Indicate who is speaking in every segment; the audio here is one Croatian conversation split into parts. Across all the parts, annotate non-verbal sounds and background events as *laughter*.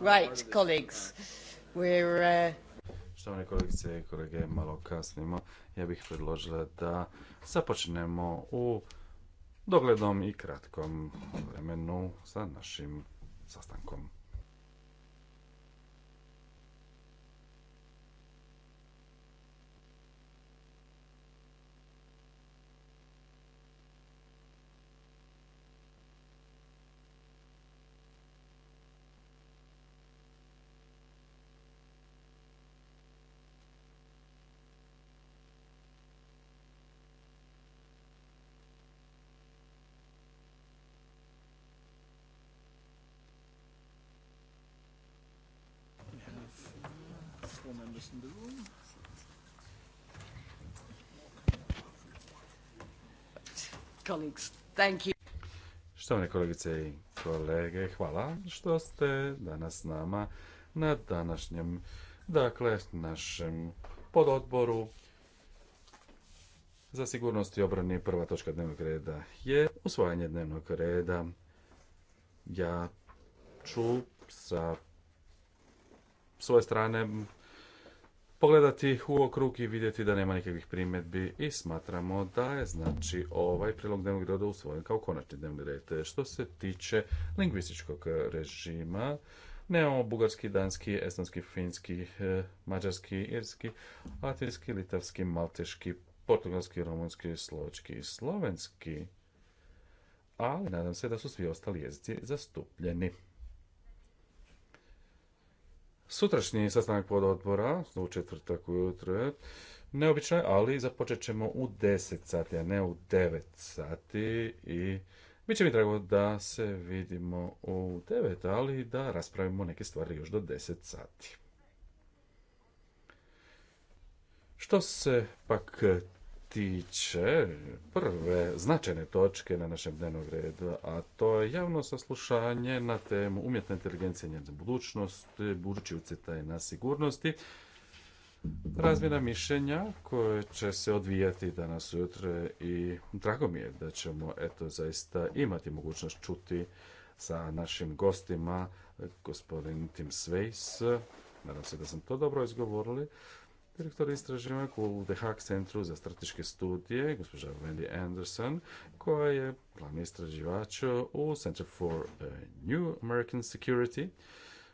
Speaker 1: Right, colleagues,
Speaker 2: we're... Uh,
Speaker 1: Štovane kolegice i kolege, malo kasnimo. Ja bih predložila da započnemo u doglednom i kratkom vremenu sa našim sastankom.
Speaker 3: colleagues. Thank
Speaker 1: Štovane kolegice i kolege, hvala što ste danas s nama na današnjem, dakle, našem pododboru za sigurnost i obrani. Prva točka dnevnog reda je usvajanje dnevnog reda. Ja ću sa svoje strane pogledati u okrug i vidjeti da nema nikakvih primjedbi i smatramo da je znači ovaj prilog dnevnog reda usvojen kao konačni dnevni red. E, što se tiče lingvističkog režima, nemamo bugarski, danski, estonski, finski, e, mađarski, irski, latinski, litavski, malteški, portugalski, romanski, slovački i slovenski. Ali nadam se da su svi ostali jezici zastupljeni. Sutrašnji sastanak pod odbora, u četvrtak ujutro, neobično je, ali započet ćemo u 10 sati, a ne u 9 sati i bit će mi drago da se vidimo u 9, ali da raspravimo neke stvari još do 10 sati. Što se pak tiče prve značajne točke na našem dnevnom redu, a to je javno saslušanje na temu umjetna inteligencija i njenu budućnost, budući i na sigurnosti, razmjena mišljenja koje će se odvijati danas ujutro i drago mi je da ćemo eto zaista imati mogućnost čuti sa našim gostima, gospodin Tim Svejs, nadam se da sam to dobro izgovorili, direktor istraživanja u The Hague Centru za strateške studije, gospođa Wendy Anderson, koja je glavni istraživač u Center for eh, New American Security.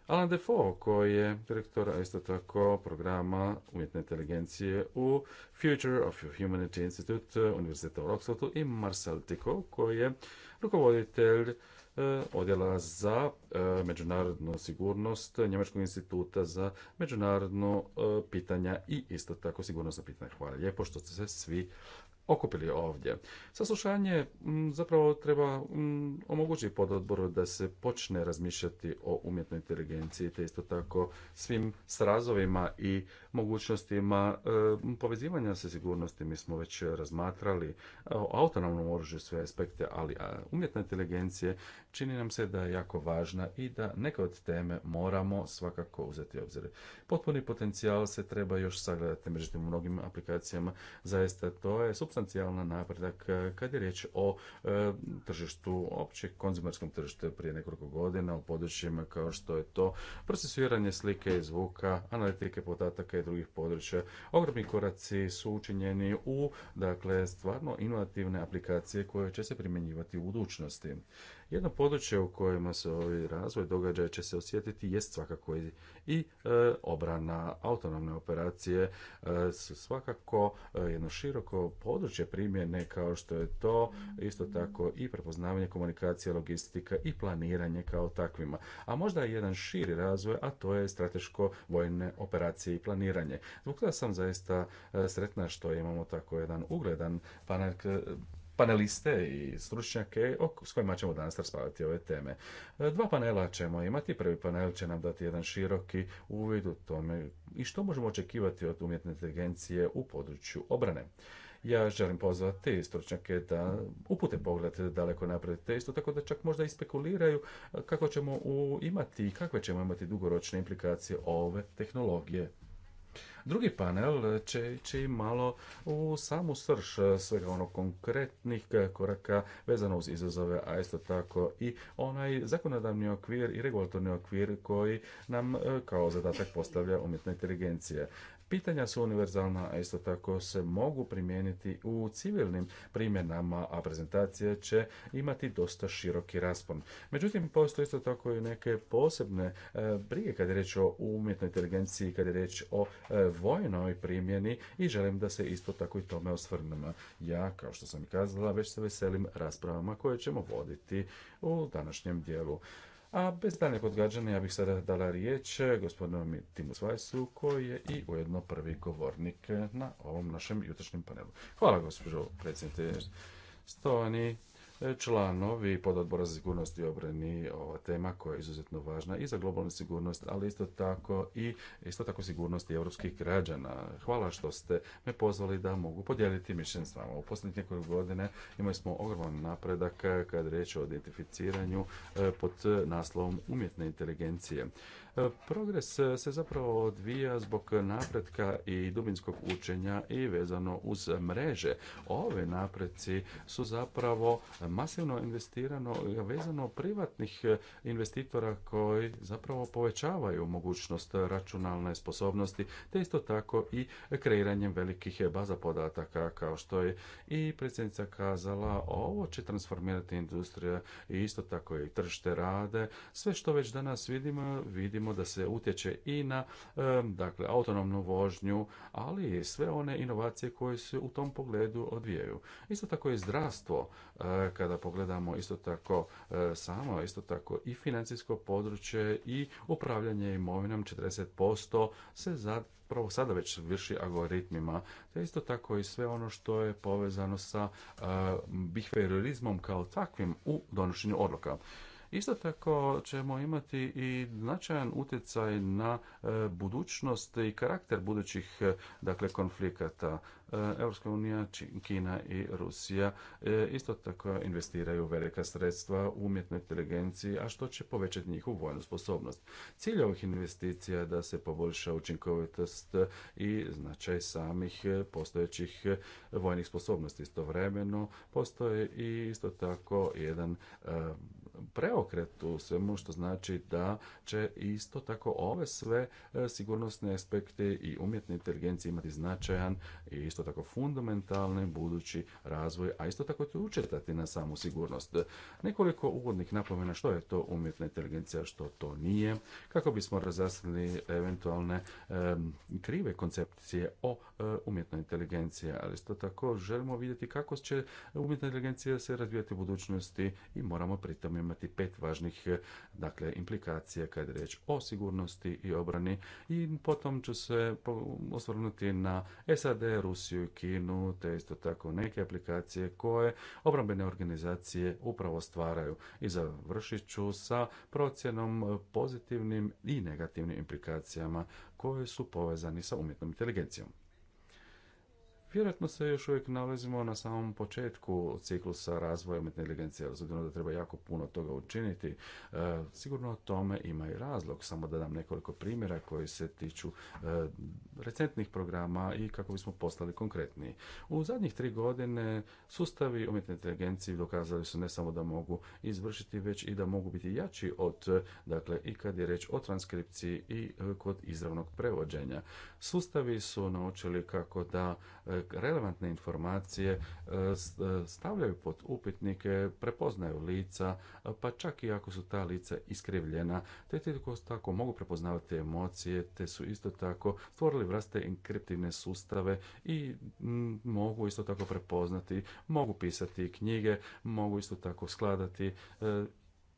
Speaker 1: Alan Defoe, koji je a isto tako programa umjetne inteligencije u Future of Humanity Institute Univerziteta u Oxfordu i Marcel Tico, koji je rukovoditelj E, odjela za e, međunarodnu sigurnost Njemačkog instituta za međunarodno e, pitanja i isto tako sigurnosna pitanja. Hvala lijepo što ste se svi okupili ovdje. Saslušanje zapravo treba omogući omogućiti pododboru da se počne razmišljati o umjetnoj inteligenciji, te isto tako svim srazovima i mogućnostima e, povezivanja sa sigurnosti. Mi smo već razmatrali o e, autonomnom oružju sve aspekte, ali umjetna inteligencije čini nam se da je jako važna i da neke od teme moramo svakako uzeti obzir. Potpuni potencijal se treba još sagledati, međutim u mnogim aplikacijama zaista to je substancijalna napredak e, kad je riječ o tržištu, opće konzumarskom tržištu prije nekoliko godina u područjima kao što je to procesuiranje slike i zvuka, analitike podataka i drugih područja. Ogromni koraci su učinjeni u dakle, stvarno inovativne aplikacije koje će se primjenjivati u budućnosti. Jedno područje u kojima se ovaj razvoj događaja će se osjetiti jest svakako i e, obrana autonomne operacije e, su svakako e, jedno široko područje primjene kao što je to isto tako i prepoznavanje komunikacije, logistika i planiranje kao takvima. A možda i jedan širi razvoj, a to je strateško vojne operacije i planiranje. Zbog toga sam zaista sretna što imamo tako jedan ugledan panel paneliste i stručnjake s kojima ćemo danas raspravljati ove teme. E, dva panela ćemo imati. Prvi panel će nam dati jedan široki uvid u tome i što možemo očekivati od umjetne inteligencije u području obrane. Ja želim pozvati stručnjake da upute pogled daleko naprijed, te isto tako da čak možda i spekuliraju kako ćemo imati i kakve ćemo imati dugoročne implikacije ove tehnologije. Drugi panel će ići malo u samu srž svega onog konkretnih koraka vezano uz izazove, a isto tako i onaj zakonodavni okvir i regulatorni okvir koji nam e, kao zadatak postavlja umjetna inteligencija. Pitanja su univerzalna, a isto tako se mogu primijeniti u civilnim primjenama, a prezentacija će imati dosta široki raspon. Međutim, postoje isto tako i neke posebne e, brige kad je riječ o umjetnoj inteligenciji, kad je riječ o e, vojnoj primjeni i želim da se isto tako i tome osvrnemo. Ja, kao što sam i kazala, već se veselim raspravama koje ćemo voditi u današnjem dijelu. A bez daljnjeg odgađanja ja bih sada dala riječ gospodinu Timu Svajsu koji je i ujedno prvi govornik na ovom našem jutrašnjem panelu. Hvala gospođo predsjednice. Stovani članovi pododbora za sigurnost i obrani, ova tema koja je izuzetno važna i za globalnu sigurnost, ali isto tako i isto tako sigurnost europskih građana. Hvala što ste me pozvali da mogu podijeliti mišljenje s vama. U posljednjih nekoliko godine imali smo ogroman napredak kad riječ o identificiranju eh, pod eh, naslovom umjetne inteligencije. Progres se zapravo odvija zbog napretka i dubinskog učenja i vezano uz mreže. Ove napreci su zapravo masivno investirano vezano privatnih investitora koji zapravo povećavaju mogućnost računalne sposobnosti, te isto tako i kreiranjem velikih baza podataka kao što je i predsjednica kazala, ovo će transformirati industrija i isto tako i tržište rade. Sve što već danas vidimo, vidimo vidimo da se utječe i na dakle, autonomnu vožnju, ali i sve one inovacije koje se u tom pogledu odvijaju. Isto tako i zdravstvo, e, kada pogledamo isto tako e, samo, isto tako i financijsko područje i upravljanje imovinom 40% se zapravo sada već vrši algoritmima, te isto tako i sve ono što je povezano sa e, bihverorizmom kao takvim u donošenju odluka. Isto tako ćemo imati i značajan utjecaj na e, budućnost i karakter budućih e, dakle, konflikata. E, Europska unija, Kina i Rusija isto tako investiraju velika sredstva u umjetnoj inteligenciji, a što će povećati njihovu vojnu sposobnost. Cilj ovih investicija je da se poboljša učinkovitost i značaj samih postojećih vojnih sposobnosti. Istovremeno postoje i isto tako jedan preokret u svemu, što znači da će isto tako ove sve e, sigurnosne aspekte i umjetne inteligencije imati značajan i isto tako fundamentalni budući razvoj, a isto tako će učetati na samu sigurnost. Nekoliko uvodnih napomena što je to umjetna inteligencija, što to nije, kako bismo razjasnili eventualne e, krive koncepcije o e, umjetnoj inteligenciji, ali isto tako želimo vidjeti kako će umjetna inteligencija se razvijati u budućnosti i moramo pritom imati pet važnih eh, dakle, implikacija kada je riječ o sigurnosti i obrani i potom ću se osvrnuti na SAD, Rusiju i Kinu, te isto tako neke aplikacije koje obrambene organizacije upravo stvaraju. I završit ću sa procjenom pozitivnim i negativnim implikacijama koje su povezani sa umjetnom inteligencijom. Vjerojatno se još uvijek nalazimo na samom početku ciklusa razvoja umjetne inteligencije, da treba jako puno toga učiniti. E, sigurno o tome ima i razlog, samo da dam nekoliko primjera koji se tiču e, recentnih programa i kako bismo postali konkretniji. U zadnjih tri godine sustavi umjetne inteligencije dokazali su ne samo da mogu izvršiti, već i da mogu biti jači od, dakle, i kad je reč o transkripciji i e, kod izravnog prevođenja. Sustavi su naučili kako da relevantne informacije e, e, stavljaju pod upitnike, prepoznaju lica, e, pa čak i ako su ta lica iskrivljena, te tako mogu prepoznavati emocije, te su isto tako stvorili vrste enkriptivne sustave i mogu isto tako prepoznati, mogu pisati knjige, mogu isto tako skladati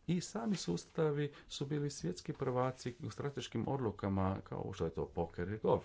Speaker 1: i sami sustavi su bili svjetski prvaci u strateškim odlukama kao što je to poker i golf.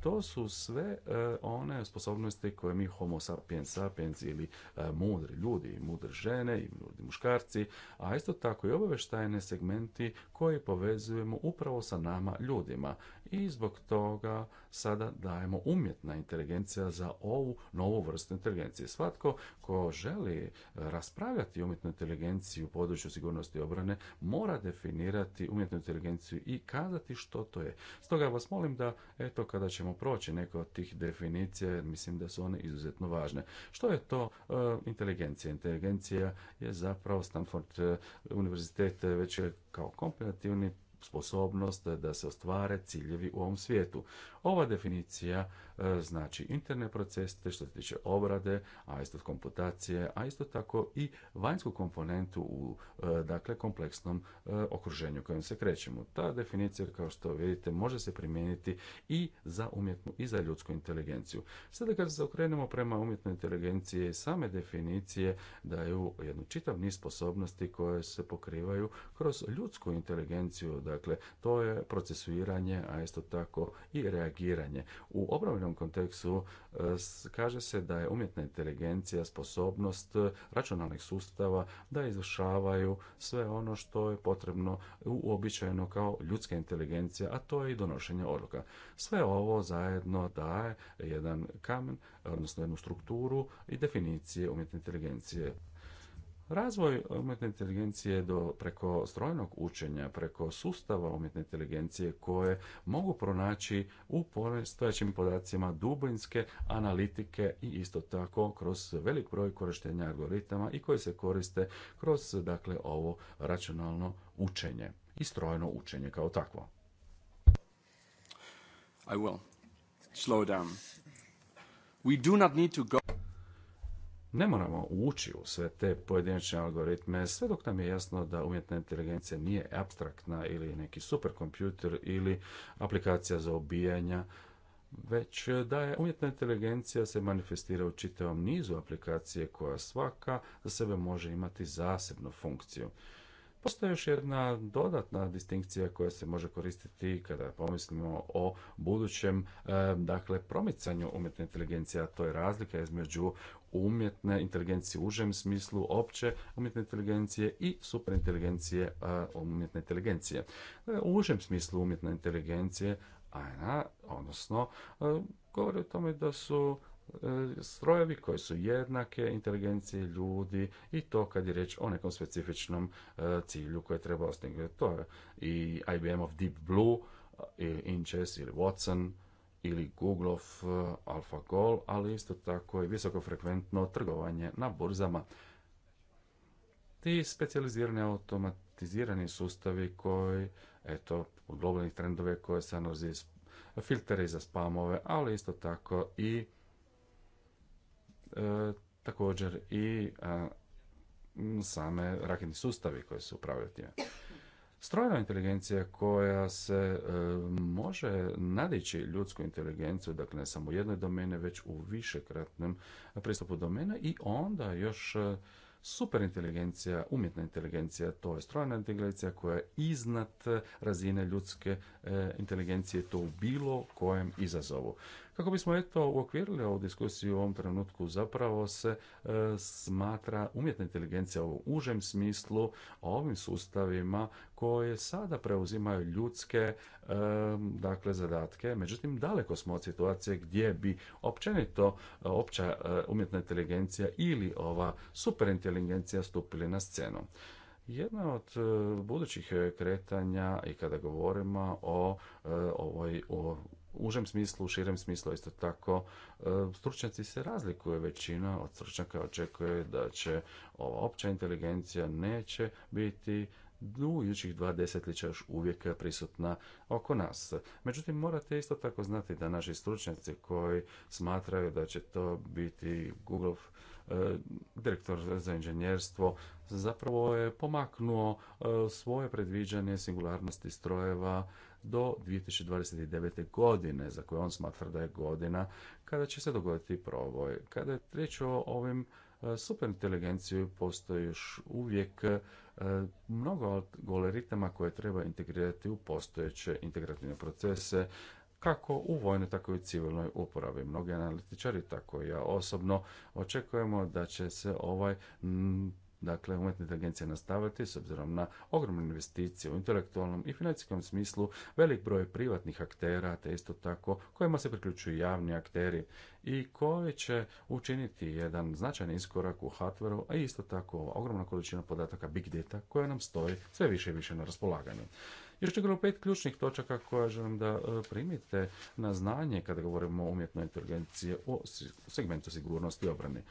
Speaker 1: To su sve e, one sposobnosti koje mi homo sapiens sapiens ili e, mudri ljudi i mudre žene i mudri muškarci, a isto tako i obaveštajne segmenti koji povezujemo upravo sa nama ljudima i zbog toga sada dajemo umjetna inteligencija za ovu novu vrstu inteligencije. Svatko ko želi e, raspravljati umjetnu inteligenciju u području sigurnosti i obrane mora definirati umjetnu inteligenciju i kazati što to je. Stoga vas molim da eto kada ćemo proći neke od tih definicija, jer mislim da su one izuzetno važne. Što je to e, inteligencija? Inteligencija je zapravo Stanford e, univerzitet već kao komparativni sposobnost da se ostvare ciljevi u ovom svijetu. Ova definicija E, znači interne procese što se tiče obrade, a isto komputacije, a isto tako i vanjsku komponentu u e, dakle kompleksnom e, okruženju u kojem se krećemo. Ta definicija kao što vidite može se primijeniti i za umjetnu i za ljudsku inteligenciju. Sada kad se okrenemo prema umjetnoj inteligenciji, same definicije daju jednu čitav niz sposobnosti koje se pokrivaju kroz ljudsku inteligenciju, dakle to je procesuiranje, a isto tako i reagiranje. U obrambenom širem kontekstu e, kaže se da je umjetna inteligencija sposobnost e, računalnih sustava da izvršavaju sve ono što je potrebno uobičajeno kao ljudska inteligencija, a to je i donošenje odluka. Sve ovo zajedno daje jedan kamen, odnosno jednu strukturu i definicije umjetne inteligencije. Razvoj umjetne inteligencije do, preko strojnog učenja, preko sustava umjetne inteligencije koje mogu pronaći u postojećim podacima dubinske analitike i isto tako kroz velik broj korištenja algoritama i koji se koriste kroz dakle ovo računalno učenje i strojno učenje kao takvo. I will slow down. We do not need to go ne moramo ući u sve te pojedinačne algoritme, sve dok nam je jasno da umjetna inteligencija nije abstraktna ili neki superkompjuter ili aplikacija za obijanja, već da je umjetna inteligencija se manifestira u čitavom nizu aplikacije koja svaka za sebe može imati zasebnu funkciju. Postoji još jedna dodatna distinkcija koja se može koristiti kada pomislimo o budućem e, dakle, promicanju umjetne inteligencije, a to je razlika između umjetne inteligencije u užem smislu opće umjetne inteligencije i superinteligencije e, umjetne inteligencije. E, u užem smislu umjetne inteligencije, a odnosno govori o tome da su E, strojevi koji su jednake inteligencije ljudi i to kad je reč o nekom specifičnom e, cilju koje treba ostaviti. To je i ibm of Deep Blue, ili e, Inches, ili Watson, ili Google of AlphaGo, ali isto tako i visokofrekventno trgovanje na burzama. Ti specijalizirani automatizirani sustavi koji, eto, globalnih trendove koje se analizi filtere za spamove, ali isto tako i E, također i same raketni sustavi koji se upravljaju time. Strojna inteligencija koja se e, može nadići ljudsku inteligenciju, dakle ne samo u jednoj domene, već u višekratnom pristupu domena i onda još e, super inteligencija, umjetna inteligencija, to je strojna inteligencija koja je iznad razine ljudske inteligencije, to u bilo kojem izazovu. Kako bismo eto uokvirili ovu diskusiju u ovom trenutku zapravo se e, smatra umjetna inteligencija u užem smislu ovim sustavima koje sada preuzimaju ljudske e, dakle zadatke. Međutim, daleko smo od situacije gdje bi općenito e, opća umjetna inteligencija ili ova superinteligencija stupili na scenu. Jedna od budućih kretanja i kada govorimo o ovoj o užem smislu, u širem smislu isto tako e, stručnjaci se razlikuje Većina od stručnjaka očekuje da će ova opća inteligencija neće biti u idućih dva desetljeća još uvijek prisutna oko nas. Međutim, morate isto tako znati da naši stručnjaci koji smatraju da će to biti Google E, direktor za inženjerstvo, zapravo je pomaknuo e, svoje predviđanje singularnosti strojeva do 2029. godine, za koje on smatra da je godina kada će se dogoditi proboj. Kada je riječ o ovim e, superinteligenciju postoji još uvijek mnogo goleritama koje treba integrirati u postojeće integrativne procese kako u vojnoj, tako i u civilnoj uporabi. Mnogi analitičari, tako i ja osobno, očekujemo da će se ovaj m, dakle umjetna inteligencija nastaviti s obzirom na ogromne investicije u intelektualnom i financijskom smislu, velik broj privatnih aktera, te isto tako kojima se priključuju javni akteri i koji će učiniti jedan značajan iskorak u hardwareu, a isto tako ogromna količina podataka big data koja nam stoji sve više i više na raspolaganju. Još je pet ključnih točaka koje želim da e, primite na znanje kada govorimo o umjetnoj inteligenciji o segmentu sigurnosti i obrane.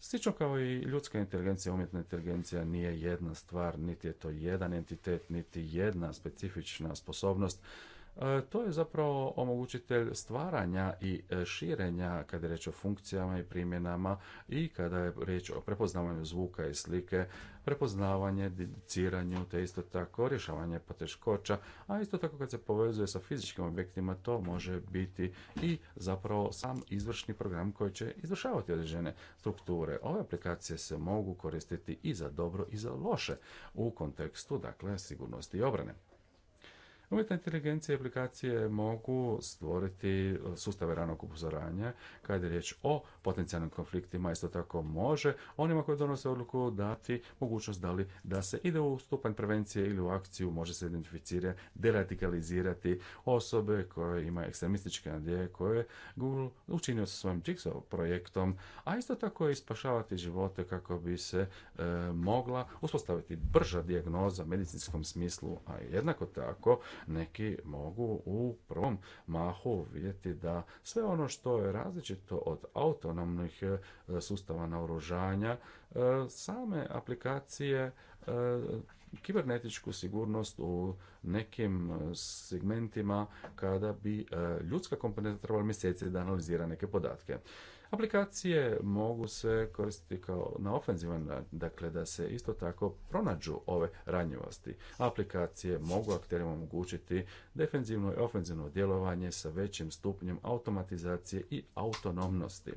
Speaker 1: Slično kao i ljudska inteligencija, umjetna inteligencija nije jedna stvar, niti je to jedan entitet, niti jedna specifična sposobnost. E, to je zapravo omogućitelj stvaranja i e, širenja kada je riječ o funkcijama i primjenama i kada je riječ o prepoznavanju zvuka i slike, prepoznavanje, dediciranju, te isto tako rješavanje poteškoća, a isto tako kad se povezuje sa fizičkim objektima, to može biti i zapravo sam izvršni program koji će izvršavati određene strukture. Ove aplikacije se mogu koristiti i za dobro i za loše u kontekstu, dakle, sigurnosti i obrane. Umjetna inteligencija i aplikacije mogu stvoriti e, sustave ranog upozoranja kada je riječ o potencijalnim konfliktima, isto tako može onima koji donose odluku dati mogućnost da li da se ide u stupanj prevencije ili u akciju, može se identificirati, deradikalizirati osobe koje imaju ekstremističke nadjeje koje Google učinio sa svojim Jigsaw projektom, a isto tako i spašavati živote kako bi se e, mogla uspostaviti brža dijagnoza u medicinskom smislu, a jednako tako neki mogu u prvom mahu vidjeti da sve ono što je različito od autonomnih e, sustava naoružanja, e, same aplikacije e, kibernetičku sigurnost u nekim segmentima kada bi ljudska komponenta trebala mjeseci da analizira neke podatke. Aplikacije mogu se koristiti kao na ofenzivan, dakle da se isto tako pronađu ove ranjivosti. Aplikacije mogu akterima omogućiti defenzivno i ofenzivno djelovanje sa većim stupnjem automatizacije i autonomnosti.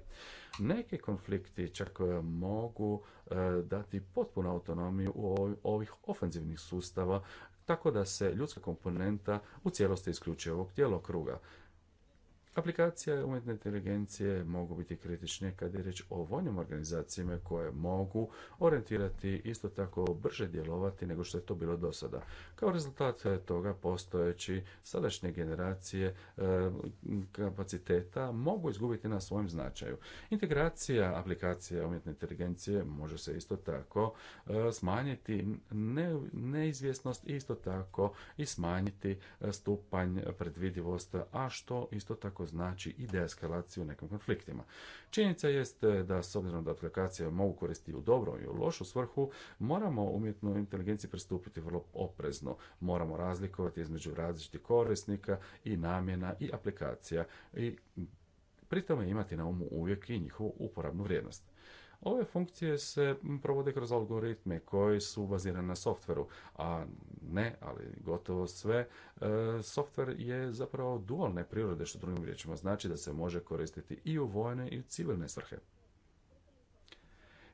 Speaker 1: Neki konflikti čak e, mogu e, dati potpunu autonomiju u ovih ofenzivnih sustava tako da se ljudska komponenta u cijelosti isključuje ovog djelokruga. Aplikacije umjetne inteligencije mogu biti kritične kad je reč o vojnim organizacijama koje mogu orijentirati isto tako brže djelovati nego što je to bilo do sada. Kao rezultat eh, toga postojeći sadašnje generacije eh, kapaciteta mogu izgubiti na svojem značaju. Integracija aplikacije umjetne inteligencije može se isto tako eh, smanjiti neizvjesnost isto tako i smanjiti stupanj predvidivosti a što isto tako znači i deeskalaciju u nekim konfliktima. Činjenica jest eh, da s obzirom da aplikacije mogu koristiti u dobro i u lošu svrhu, moramo umjetnoj inteligenciji pristupiti vrlo oprezno. Moramo razlikovati između različitih korisnika i namjena i aplikacija i pri imati na umu uvijek i njihovu uporabnu vrijednost. Ove funkcije se provode kroz algoritme koji su bazirani na softveru, a ne, ali gotovo sve, e, softver je zapravo dualne prirode, što drugim riječima znači da se može koristiti i u vojne i u civilne svrhe.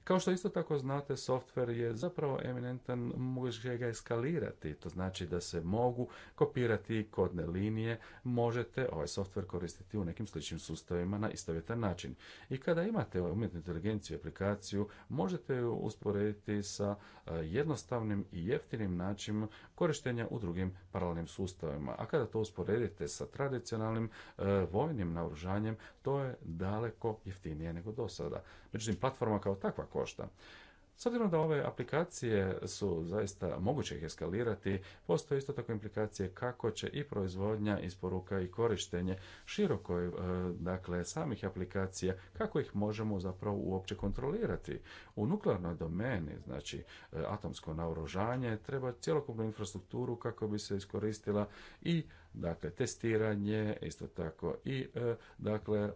Speaker 1: Kao što isto tako znate, softver je zapravo eminentan, možete ga eskalirati, to znači da se mogu kopirati kodne linije, možete ovaj softver koristiti u nekim sličnim sustavima na istovjetan način. I kada imate umjetnu inteligenciju aplikaciju, možete ju usporediti sa e, jednostavnim i jeftinim načinom korištenja u drugim paralelnim sustavima. A kada to usporedite sa tradicionalnim e, vojnim naoružanjem, to je daleko jeftinije nego do sada. Međutim, platforma kao takva košta. S obzirom da ove aplikacije su zaista moguće ih eskalirati, postoje isto tako implikacije kako će i proizvodnja, isporuka i korištenje široko e, dakle, samih aplikacija, kako ih možemo zapravo uopće kontrolirati. U nuklearnoj domeni, znači e, atomsko naoružanje, treba cjelokupnu infrastrukturu kako bi se iskoristila i dakle testiranje, isto tako i e, dakle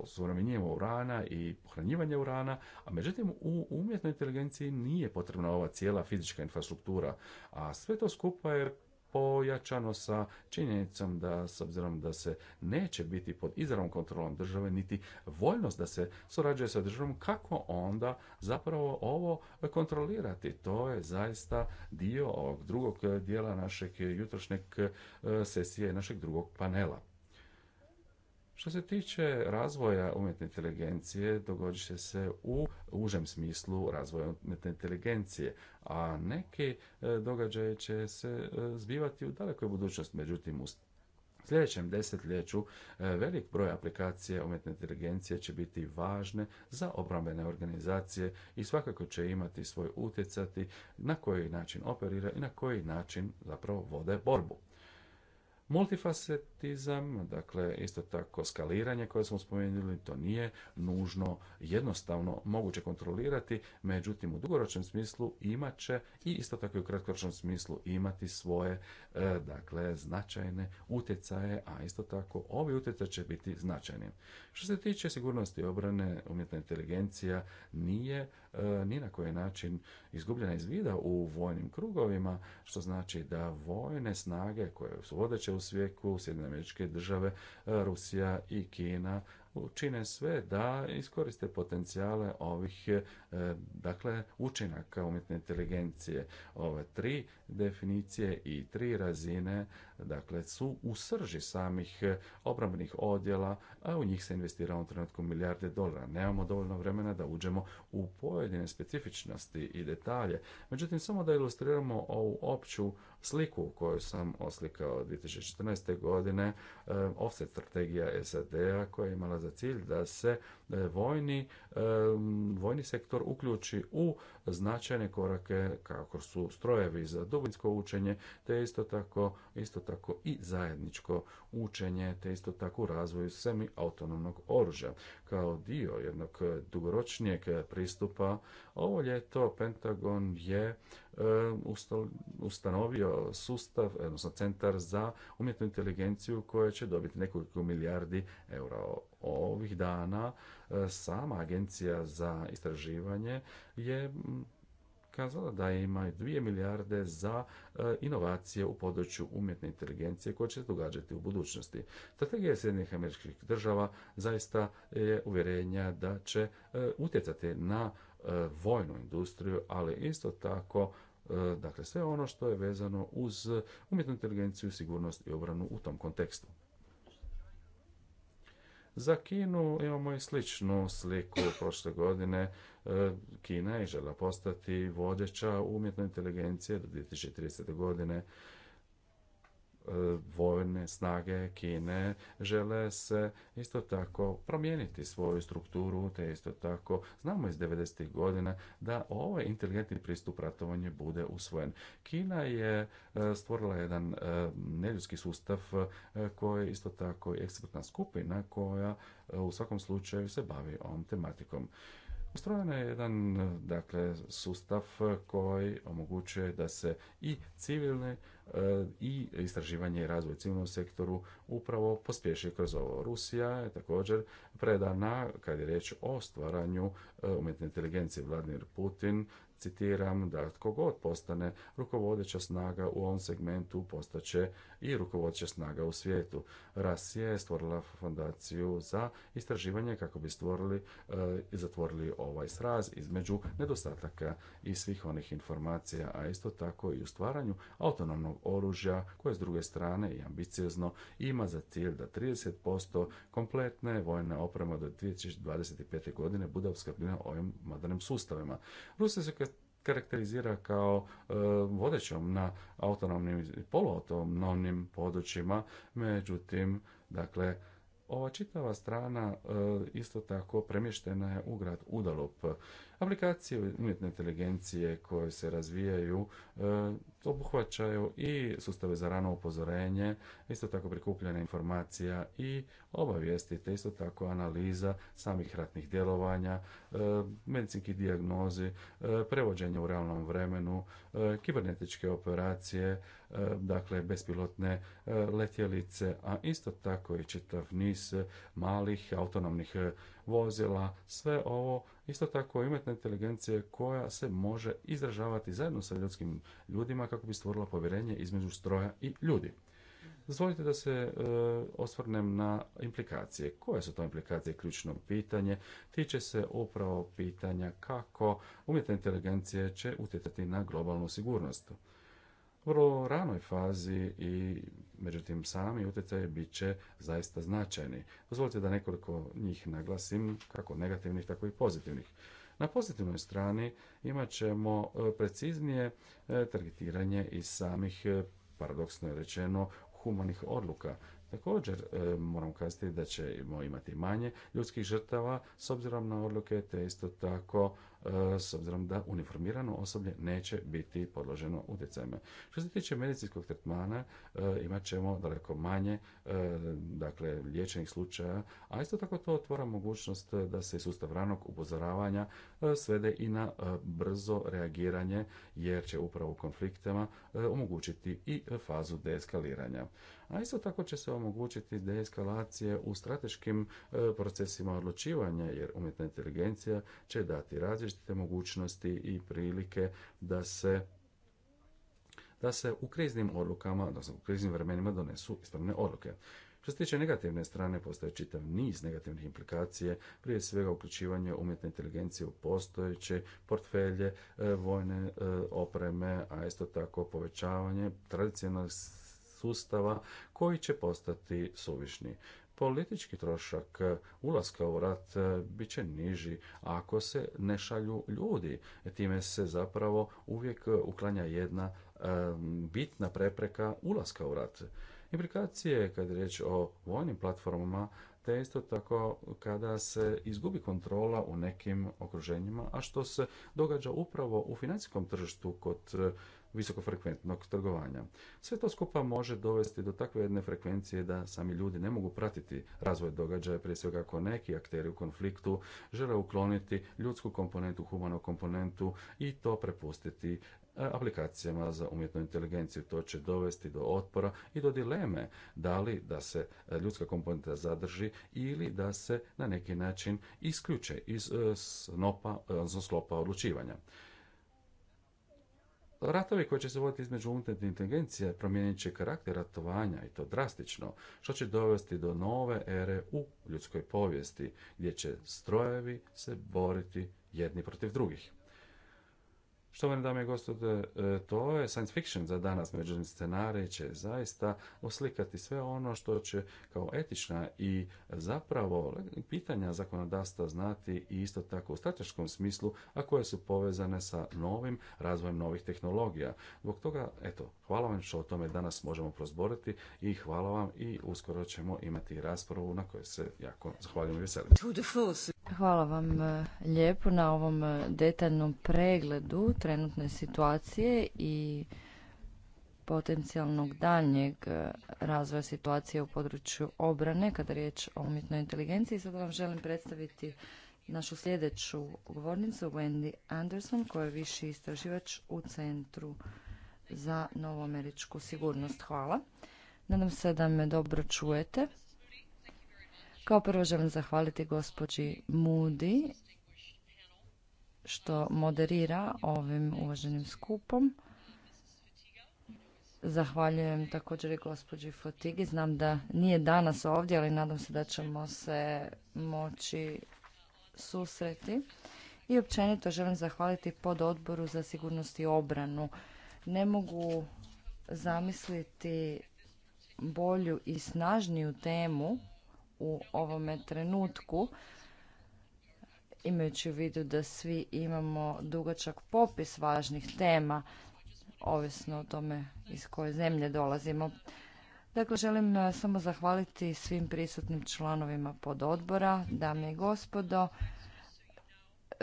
Speaker 1: osuvremenjujemo urana i pohranjivanje urana, a međutim u umjetnoj inteligenciji nije potrebna ova cijela fizička infrastruktura, a sve to skupa je pojačano sa činjenicom da s obzirom da se neće biti pod izravnom kontrolom države niti voljnost da se surađuje sa državom kako onda zapravo ovo kontrolirati to je zaista dio ovog drugog dijela našeg jutrošnjeg e, sesije našeg drugog panela što se tiče razvoja umjetne inteligencije, dogodit će se u užem smislu razvoja umjetne inteligencije, a neki e, događaje će se e, zbivati u dalekoj budućnosti. Međutim, u sljedećem desetljeću e, velik broj aplikacija umjetne inteligencije će biti važne za obrambene organizacije i svakako će imati svoj utjecati na koji način operira i na koji način zapravo vode borbu. Multifacetizam, dakle isto tako skaliranje koje smo spomenuli, to nije nužno jednostavno moguće kontrolirati, međutim u dugoročnom smislu imat će i isto tako i u kratkoročnom smislu imati svoje e, dakle značajne utjecaje, a isto tako ovi utjecaj će biti značajni. Što se tiče sigurnosti obrane, umjetna inteligencija nije E, ni na koji način izgubljena iz vida u vojnim krugovima, što znači da vojne snage koje su vodeće u svijeku, Sjedinjene države, Rusija i Kina, učine sve da iskoriste potencijale ovih e, dakle učinaka umjetne inteligencije. Ove tri definicije i tri razine dakle su u srži samih e, obrambenih odjela, a u njih se investira u trenutku milijarde dolara. Nemamo dovoljno vremena da uđemo u pojedine specifičnosti i detalje. Međutim, samo da ilustriramo ovu opću sliku koju sam oslikao 2014. godine e, offset strategija SAD-a koja je imala za cilj da se E, vojni, e, vojni sektor uključi u značajne korake kako su strojevi za dubinsko učenje, te isto tako, isto tako i zajedničko učenje, te isto tako u razvoju semi-autonomnog oružja. Kao dio jednog dugoročnijeg pristupa, ovo ljeto Pentagon je e, ustanovio sustav, odnosno centar za umjetnu inteligenciju koja će dobiti nekoliko milijardi eura ovih dana e, sama agencija za istraživanje je kazala da ima 2 milijarde za e, inovacije u području umjetne inteligencije koje će se događati u budućnosti. Strategija Sjedinih američkih država zaista je uvjerenja da će e, utjecati na vojnu industriju, ali isto tako dakle sve ono što je vezano uz umjetnu inteligenciju, sigurnost i obranu u tom kontekstu. Za Kinu imamo i sličnu sliku prošle godine. E, Kina je žela postati vodeća umjetne inteligencije do 2030. godine. E, vojne snage Kine žele se isto tako promijeniti svoju strukturu, te isto tako znamo iz 90. godina da ovaj inteligentni pristup ratovanje bude usvojen. Kina je e, stvorila jedan e, neljudski sustav koji je isto tako ekspertna skupina koja u svakom slučaju se bavi ovom tematikom. Ustrojen je jedan dakle, sustav koji omogućuje da se i civilne eh, i istraživanje i razvoj civilnom sektoru upravo pospješi kroz ovo. Rusija je također predana, kad je riječ o stvaranju eh, umjetne inteligencije, Vladimir Putin citiram da tko god postane rukovodeća snaga u ovom segmentu postaće i rukovodeća snaga u svijetu. RAS je stvorila fondaciju za istraživanje kako bi stvorili eh, i zatvorili ovaj sraz između nedostataka i svih onih informacija, a isto tako i u stvaranju autonomnog oružja koje s druge strane i ambiciozno ima za cilj da 30% kompletne vojne opreme do 2025. godine bude opskrbljena ovim modernim sustavima. Rusi se karakterizira kao eh, vodećom na autonomnim i poluautonomnim područjima, međutim, dakle, ova čitava strana eh, isto tako premještena je u grad Udalop Aplikacije umjetne inteligencije koje se razvijaju e, obuhvaćaju i sustave za rano upozorenje, isto tako prikupljena informacija i obavijesti, te isto tako analiza samih ratnih djelovanja, e, medicinski dijagnozi, e, prevođenje u realnom vremenu, kibernetičke operacije, dakle bespilotne letjelice, a isto tako i čitav niz malih autonomnih vozila. Sve ovo Isto tako umjetna inteligencija koja se može izražavati zajedno sa ljudskim ljudima kako bi stvorila povjerenje između stroja i ljudi. Dozvolite da se e, osvrnem na implikacije. Koje su to implikacije? Ključno pitanje tiče se upravo pitanja kako umjetna inteligencija će utjecati na globalnu sigurnost vrlo ranoj fazi i međutim sami utjecaj bit će zaista značajni. Dozvolite da nekoliko njih naglasim, kako negativnih, tako i pozitivnih. Na pozitivnoj strani imat ćemo e, preciznije e, targetiranje i samih, e, paradoksno je rečeno, humanih odluka. Također moram kazati da ćemo imati manje ljudskih žrtava s obzirom na odluke, te isto tako E, s obzirom da uniformirano osoblje neće biti podloženo utjecajima. Što se tiče medicinskog tretmana, e, imat ćemo daleko manje e, dakle, liječenih slučaja, a isto tako to otvara mogućnost da se sustav ranog upozoravanja svede i na brzo reagiranje, jer će upravo u konfliktima omogućiti i fazu deeskaliranja. A isto tako će se omogućiti deeskalacije u strateškim procesima odlučivanja, jer umjetna inteligencija će dati različite te mogućnosti i prilike da se da se u kriznim odlukama, da se u kriznim vremenima donesu ispravne odluke. Što se tiče negativne strane, postoje čitav niz negativnih implikacije, prije svega uključivanje umjetne inteligencije u postojeće portfelje e, vojne e, opreme, a isto tako povećavanje tradicionalnih sustava koji će postati suvišni politički trošak e, ulaska u rat e, bit će niži ako se ne šalju ljudi. E, time se zapravo uvijek uklanja jedna bitna prepreka ulaska u rat. Implikacije kad je riječ o vojnim platformama te isto tako kada se izgubi kontrola u nekim okruženjima, a što se događa upravo u financijskom tržištu kod visokofrekventnog trgovanja. Sve to skupa može dovesti do takve jedne frekvencije da sami ljudi ne mogu pratiti razvoj događaja, prije svega ako neki akteri u konfliktu žele ukloniti ljudsku komponentu, humanu komponentu i to prepustiti e, aplikacijama za umjetnu inteligenciju. To će dovesti do otpora i do dileme da li da se e, ljudska komponenta zadrži ili da se na neki način isključe iz e, snopa, slopa odlučivanja. Ratovi koji će se voditi između umjetne inteligencije promijenit će karakter ratovanja i to drastično, što će dovesti do nove ere u ljudskoj povijesti, gdje će strojevi se boriti jedni protiv drugih. Štovane dame i gospode, e, to je science fiction za danas, međutim scenarij će zaista oslikati sve ono što će kao etična i zapravo pitanja zakonodavstva znati i isto tako u strateškom smislu, a koje su povezane sa novim razvojem novih tehnologija. Zbog toga, eto, hvala vam što o tome danas možemo prozboriti i hvala vam i uskoro ćemo imati raspravu na kojoj se jako zahvaljujem i veselim.
Speaker 2: Hvala vam e, lijepo na ovom e, detaljnom pregledu trenutne situacije i potencijalnog daljnjeg e, razvoja situacije u području obrane kada je riječ o umjetnoj inteligenciji. Sada vam želim predstaviti našu sljedeću govornicu Wendy Anderson koja je viši istraživač u Centru za novoameričku sigurnost. Hvala. Nadam se da me dobro čujete. Kao prvo želim zahvaliti gospođi Moody što moderira ovim uvaženim skupom. Zahvaljujem također i gospođi Fotigi. Znam da nije danas ovdje, ali nadam se da ćemo se moći susreti. I općenito želim zahvaliti pod odboru za sigurnost i obranu. Ne mogu zamisliti bolju i snažniju temu u ovome trenutku imajući u vidu da svi imamo dugačak popis važnih tema, ovisno o tome iz koje zemlje dolazimo. Dakle, želim e, samo zahvaliti svim prisutnim članovima pododbora, dame i gospodo.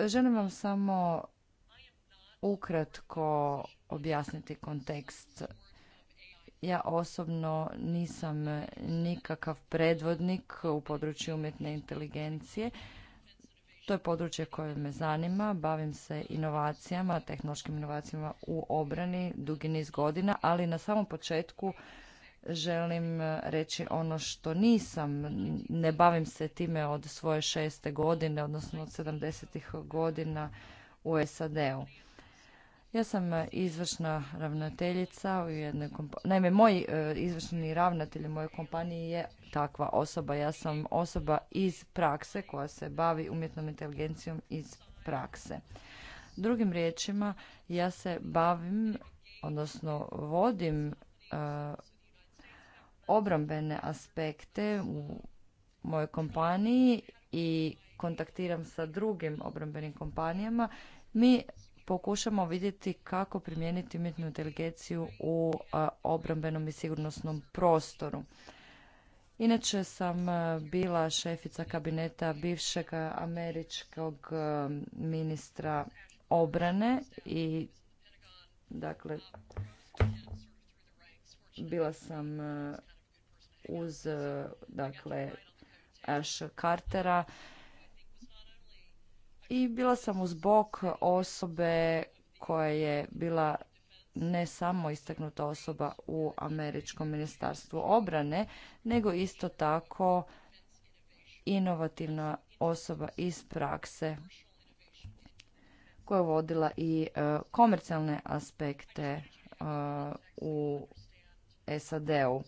Speaker 2: Želim vam samo ukratko objasniti kontekst ja osobno nisam nikakav predvodnik u području umjetne inteligencije. To je područje koje me zanima. Bavim se inovacijama, tehnološkim inovacijama u obrani dugi niz godina, ali na samom početku želim reći ono što nisam. Ne bavim se time od svoje šeste godine, odnosno od 70. godina u SAD-u. Ja sam e, izvršna ravnateljica u jednoj kompaniji. Naime, moj e, izvršni ravnatelj u mojoj kompaniji je takva osoba. Ja sam osoba iz prakse koja se bavi umjetnom inteligencijom iz prakse. Drugim riječima, ja se bavim, odnosno vodim e, obrambene aspekte u mojoj kompaniji i kontaktiram sa drugim obrambenim kompanijama. Mi pokušamo vidjeti kako primijeniti umjetnu inteligenciju u obrambenom i sigurnosnom prostoru. Inače sam bila šefica kabineta bivšeg američkog ministra obrane i dakle bila sam uz dakle Ash Cartera i bila sam uz bok osobe koja je bila ne samo istaknuta osoba u Američkom ministarstvu obrane, nego isto tako inovativna osoba iz prakse koja je vodila i e, komercijalne aspekte e, u SAD-u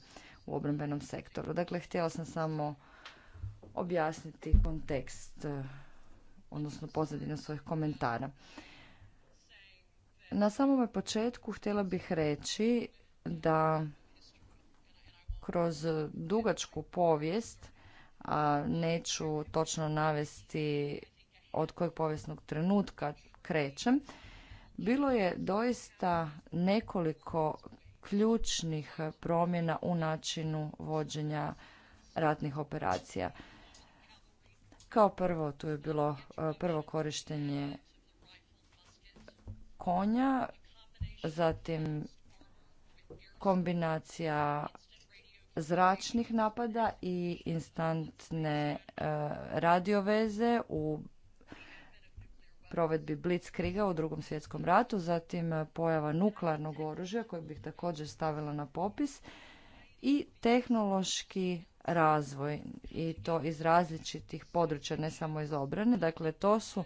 Speaker 2: u obrambenom sektoru. Dakle, htjela sam samo objasniti kontekst e, odnosno pozadina svojih komentara. Na samom početku htjela bih reći da kroz dugačku povijest, a neću točno navesti od kojeg povijesnog trenutka krećem, bilo je doista nekoliko ključnih promjena u načinu vođenja ratnih operacija. Kao prvo, tu je bilo e, prvo korištenje konja, zatim kombinacija zračnih napada i instantne e, radioveze u provedbi Blitzkriga u drugom svjetskom ratu, zatim e, pojava nuklearnog oružja kojeg bih također stavila na popis i tehnološki razvoj i to iz različitih područja, ne samo iz obrane. Dakle, to su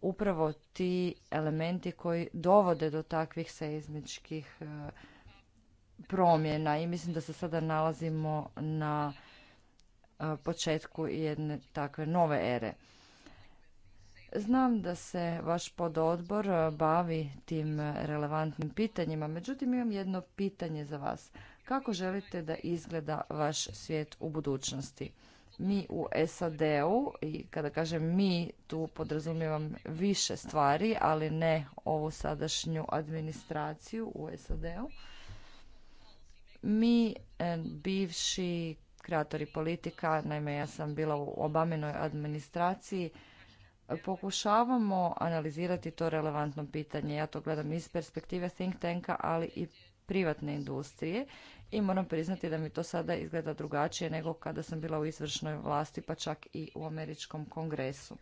Speaker 2: upravo ti elementi koji dovode do takvih seizmičkih e, promjena i mislim da se sada nalazimo na e, početku jedne takve nove ere. Znam da se vaš pododbor e, bavi tim relevantnim pitanjima, međutim imam jedno pitanje za vas kako želite da izgleda vaš svijet u budućnosti. Mi u SAD-u, i kada kažem mi, tu podrazumijevam više stvari, ali ne ovu sadašnju administraciju u SAD-u, mi, e, bivši kreatori politika, naime ja sam bila u Obaminoj administraciji, pokušavamo analizirati to relevantno pitanje. Ja to gledam iz perspektive think tanka, ali i privatne industrije i moram priznati da mi to sada izgleda drugačije nego kada sam bila u izvršnoj vlasti pa čak i u američkom kongresu.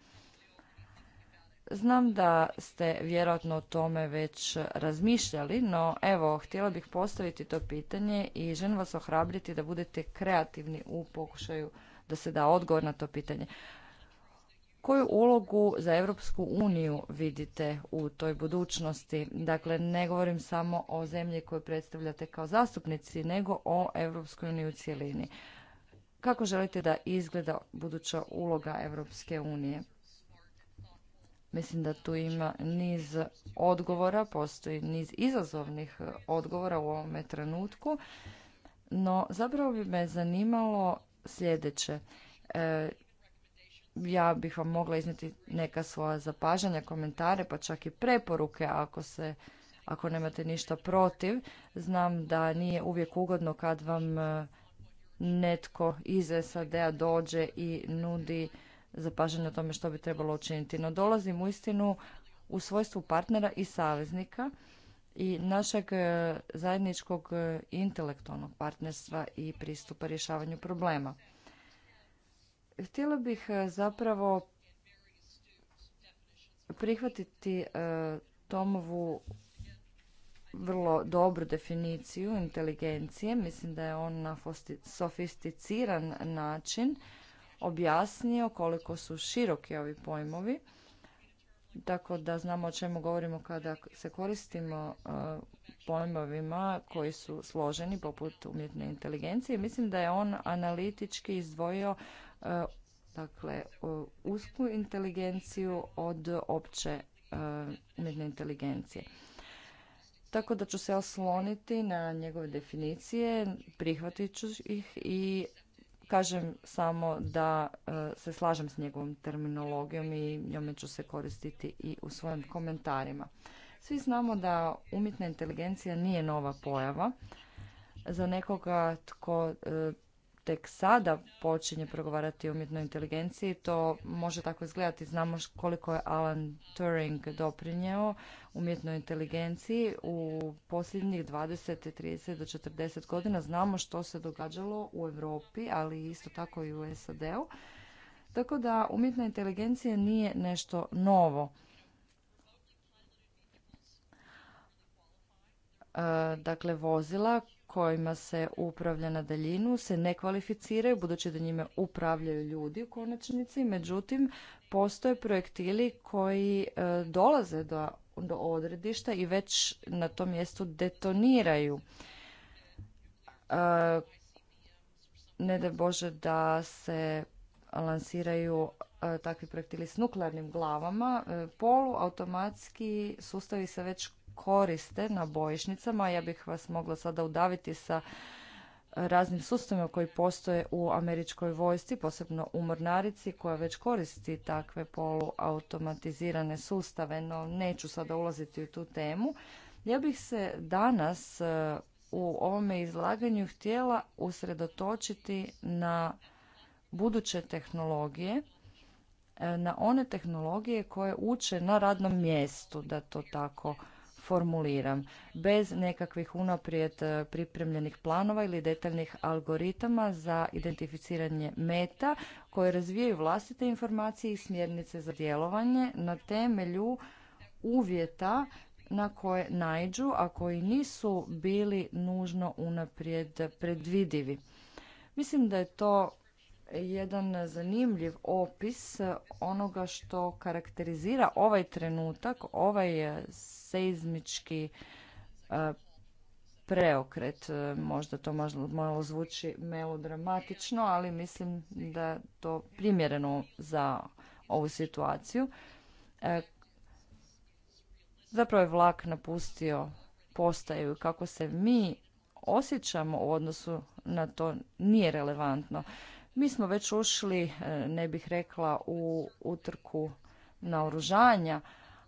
Speaker 2: Znam da ste vjerojatno o tome već razmišljali, no evo, htjela bih postaviti to pitanje i želim vas ohrabriti da budete kreativni u pokušaju da se da odgovor na to pitanje koju ulogu za Europsku uniju vidite u toj budućnosti? Dakle, ne govorim samo o zemlji koju predstavljate kao zastupnici, nego o Europskoj uniji u cjelini. Kako želite da izgleda buduća uloga Europske unije? Mislim da tu ima niz odgovora, postoji niz izazovnih odgovora u ovome trenutku, no zapravo bi me zanimalo sljedeće. E, ja bih vam mogla iznijeti neka svoja zapažanja, komentare, pa čak i preporuke ako se ako nemate ništa protiv. Znam da nije uvijek ugodno kad vam e, netko iz SAD-a dođe i nudi zapažanje o tome što bi trebalo učiniti. No dolazim u istinu u svojstvu partnera i saveznika i našeg e, zajedničkog e, intelektualnog partnerstva i pristupa rješavanju problema. Htjela bih e, zapravo prihvatiti e, Tomovu vrlo dobru definiciju inteligencije. Mislim da je on na sofisticiran način objasnio koliko su široki ovi pojmovi. Tako da znamo o čemu govorimo kada se koristimo e, pojmovima koji su složeni poput umjetne inteligencije. Mislim da je on analitički izdvojio E, dakle usku inteligenciju od opće e, umjetne inteligencije. Tako da ću se osloniti na njegove definicije, prihvatit ću ih i kažem samo da e, se slažem s njegovom terminologijom i njome ću se koristiti i u svojim komentarima. Svi znamo da umjetna inteligencija nije nova pojava. Za nekoga tko tek sada počinje progovarati o umjetnoj inteligenciji. To može tako izgledati. Znamo koliko je Alan Turing doprinjeo umjetnoj inteligenciji. U posljednjih 20, 30 do 40 godina znamo što se događalo u Europi, ali isto tako i u SAD-u. Tako da umjetna inteligencija nije nešto novo. E, dakle vozila kojima se upravlja na daljinu se ne kvalificiraju budući da njime upravljaju ljudi u konačnici, međutim postoje projektili koji e, dolaze do, odredišta i već na tom mjestu detoniraju. E, ne da Bože da se lansiraju e, takvi projektili s nuklearnim glavama, poluautomatski sustavi se već koriste na bojišnicama. Ja bih vas mogla sada udaviti sa raznim sustavima koji postoje u američkoj vojsci, posebno u mornarici koja već koristi takve poluautomatizirane sustave, no neću sada ulaziti u tu temu. Ja bih se danas e, u ovome izlaganju htjela usredotočiti na buduće tehnologije, e, na one tehnologije koje uče na radnom mjestu, da to tako formuliram. Bez nekakvih unaprijed e, pripremljenih planova ili detaljnih algoritama za identificiranje meta koje razvijaju vlastite informacije i smjernice za djelovanje na temelju uvjeta na koje naiđu, a koji nisu bili nužno unaprijed predvidivi. Mislim da je to jedan zanimljiv opis onoga što karakterizira ovaj trenutak, ovaj e, seizmički e, preokret. E, možda to malo zvuči melodramatično, ali mislim da je to primjereno za ovu situaciju. Zapravo je vlak napustio postaju kako se mi osjećamo u odnosu na to nije relevantno. Mi smo već ušli, e, ne bih rekla, u utrku naoružanja,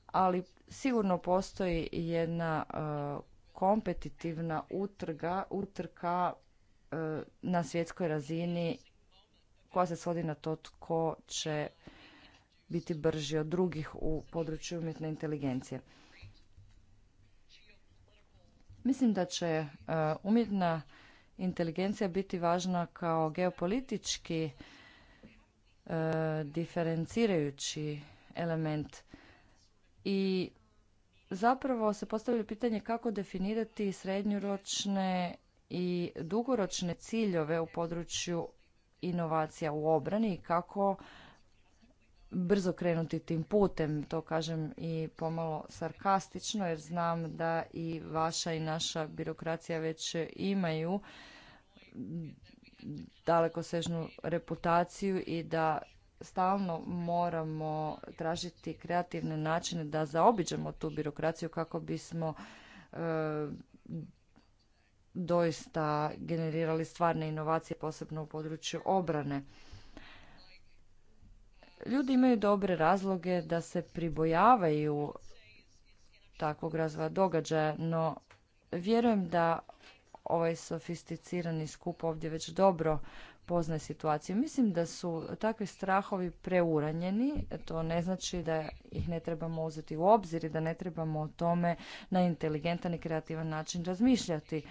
Speaker 2: ali sigurno postoji jedna e, kompetitivna utrga, utrka e, na svjetskoj razini koja se svodi na to tko će biti brži od drugih u području umjetne inteligencije. Mislim da će umjetna inteligencija biti važna kao geopolitički e, diferencirajući element i zapravo se postavlja pitanje kako definirati srednjoročne i dugoročne ciljeve u području inovacija u obrani i kako brzo krenuti tim putem. To kažem i pomalo sarkastično jer znam da i vaša i naša birokracija već imaju dalekosežnu reputaciju i da stalno moramo tražiti kreativne načine da zaobiđemo tu birokraciju kako bismo e, doista generirali stvarne inovacije posebno u području obrane. Ljudi imaju dobre razloge da se pribojavaju takvog razvoja događaja, no vjerujem da ovaj sofisticirani skup ovdje već dobro poznaje situaciju. Mislim da su takvi strahovi preuranjeni, to ne znači da ih ne trebamo uzeti u obzir i da ne trebamo o tome na inteligentan i kreativan način razmišljati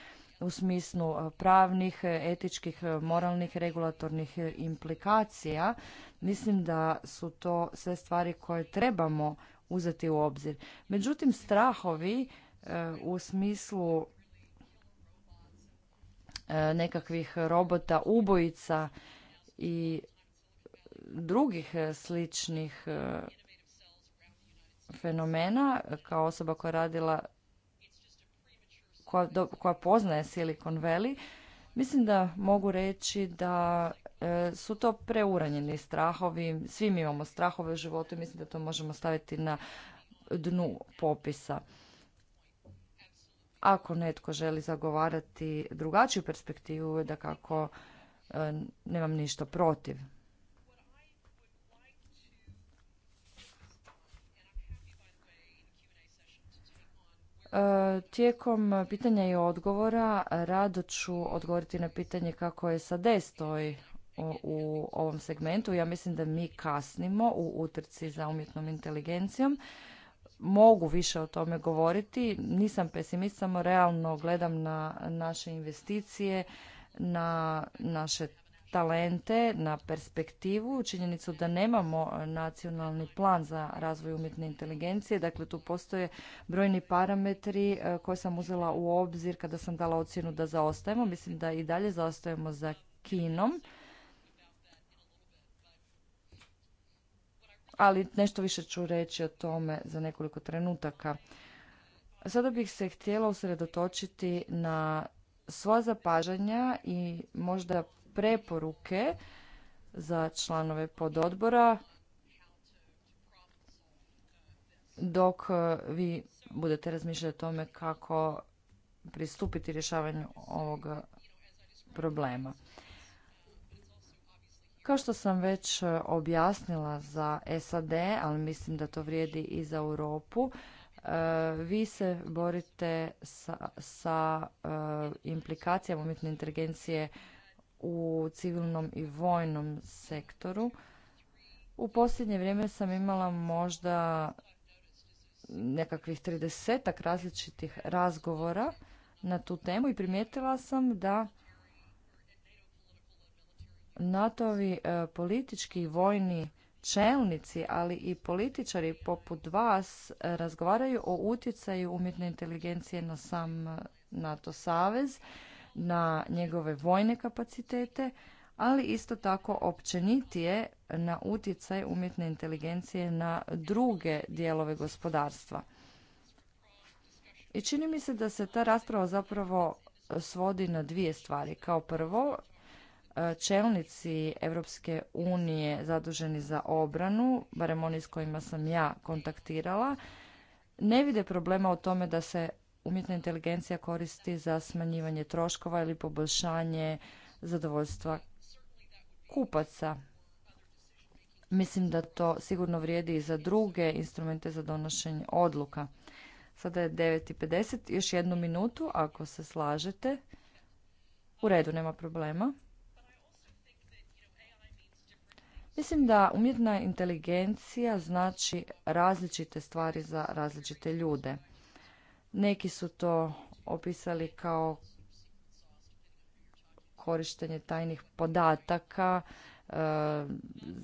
Speaker 2: u smislu e, pravnih, e, etičkih, e, moralnih, regulatornih implikacija. Mislim da su to sve stvari koje trebamo uzeti u obzir. Međutim, strahovi u smislu nekakvih robota, ubojica i drugih sličnih fenomena, kao osoba koja radila koja, poznaje Silicon Valley, mislim da mogu reći da e, su to preuranjeni strahovi. Svi mi imamo strahove u životu i mislim da to možemo staviti na dnu popisa. Ako netko želi zagovarati drugačiju perspektivu, da kako e, nemam ništa protiv. Tijekom pitanja i odgovora rado ću odgovoriti na pitanje kako je SAD stoji u ovom segmentu. Ja mislim da mi kasnimo u utrci za umjetnom inteligencijom. Mogu više o tome govoriti. Nisam pesimist, samo realno gledam na naše investicije, na naše talente, na perspektivu, činjenicu da nemamo e, nacionalni plan za razvoj umjetne inteligencije. Dakle, tu postoje brojni parametri e, koje sam uzela u obzir kada sam dala ocjenu da zaostajemo. Mislim da i dalje zaostajemo za Kinom. Ali nešto više ću reći o tome za nekoliko trenutaka. Sada bih se htjela usredotočiti na sva zapažanja i možda preporuke za članove pododbora dok e, vi budete razmišljati o tome kako pristupiti rješavanju ovog problema. Kao što sam već e, objasnila za SAD, ali mislim da to vrijedi i za Europu, e, vi se borite sa, sa implikacijama umjetne inteligencije u civilnom i vojnom sektoru. U posljednje vrijeme sam imala možda nekakvih 30 različitih razgovora na tu temu i primijetila sam da NATO-vi e, politički i vojni čelnici, ali i političari poput vas e, razgovaraju o utjecaju umjetne inteligencije na sam e, NATO savez na njegove vojne kapacitete, ali isto tako općenitije na utjecaj umjetne inteligencije na druge dijelove gospodarstva. I čini mi se da se ta rasprava zapravo svodi na dvije stvari. Kao prvo, e, čelnici Europske unije zaduženi za obranu, barem oni s kojima sam ja kontaktirala, ne vide problema u tome da se umjetna inteligencija koristi za smanjivanje troškova ili poboljšanje zadovoljstva kupaca. Mislim da to sigurno vrijedi i za druge instrumente za donošenje odluka. Sada je 9.50, još jednu minutu ako se slažete. U redu, nema problema. Mislim da umjetna inteligencija znači različite stvari za različite ljude. Neki su to opisali kao korištenje tajnih podataka e,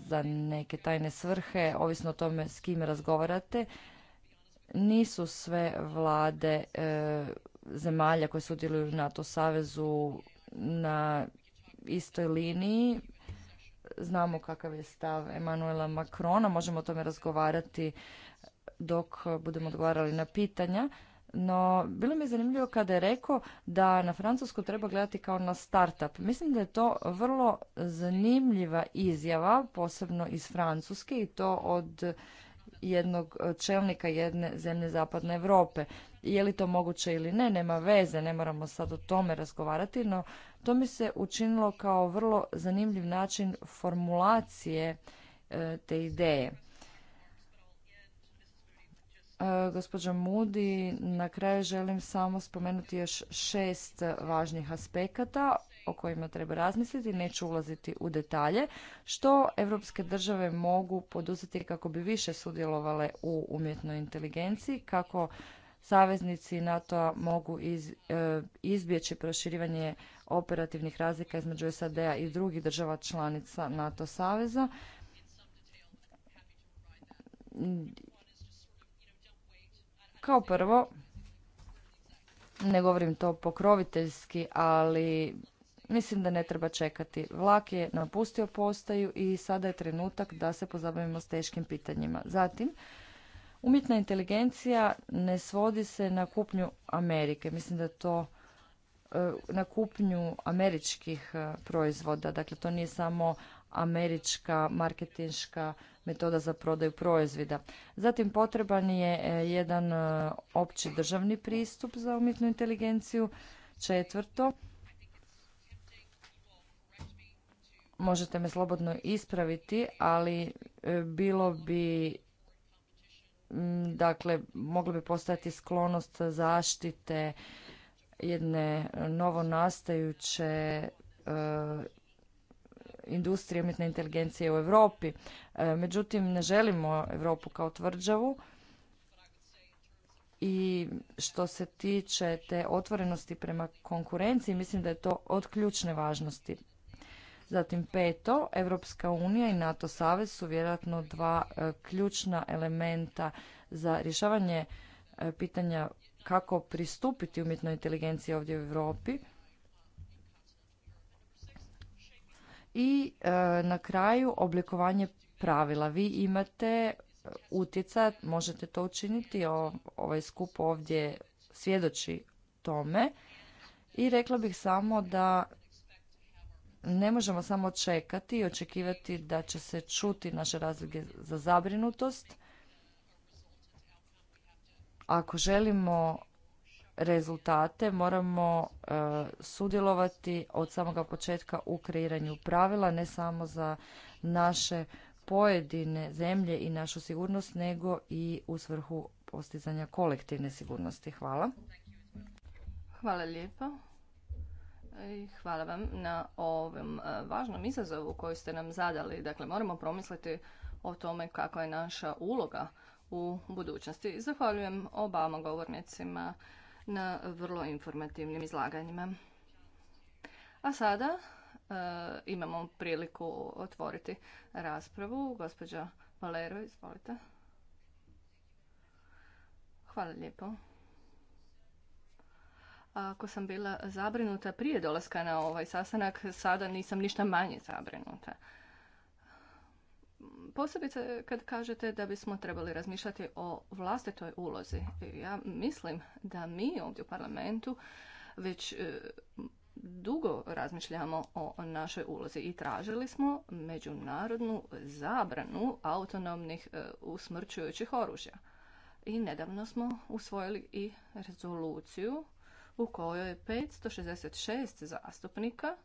Speaker 2: za neke tajne svrhe, ovisno o tome s kim razgovarate. Nisu sve vlade e, zemalja koje sudjeluju u NATO savezu na istoj liniji. Znamo kakav je stav Emanuela Macrona, možemo o tome razgovarati dok budemo odgovarali na pitanja. No, bilo mi je zanimljivo kada je rekao da na Francusku treba gledati kao na startup. Mislim da je to vrlo zanimljiva izjava, posebno iz Francuske i to od jednog čelnika jedne zemlje zapadne Europe. Je li to moguće ili ne, nema veze, ne moramo sad o tome razgovarati, no to mi se učinilo kao vrlo zanimljiv način formulacije e, te ideje. E, gospođo Mudi, na kraju želim samo spomenuti još šest važnih aspekata o kojima treba razmisliti, neću ulaziti u detalje, što evropske države mogu poduzeti kako bi više sudjelovale u umjetnoj inteligenciji, kako saveznici NATO-a mogu iz, e, izbjeći proširivanje operativnih razlika između SAD-a i drugih država članica NATO saveza kao prvo, ne govorim to pokroviteljski, ali mislim da ne treba čekati. Vlak je napustio postaju i sada je trenutak da se pozabavimo s teškim pitanjima. Zatim, umjetna inteligencija ne svodi se na kupnju Amerike. Mislim da to e, na kupnju američkih e, proizvoda. Dakle, to nije samo američka marketinška metoda za prodaju proizvida. Zatim potreban je e, jedan e, opći državni pristup za umjetnu inteligenciju. Četvrto, možete me slobodno ispraviti, ali e, bilo bi dakle moglo bi postojati sklonost zaštite jedne novonastajuće industrije umjetne inteligencije u Europi. E, međutim, ne želimo Europu kao tvrđavu i što se tiče te otvorenosti prema konkurenciji, mislim da je to od ključne važnosti. Zatim peto, Europska unija i NATO savez su vjerojatno dva e, ključna elementa za rješavanje e, pitanja kako pristupiti umjetnoj inteligenciji ovdje u Europi. I e, na kraju oblikovanje pravila. Vi imate e, utjeca, možete to učiniti, ovaj skup ovdje svjedoči tome. I rekla bih samo da ne možemo samo čekati i očekivati da će se čuti naše razloge za zabrinutost. Ako želimo rezultate moramo e, sudjelovati od samoga početka u kreiranju pravila ne samo za naše pojedine zemlje i našu sigurnost nego i u svrhu postizanja kolektivne sigurnosti. Hvala.
Speaker 3: Hvala lijepo I hvala vam na ovom e, važnom izazovu koji ste nam zadali. Dakle, moramo promisliti o tome kakva je naša uloga u budućnosti. Zahvaljujem obama govornicima na vrlo informativnim izlaganjima. A sada e, imamo priliku otvoriti raspravu. Gospođa Valero, izvolite. Hvala lijepo. Ako sam bila zabrinuta prije dolaska na ovaj sastanak, sada nisam ništa manje zabrinuta. Posebice kad kažete da bismo trebali razmišljati o vlastitoj ulozi. Ja mislim da mi ovdje u parlamentu već e, dugo razmišljamo o našoj ulozi i tražili smo međunarodnu zabranu autonomnih e, usmrćujućih oružja. I nedavno smo usvojili i rezoluciju u kojoj je 566 zastupnika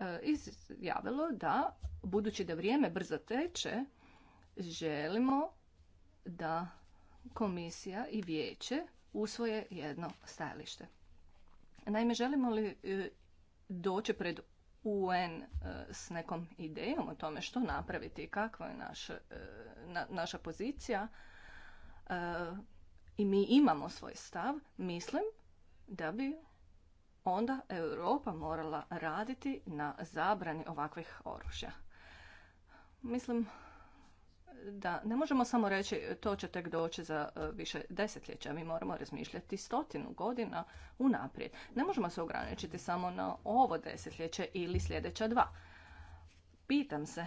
Speaker 3: E, izjavilo da, budući da vrijeme brzo teče, želimo da komisija i vijeće usvoje jedno stajalište. Naime, želimo li e, doći pred UN e, s nekom idejom o tome što napraviti i kakva je naša pozicija i mi imamo svoj stav, mislim da bi onda Europa morala raditi na zabrani ovakvih oružja. Mislim da ne možemo samo reći to će tek doći za e, više desetljeća. Mi moramo razmišljati stotinu godina unaprijed. Ne možemo se ograničiti samo na ovo desetljeće ili sljedeća dva. Pitam se,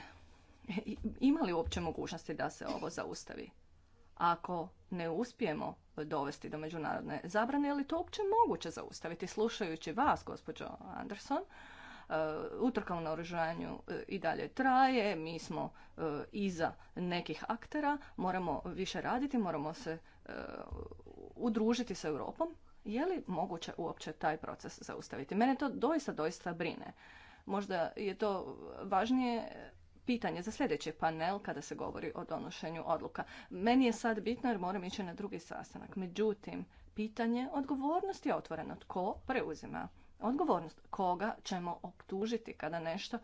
Speaker 3: ima li uopće mogućnosti da se ovo zaustavi? ako ne uspijemo dovesti do međunarodne zabrane, je li to uopće moguće zaustaviti? Slušajući vas, gospođo Anderson, e, utrka u naoružanju e, i dalje traje, mi smo e, iza nekih aktera, moramo više raditi, moramo se udružiti sa Europom. Je li moguće uopće taj proces zaustaviti? Mene to doista, doista brine. Možda je to važnije pitanje za sljedeći panel kada se govori o donošenju odluka. Meni je sad bitno jer moram ići na drugi sastanak. Međutim, pitanje odgovornosti je otvoreno. Tko preuzima odgovornost? Koga ćemo optužiti kada nešto e,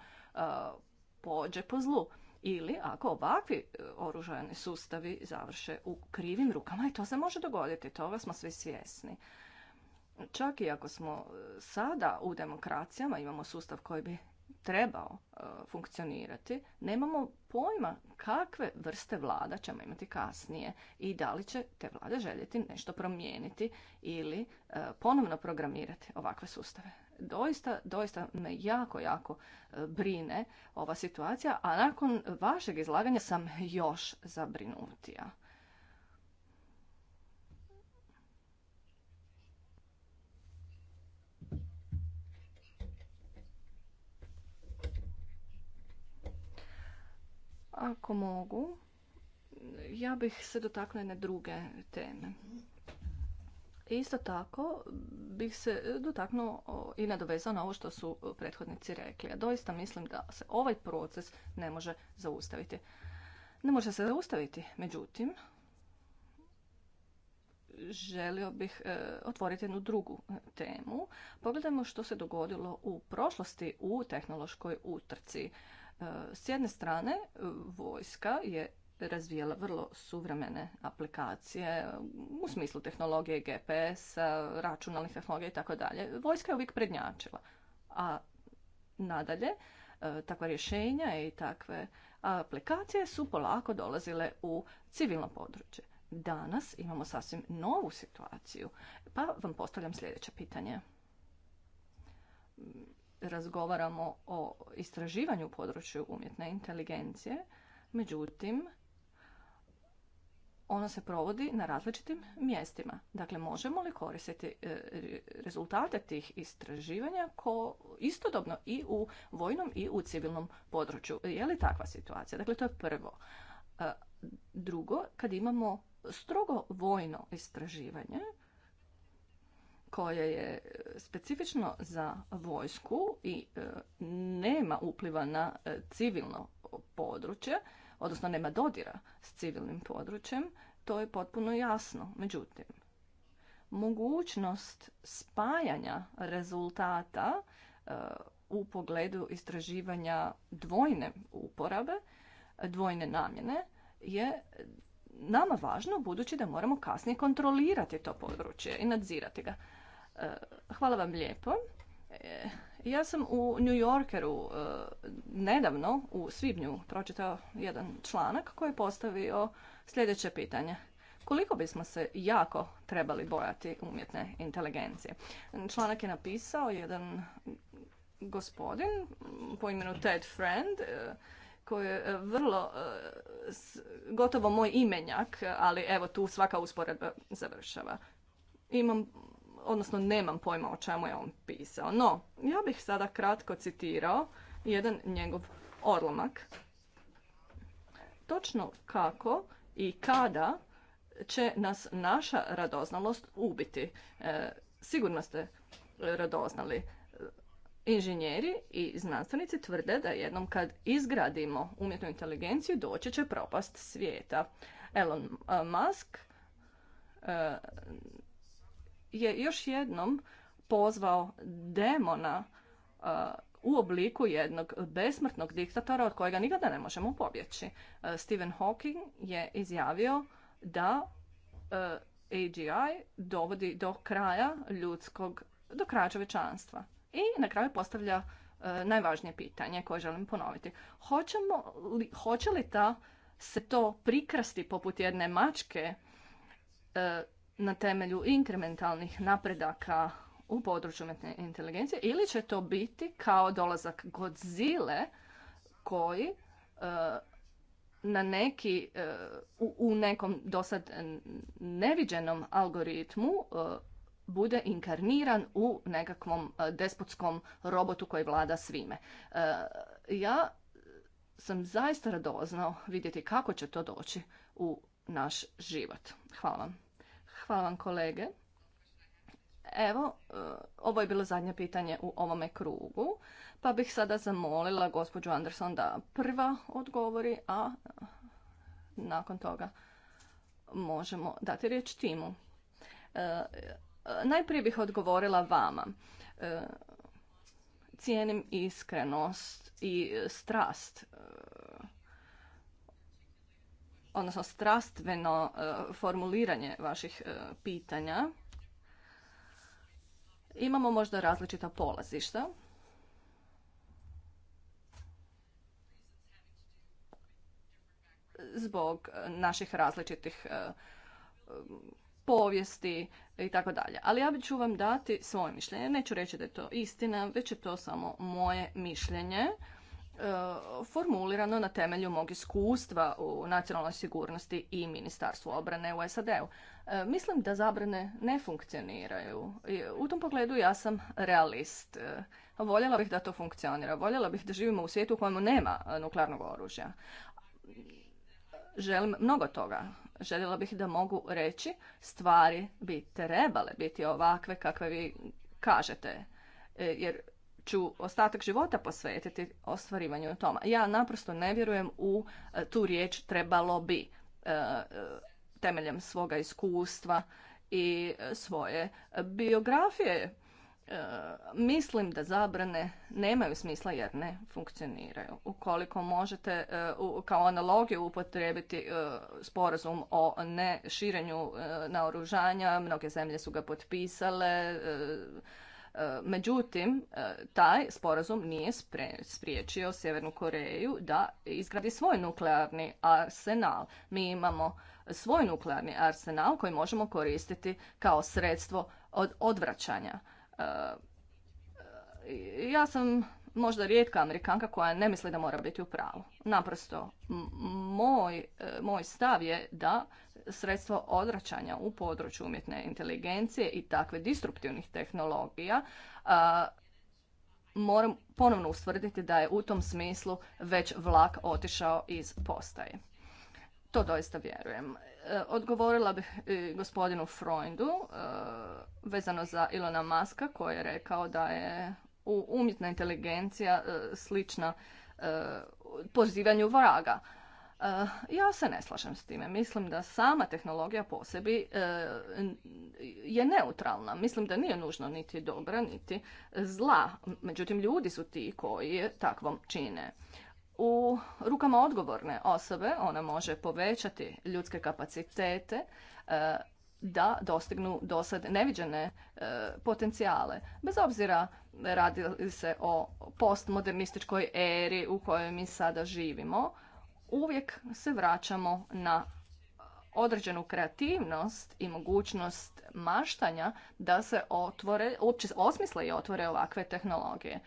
Speaker 3: pođe po zlu? Ili ako ovakvi e, oružani sustavi završe u krivim rukama i to se može dogoditi, toga smo svi svjesni. Čak i ako smo e, sada u demokracijama, imamo sustav koji bi trebao e, funkcionirati, nemamo pojma kakve vrste vlada ćemo imati kasnije i da li će te vlade željeti nešto promijeniti ili e, ponovno programirati ovakve sustave. Doista, doista me jako, jako e, brine ova situacija, a nakon vašeg izlaganja sam još zabrinutija. Ako mogu, ja bih se dotakla jedne druge teme. Isto tako bih se dotaknuo i nadovezao na ovo što su prethodnici rekli. Ja doista mislim da se ovaj proces ne može zaustaviti. Ne može se zaustaviti, međutim, želio bih e, otvoriti jednu drugu temu. Pogledajmo što se dogodilo u prošlosti u tehnološkoj utrci. E, s jedne strane, e, vojska je razvijala vrlo suvremene aplikacije e, u smislu tehnologije GPS, računalnih tehnologija i tako dalje. Vojska je uvijek prednjačila. A nadalje, takva rješenja i takve aplikacije su polako dolazile u civilno područje. Danas imamo sasvim novu situaciju, pa vam postavljam sljedeće pitanje razgovaramo o istraživanju u području umjetne inteligencije, međutim, ono se provodi na različitim mjestima. Dakle, možemo li koristiti e, rezultate tih istraživanja ko istodobno i u vojnom i u civilnom području? Je li takva situacija? Dakle, to je prvo. E, drugo, kad imamo strogo vojno istraživanje, koje je e, specifično za vojsku i e, nema upliva na e, civilno područje, odnosno nema dodira s civilnim područjem, to je potpuno jasno. Međutim, mogućnost spajanja rezultata u pogledu istraživanja dvojne uporabe, dvojne namjene je nama važno budući da moramo kasnije kontrolirati to područje i nadzirati ga. Eh, hvala vam lijepo. Eh, ja sam u New Yorkeru eh, nedavno, u Svibnju, pročitao jedan članak koji je postavio sljedeće pitanje. Koliko bismo se jako trebali bojati umjetne inteligencije? Članak je napisao jedan gospodin po imenu Ted Friend, koji je vrlo, gotovo moj imenjak, ali evo tu svaka usporedba završava. Imam odnosno nemam pojma o čemu je on pisao. No, ja bih sada kratko citirao jedan njegov odlomak. Točno kako i kada će nas naša radoznalost ubiti. E, sigurno ste radoznali. Inženjeri i znanstvenici tvrde da jednom kad izgradimo umjetnu inteligenciju doći će propast svijeta. Elon Musk e, je još jednom pozvao demona u obliku jednog besmrtnog diktatora od kojega nikada ne možemo pobjeći. Stephen Hawking je izjavio da AGI dovodi do kraja ljudskog, do kraja čovečanstva. I na kraju postavlja najvažnije pitanje koje želim ponoviti. Hoćemo hoće li ta se to prikrasti poput jedne mačke na temelju inkrementalnih napredaka u području umjetne inteligencije ili će to biti kao dolazak Godzile koji e, na neki, e, u nekom dosad neviđenom algoritmu e, bude inkarniran u nekakvom despotskom robotu koji vlada svime. Ja sam zaista radoznao vidjeti kako će to doći u naš život. Hvala vam. Hvala vam kolege. Evo, e, ovo je bilo zadnje pitanje u ovome krugu, pa bih sada zamolila gospođu Anderson da prva odgovori, a e, nakon toga možemo dati riječ timu. E, najprije bih odgovorila vama. cijenim iskrenost i strast odnosno strastveno e, formuliranje vaših e, pitanja. Imamo možda različita polazišta. Zbog naših različitih e, povijesti i tako dalje. Ali ja ću vam dati svoje mišljenje. Neću reći da je to istina, već je to samo moje mišljenje E, formulirano na temelju mog iskustva u nacionalnoj sigurnosti i Ministarstvu obrane u SAD-u. E, mislim da zabrane ne funkcioniraju. U tom pogledu ja sam realist. E, voljela bih da to funkcionira. Voljela bih da živimo u svijetu u kojemu nema nuklearnog oružja. Želim mnogo toga. Željela bih da mogu reći stvari bi trebale biti ovakve kakve vi kažete. Jer ću ostatak života posvetiti ostvarivanju toma. Ja naprosto ne vjerujem u e, tu riječ trebalo bi e, e, temeljem svoga iskustva i svoje biografije. Mislim da zabrane nemaju smisla jer ne funkcioniraju. Ukoliko možete kao analogiju upotrijebiti sporazum o neširenju naoružanja, mnoge zemlje su ga potpisale, E, međutim, e, taj sporazum nije spriječio Sjevernu Koreju da izgradi svoj nuklearni arsenal. Mi imamo svoj nuklearni arsenal koji možemo koristiti kao sredstvo od odvraćanja. E, ja sam možda rijetka Amerikanka koja ne misli da mora biti u pravu. Naprosto, moj, moj stav je da sredstvo odračanja u području umjetne inteligencije i takve disruptivnih tehnologija moram ponovno ustvrditi da je u tom smislu već vlak otišao iz postaje. To doista vjerujem. E, odgovorila bih e, gospodinu Freundu e, vezano za Ilona Maska koji je rekao da je umjetna inteligencija slična pozivanju vraga. Eh, ja se ne slažem s time. Mislim da sama tehnologija po sebi eh, je neutralna. Mislim da nije nužno niti dobra, niti zla. Međutim, ljudi su ti koji takvom čine. U rukama odgovorne osobe ona može povećati ljudske kapacitete eh, da dostignu dosad neviđene potencijale. Bez obzira radi se o postmodernističkoj eri u kojoj mi sada živimo, uvijek se vraćamo na određenu kreativnost i mogućnost maštanja da se otvore, osmisle i otvore ovakve tehnologije.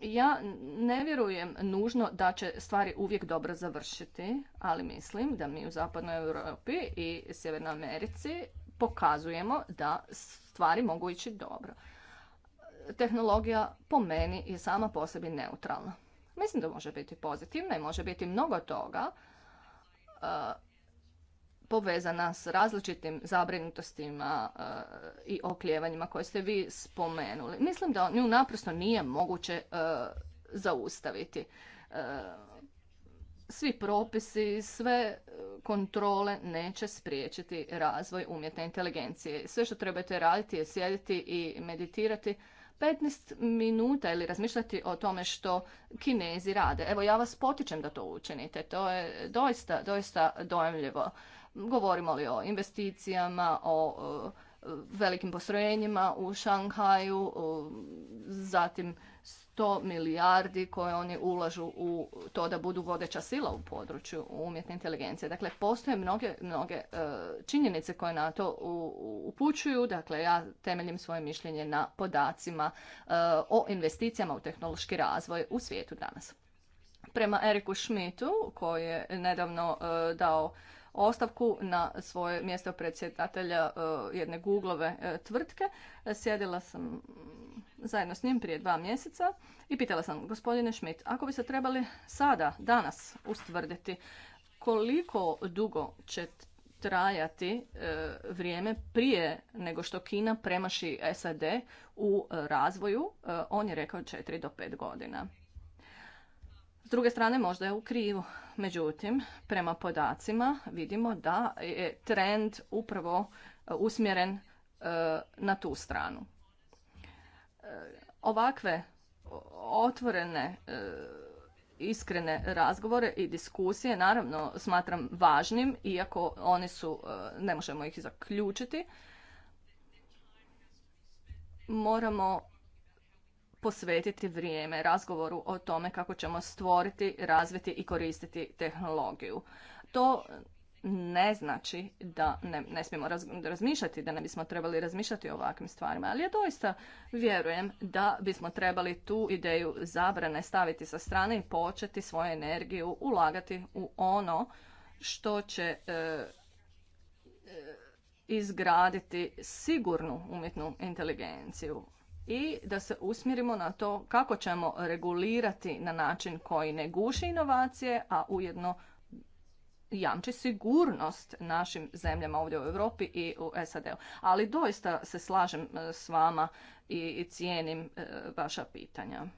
Speaker 3: Ja ne vjerujem nužno da će stvari uvijek dobro završiti, ali mislim da mi u Zapadnoj Europi i Sjevernoj Americi pokazujemo da stvari mogu ići dobro. Tehnologija po meni je sama po sebi neutralna. Mislim da može biti pozitivna i može biti mnogo toga e, povezana s različitim zabrinutostima e, i okljevanjima koje ste vi spomenuli. Mislim da nju naprosto nije moguće e, zaustaviti. Svi propisi, sve kontrole neće spriječiti razvoj umjetne inteligencije. Sve što trebate raditi je sjediti i meditirati 15 minuta ili razmišljati o tome što kinezi rade. Evo, ja vas potičem da to učinite. To je doista, doista dojemljivo. Govorimo li o investicijama, o velikim postrojenjima u Šanghaju, zatim 100 milijardi koje oni ulažu u to da budu vodeća sila u području umjetne inteligencije. Dakle, postoje mnoge, mnoge e, činjenice koje na to upućuju. Dakle, ja temeljim svoje mišljenje na podacima e, o investicijama u tehnološki razvoj u svijetu danas. Prema Eriku Schmidtu, koji je nedavno e, dao ostavku na svoje mjesto predsjedatelja e, jedne uh, tvrtke. E, sjedila sam zajedno s njim prije dva mjeseca i pitala sam, gospodine Schmidt, ako bi se trebali sada, danas ustvrditi koliko dugo će trajati vrijeme prije nego što Kina premaši SAD u razvoju, on je rekao 4 do 5 godina. S druge strane možda je u krivu. Međutim, prema podacima vidimo da je trend upravo e, usmjeren e, na tu stranu. E, ovakve otvorene iskrene razgovore i diskusije naravno smatram važnim iako oni su ne možemo ih zaključiti moramo posvetiti vrijeme razgovoru o tome kako ćemo stvoriti, razviti i koristiti tehnologiju. To ne znači da ne, ne smijemo razmišljati, da ne bismo trebali razmišljati o ovakvim stvarima, ali ja doista vjerujem da bismo trebali tu ideju zabrane staviti sa strane i početi svoju energiju ulagati u ono što će e, e, izgraditi sigurnu umjetnu inteligenciju i da se usmjerimo na to kako ćemo regulirati na način koji ne guši inovacije, a ujedno jamči sigurnost našim zemljama ovdje u Europi i u SAD-u. Ali doista se slažem e, s vama i cijenim e, vaša pitanja. E,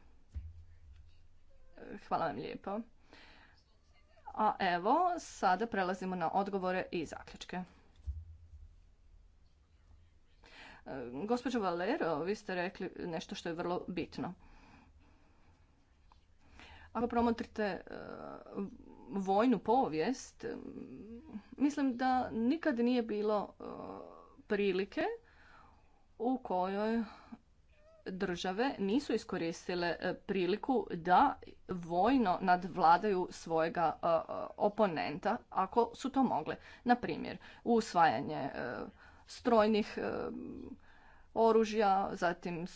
Speaker 3: hvala vam lijepo. A evo, sada prelazimo na odgovore i zaključke. Gospođo Valero, vi ste rekli nešto što je vrlo bitno. Ako promotrite e, vojnu povijest, mislim da nikad nije bilo e, prilike u kojoj države nisu iskoristile e, priliku da vojno nadvladaju svojega oponenta ako su to mogle. Na primjer, usvajanje strojnih e, oružja, zatim e,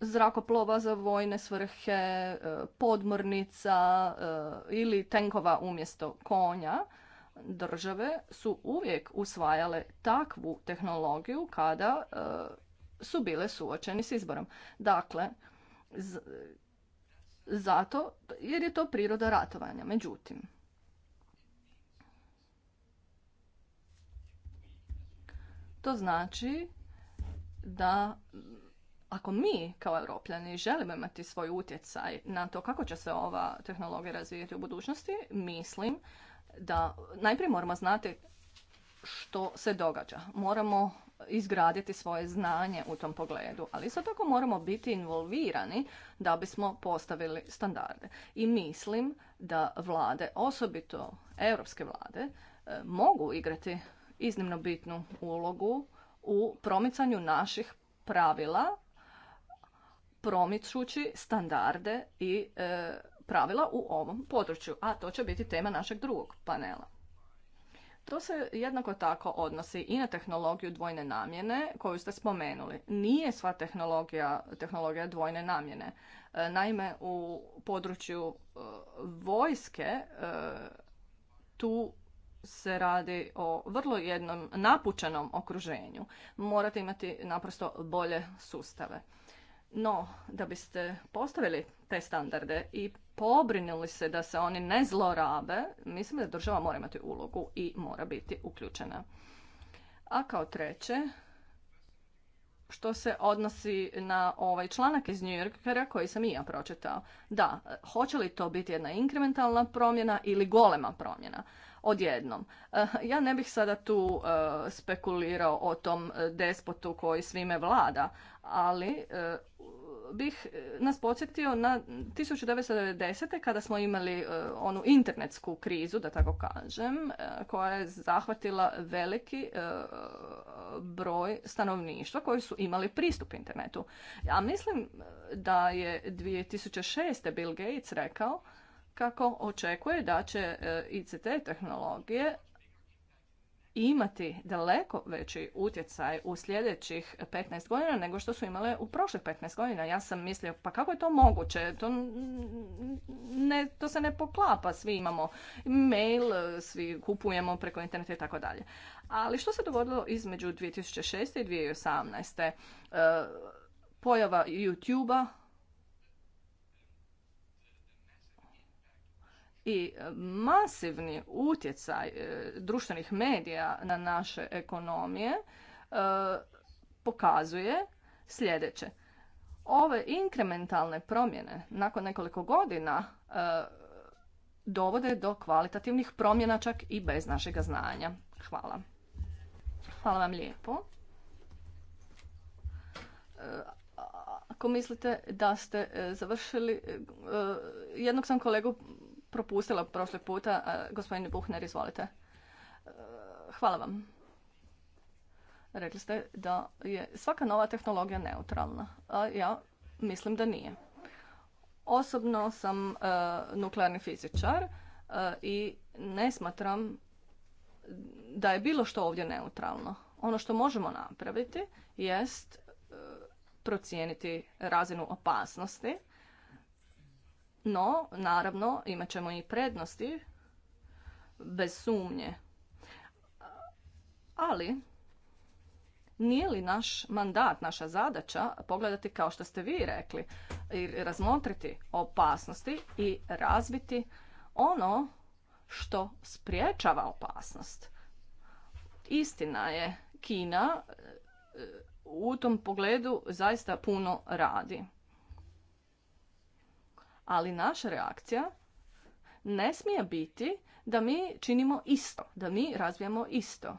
Speaker 3: zrakoplova za vojne svrhe, e, podmornica ili tenkova umjesto konja, države su uvijek usvajale takvu tehnologiju kada su bile suočeni s izborom. Dakle, zato jer je to priroda ratovanja. Međutim, To znači da ako mi kao europljani želimo imati svoj utjecaj na to kako će se ova tehnologija razvijati u budućnosti, mislim da najprije moramo znati što se događa. Moramo izgraditi svoje znanje u tom pogledu, ali isto tako moramo biti involvirani da bismo postavili standarde. I mislim da vlade, osobito europske vlade, e, mogu igrati iznimno bitnu ulogu u promicanju naših pravila, promičući standarde i e, pravila u ovom području, a to će biti tema našeg drugog panela. To se jednako tako odnosi i na tehnologiju dvojne namjene koju ste spomenuli. Nije sva tehnologija, tehnologija dvojne namjene. E, naime, u području e, vojske tu se radi o vrlo jednom napučenom okruženju. Morate imati naprosto bolje sustave. No, da biste postavili te standarde i pobrinili se da se oni ne zlorabe, mislim da država mora imati ulogu i mora biti uključena. A kao treće, što se odnosi na ovaj članak iz New Yorkera koji sam i ja pročitao. Da, hoće li to biti jedna inkrementalna promjena ili golema promjena? odjednom. Eh, ja ne bih sada tu eh, spekulirao o tom eh, despotu koji svime vlada, ali bih nas podsjetio na 1990. kada smo imali onu internetsku krizu, da tako kažem, koja je zahvatila veliki broj stanovništva koji su imali pristup internetu. Ja mislim da je 2006. Bill Gates rekao kako očekuje da će e, ICT tehnologije imati daleko veći utjecaj u sljedećih 15 godina nego što su imale u prošlih 15 godina. Ja sam mislio, pa kako je to moguće? To, ne, to se ne poklapa. Svi imamo mail, e, svi kupujemo preko interneta i tako dalje. Ali što se dogodilo između 2006. i 2018. E, pojava YouTube-a, i masivni utjecaj e, društvenih medija na naše ekonomije e, pokazuje sljedeće. Ove inkrementalne promjene nakon nekoliko godina e, dovode do kvalitativnih promjena čak i bez našega znanja. Hvala. Hvala vam lijepo. Ako mislite da ste završili, jednog sam kolegu propustila prošle puta. Gospodine Buhner, izvolite. E, hvala vam. Rekli ste da je svaka nova tehnologija neutralna, a ja mislim da nije. Osobno sam e, nuklearni fizičar e, i ne smatram da je bilo što ovdje neutralno. Ono što možemo napraviti jest procijeniti razinu opasnosti no, naravno, imat ćemo i prednosti, bez sumnje. Ali, nije li naš mandat, naša zadaća pogledati kao što ste vi rekli i razmotriti opasnosti i razbiti ono što spriječava opasnost. Istina je, Kina e, u tom pogledu zaista puno radi. Ali naša reakcija ne smije biti da mi činimo isto, da mi razvijamo isto.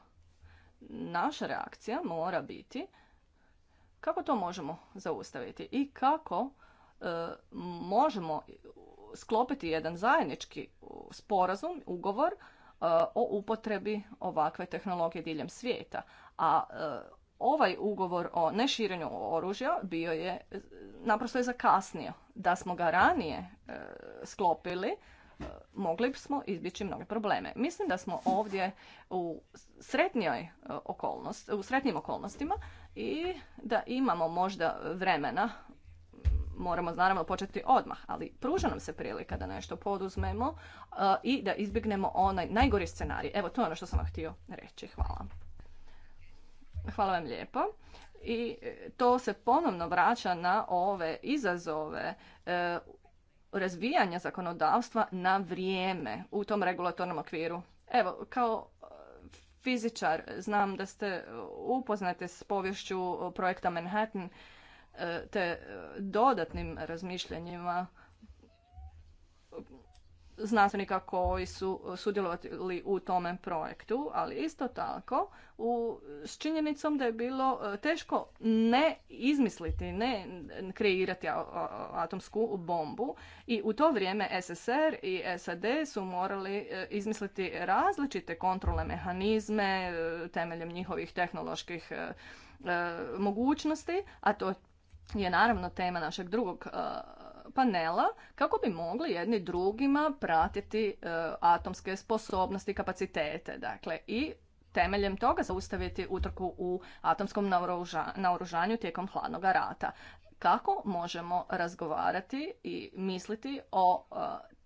Speaker 3: Naša reakcija mora biti kako to možemo zaustaviti i kako e, možemo sklopiti jedan zajednički sporazum, ugovor e, o upotrebi ovakve tehnologije diljem svijeta. A e, ovaj ugovor o neširenju oružja bio je, naprosto je zakasnio da smo ga ranije e, sklopili, e, mogli smo izbjeći mnoge probleme. Mislim da smo ovdje u sretnijoj e, u sretnim okolnostima i da imamo možda vremena moramo naravno početi odmah, ali pruža nam se prilika da nešto poduzmemo i da izbjegnemo onaj najgori scenarij. Evo, to je ono što sam vam htio reći. Hvala. Hvala vam lijepo i e, to se ponovno vraća na ove izazove e, razvijanja zakonodavstva na vrijeme u tom regulatornom okviru. Evo, kao e, fizičar znam da ste upoznate s povješću projekta Manhattan te dodatnim razmišljanjima znanstvenika koji su e, sudjelovali u tome projektu, ali isto tako u, s činjenicom da je bilo e, teško ne izmisliti, ne kreirati atomsku bombu i u to vrijeme SSR i SAD su morali e, izmisliti različite kontrole mehanizme temeljem njihovih tehnoloških mogućnosti, a to je naravno tema našeg drugog panela kako bi mogli jedni drugima pratiti e, atomske sposobnosti, kapacitete. Dakle, i temeljem toga zaustaviti utrku u atomskom naoružanju tijekom hladnog rata. Kako možemo razgovarati i misliti o e,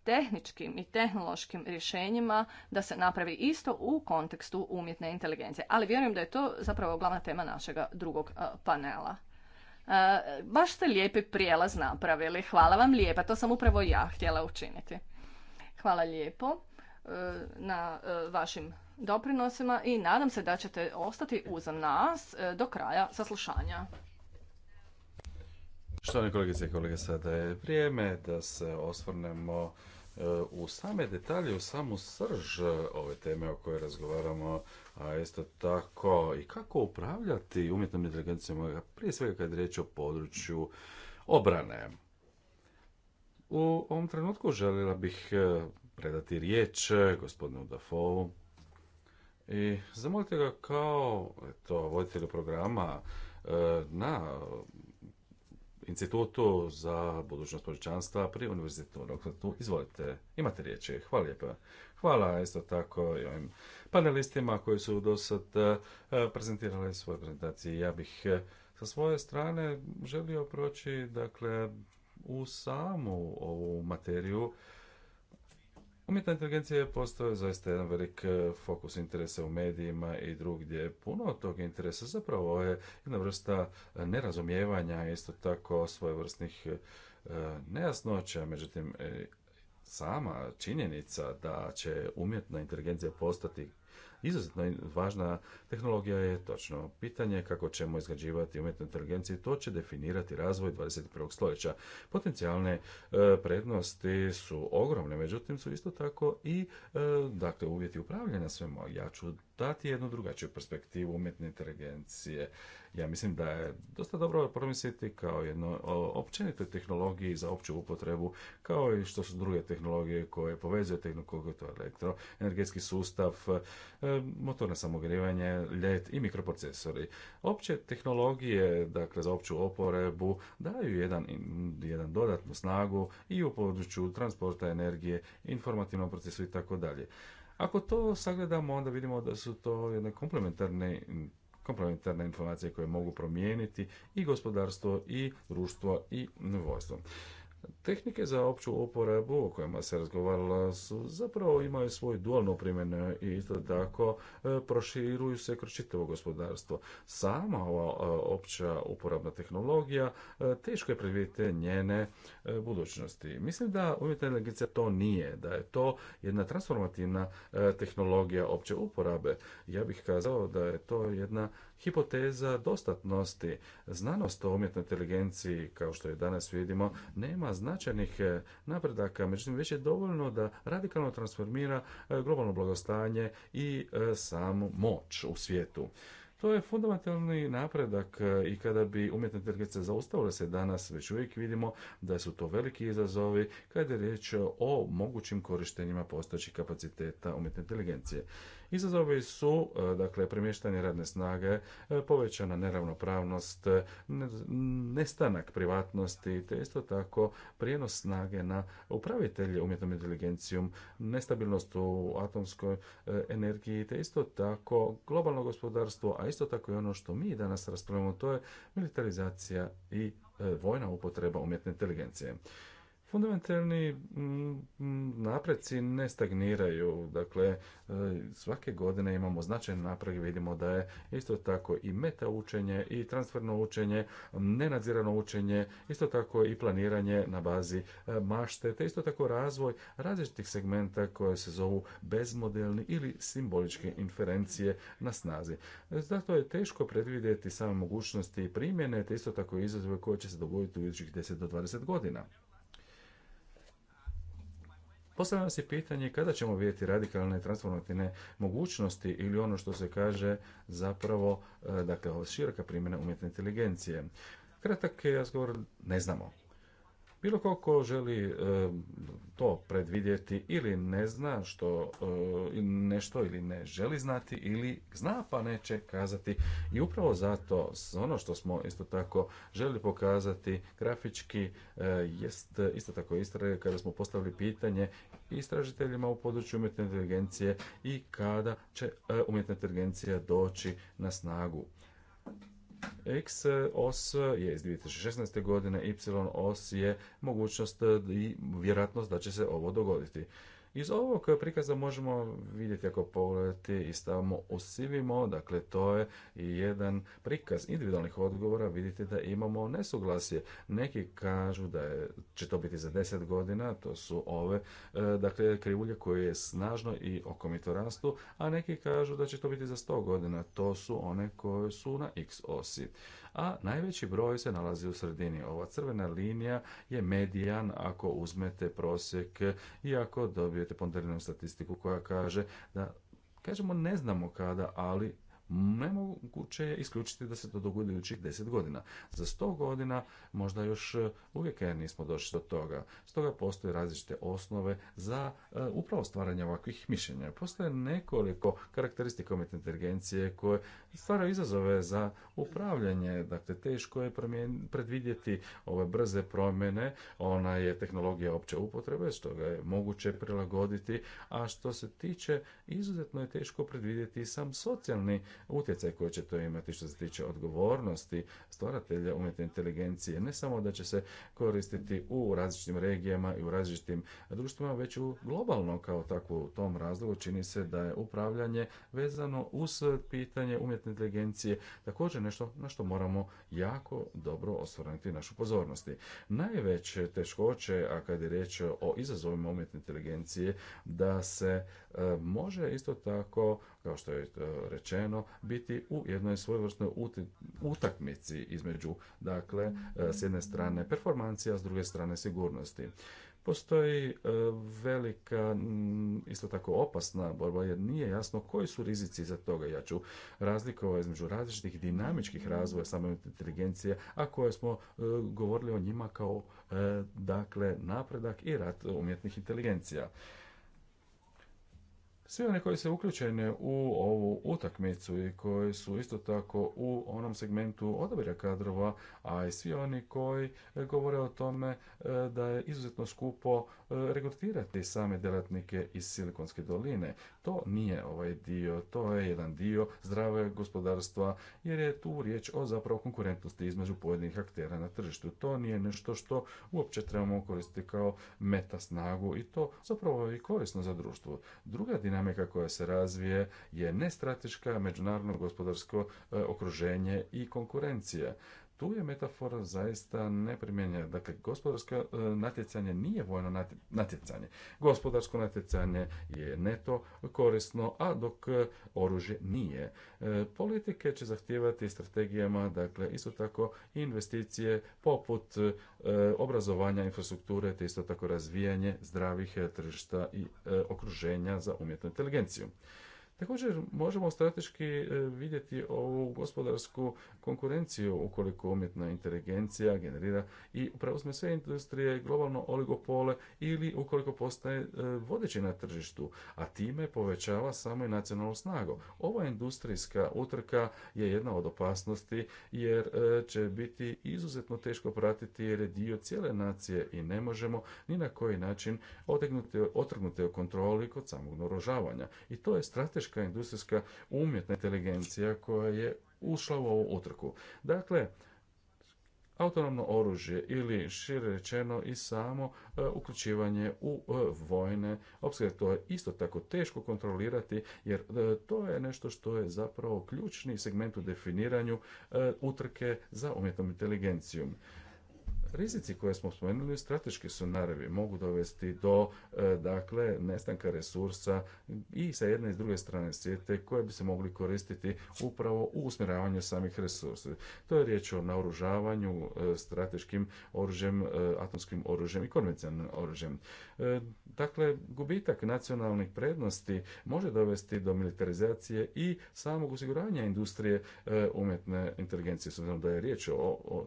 Speaker 3: tehničkim i tehnološkim rješenjima da se napravi isto u kontekstu umjetne inteligencije. Ali vjerujem da je to zapravo glavna tema našega drugog e, panela. E, baš ste lijepi prijelaz napravili. Hvala vam lijepa, to sam upravo ja htjela učiniti. Hvala lijepo e, na e, vašim doprinosima i nadam se da ćete ostati uza nas do kraja saslušanja.
Speaker 1: Štovane kolegice i kolege, sada je vrijeme da se osvrnemo u same detalje, u samu srž ove teme o kojoj razgovaramo a isto tako i kako upravljati umjetnom inteligencijom, prije svega kad je riječ o području obrane. U ovom trenutku želila bih e, predati riječ e, gospodinu Dafovu i zamolite ga kao eto voditelju programa e, na Institutu za budućnost polučanstva pri Univerzitetu Izvolite, imate riječi. Hvala lijepa. Hvala isto tako i ovim panelistima koji su do sad e, e, prezentirali svoje prezentacije. Ja bih e, sa svoje strane želio proći dakle, u samu ovu materiju. Umjetna inteligencija je zaista jedan velik fokus interesa u medijima i drugdje. Puno tog interesa zapravo je jedna vrsta nerazumijevanja, isto tako svojevrsnih nejasnoća, međutim sama činjenica da će umjetna inteligencija postati izuzetno važna tehnologija je točno pitanje kako ćemo izgrađivati umjetnu inteligenciju. To će definirati razvoj 21. stoljeća. Potencijalne e, prednosti su ogromne, međutim su isto tako i e, dakle uvjeti upravljanja svima. Ja ću dati jednu drugačiju perspektivu umjetne inteligencije. Ja mislim da je dosta dobro promisliti kao jedno općenitoj tehnologiji za opću upotrebu, kao i što su druge tehnologije koje povezuje tehnologiju, to je elektroenergetski sustav, e, motorno samogrijevanje, ljet i mikroprocesori. Opće tehnologije, dakle, za opću oporebu daju jedan, jedan dodatnu snagu i u području transporta energije, informativnom procesu i tako dalje. Ako to sagledamo, onda vidimo da su to jedne komplementarne komplementarne informacije koje mogu promijeniti i gospodarstvo i društvo i vojstvo. Tehnike za opću uporabu o kojima se razgovarala su zapravo imaju svoju dualnu primjenu i isto tako e, proširuju se kroz čitavo gospodarstvo. Sama ova e, opća uporabna tehnologija e, teško je predvidjeti njene budućnosti. Mislim da umjetna inteligencija to nije, da je to jedna transformativna tehnologija opće uporabe. Ja bih kazao da je to jedna hipoteza dostatnosti. Znanost o umjetnoj inteligenciji, kao što je danas vidimo, nema značajnih eh, napredaka, međutim već je dovoljno da radikalno transformira eh, globalno blagostanje i eh, samu moć u svijetu. To je fundamentalni napredak i kada bi umjetna inteligencija zaustavila se danas, već uvijek vidimo da su to veliki izazovi kada je riječ o mogućim korištenjima postojećih kapaciteta umjetne inteligencije. Izazovi su e, dakle premještanje radne snage, e, povećana neravnopravnost, e, nestanak privatnosti, te isto tako prijenos snage na upravitelje umjetnom inteligencijom, nestabilnost u atomskoj energiji, te isto tako globalno gospodarstvo, a isto tako i ono što mi danas raspravljamo, to je militarizacija i vojna upotreba umjetne inteligencije. Fundamentalni mm, mm, napreci ne stagniraju, dakle e, svake godine imamo značajan napreg, vidimo da je isto tako i meta učenje i transferno učenje, nenadzirano učenje, isto tako i planiranje na bazi e, mašte, te isto tako razvoj različitih segmenta koje se zovu bezmodelni ili simboličke inferencije na snazi. Zato je teško predvidjeti same mogućnosti primjene, te isto tako izazove koje će se dogoditi u idućih 10 do 20 godina. Postavljam se pitanje kada ćemo vidjeti radikalne transformativne mogućnosti ili ono što se kaže zapravo e, dakle, široka primjena umjetne inteligencije. Kratak je razgovor, ne znamo. Bilo ko želi e, to predvidjeti ili ne zna što e, nešto ili ne želi znati ili zna pa neće kazati i upravo zato ono što smo isto tako želi pokazati grafički e, jest isto tako istraje kada smo postavili pitanje istražiteljima u području umjetne inteligencije i kada će umjetna inteligencija doći na snagu. X os je iz 2016. godine, Y os je mogućnost i vjerojatnost da će se ovo dogoditi. Iz ovog prikaza možemo vidjeti ako pogledati i stavimo u sivimo, dakle to je jedan prikaz individualnih odgovora, vidite da imamo nesuglasje. Neki kažu da će to biti za 10 godina, to su ove e, dakle, krivulje koje je snažno i okomito rastu, a neki kažu da će to biti za 100 godina, to su one koje su na x osi a najveći broj se nalazi u sredini. Ova crvena linija je medijan ako uzmete prosjek i ako dobijete ponderiranu statistiku koja kaže da kažemo ne znamo kada, ali nemoguće je isključiti da se to dogodi idućih 10 godina. Za sto godina možda još e, uvijek nismo došli do toga. Stoga postoje različite osnove za e, upravo stvaranje ovakvih mišljenja. Postoje nekoliko karakteristika umjetne inteligencije koje stvaraju izazove za upravljanje. Dakle, teško je predvidjeti ove brze promjene. Ona je tehnologija opće upotrebe, što ga je moguće prilagoditi. A što se tiče, izuzetno je teško predvidjeti sam socijalni utjecaj koji će to imati što se tiče odgovornosti stvaratelja umjetne inteligencije. Ne samo da će se koristiti u različitim regijama i u različitim društvima, već u globalno kao takvu u tom razlogu čini se da je upravljanje vezano uz pitanje umjetne inteligencije također nešto na što moramo jako dobro osvrnuti našu pozornosti. Najveće teškoće, a kad je riječ o izazovima umjetne inteligencije, da se e, može isto tako kao što je e, rečeno, biti u jednoj svojevrsnoj utakmici između, dakle, e, s jedne strane performancija, s druge strane sigurnosti. Postoji e, velika, mm, isto tako opasna borba jer nije jasno koji su rizici za toga. Ja ću razlikova između različitih dinamičkih razvoja same inteligencije, a koje smo govorili o njima kao dakle napredak i rat umjetnih inteligencija. Svi oni koji su uključeni u ovu utakmicu i koji su isto tako u onom segmentu odabira kadrova, a i svi oni koji govore o tome e, da je izuzetno skupo e, rekrutirati same djelatnike iz Silikonske doline. To nije ovaj dio, to je jedan dio zdrave gospodarstva jer je tu riječ o zapravo konkurentnosti između pojedinih aktera na tržištu. To nije nešto što uopće trebamo koristiti kao meta snagu i to zapravo je korisno za društvo. Druga dinamika dinamika koja se razvije je nestrateška međunarodno gospodarsko e, okruženje i konkurencija tu je metafora zaista primjenjuje Dakle, gospodarsko e, natjecanje nije vojno natjecanje. Gospodarsko natjecanje je neto korisno, a dok e, oružje nije. E, politike će zahtijevati strategijama, dakle, isto tako investicije poput obrazovanja, infrastrukture, te isto tako razvijanje zdravih tržišta i okruženja za umjetnu inteligenciju. Također možemo strateški e, vidjeti ovu gospodarsku konkurenciju ukoliko umjetna inteligencija generira i preuzme sve industrije, globalno oligopole ili ukoliko postaje e, vodeći na tržištu, a time povećava samo i nacionalnu snagu. Ova industrijska utrka je jedna od opasnosti jer e, će biti izuzetno teško pratiti jer je dio cijele nacije i ne možemo ni na koji način otrgnuti o kontroli kod samog naoružavanja. I to je strateški industrijska umjetna inteligencija koja je ušla u ovu utrku. Dakle, autonomno oružje ili šire rečeno i samo e, uključivanje u e, vojne opskrbe. To je isto tako teško kontrolirati jer e, to je nešto što je zapravo ključni segment u definiranju utrke za umjetnom inteligencijom. Rizici koje smo spomenuli strateški su naravi, mogu dovesti do e, dakle nestanka resursa i sa jedne i druge strane svijete koje bi se mogli koristiti upravo u usmjeravanju samih resursa. To je riječ o naoružavanju e, strateškim oružjem, e, atomskim oružjem i konvencionalnim oružjem. Dakle, gubitak nacionalnih prednosti može dovesti do militarizacije i samog osiguranja industrije umjetne inteligencije, s obzirom da je riječ o, o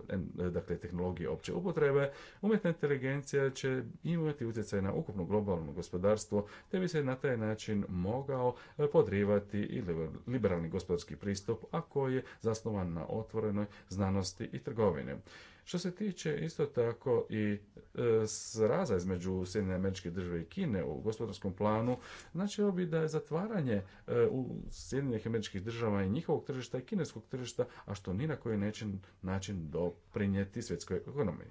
Speaker 1: dakle, tehnologiji opće upotrebe, umjetna inteligencija će imati utjecaj na ukupno globalno gospodarstvo, te bi se na taj način mogao e, podrivati i liberalni gospodarski pristup, a koji je zasnovan na otvorenoj znanosti i trgovini. Što se tiče isto tako i e, sraza između Sjedinjene američke države i Kine u gospodarskom planu, znači bi da je zatvaranje e, u Sjedinjenih američkih država i njihovog tržišta i kineskog tržišta, a što ni na koji način doprinijeti svjetskoj ekonomiji.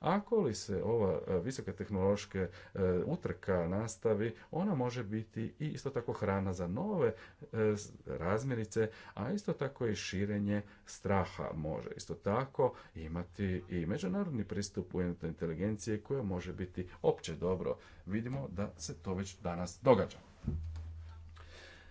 Speaker 1: Ako li se ova e, visoka tehnološka e, utrka nastavi, ona može biti i isto tako hrana za nove e, razmirice, a isto tako i širenje straha može isto tako imati i međunarodni pristup jednotnoj inteligencije koja može biti opće dobro. Vidimo da se to već danas događa.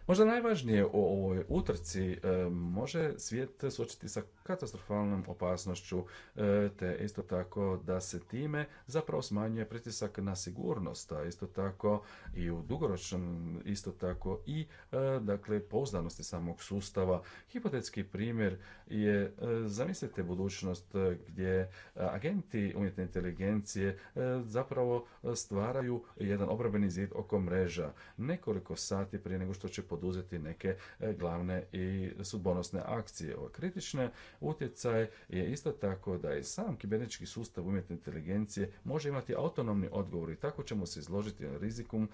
Speaker 1: Možda najvažnije u ovoj utrci e, može svijet suočiti sa katastrofalnom opasnošću, e, te isto tako da se time zapravo smanjuje pritisak na sigurnost, a isto tako i u dugoročnom, isto tako i e, dakle pouzdanosti samog sustava. Hipotetski primjer je, zamislite budućnost gdje agenti umjetne inteligencije zapravo stvaraju jedan obrambeni zid oko mreža nekoliko sati prije nego što će poduzeti neke e, glavne i sudbonosne akcije. Ovo kritične utjecaj je isto tako da i sam kibernetički sustav umjetne inteligencije može imati autonomni odgovor i tako ćemo se izložiti na rizikum e,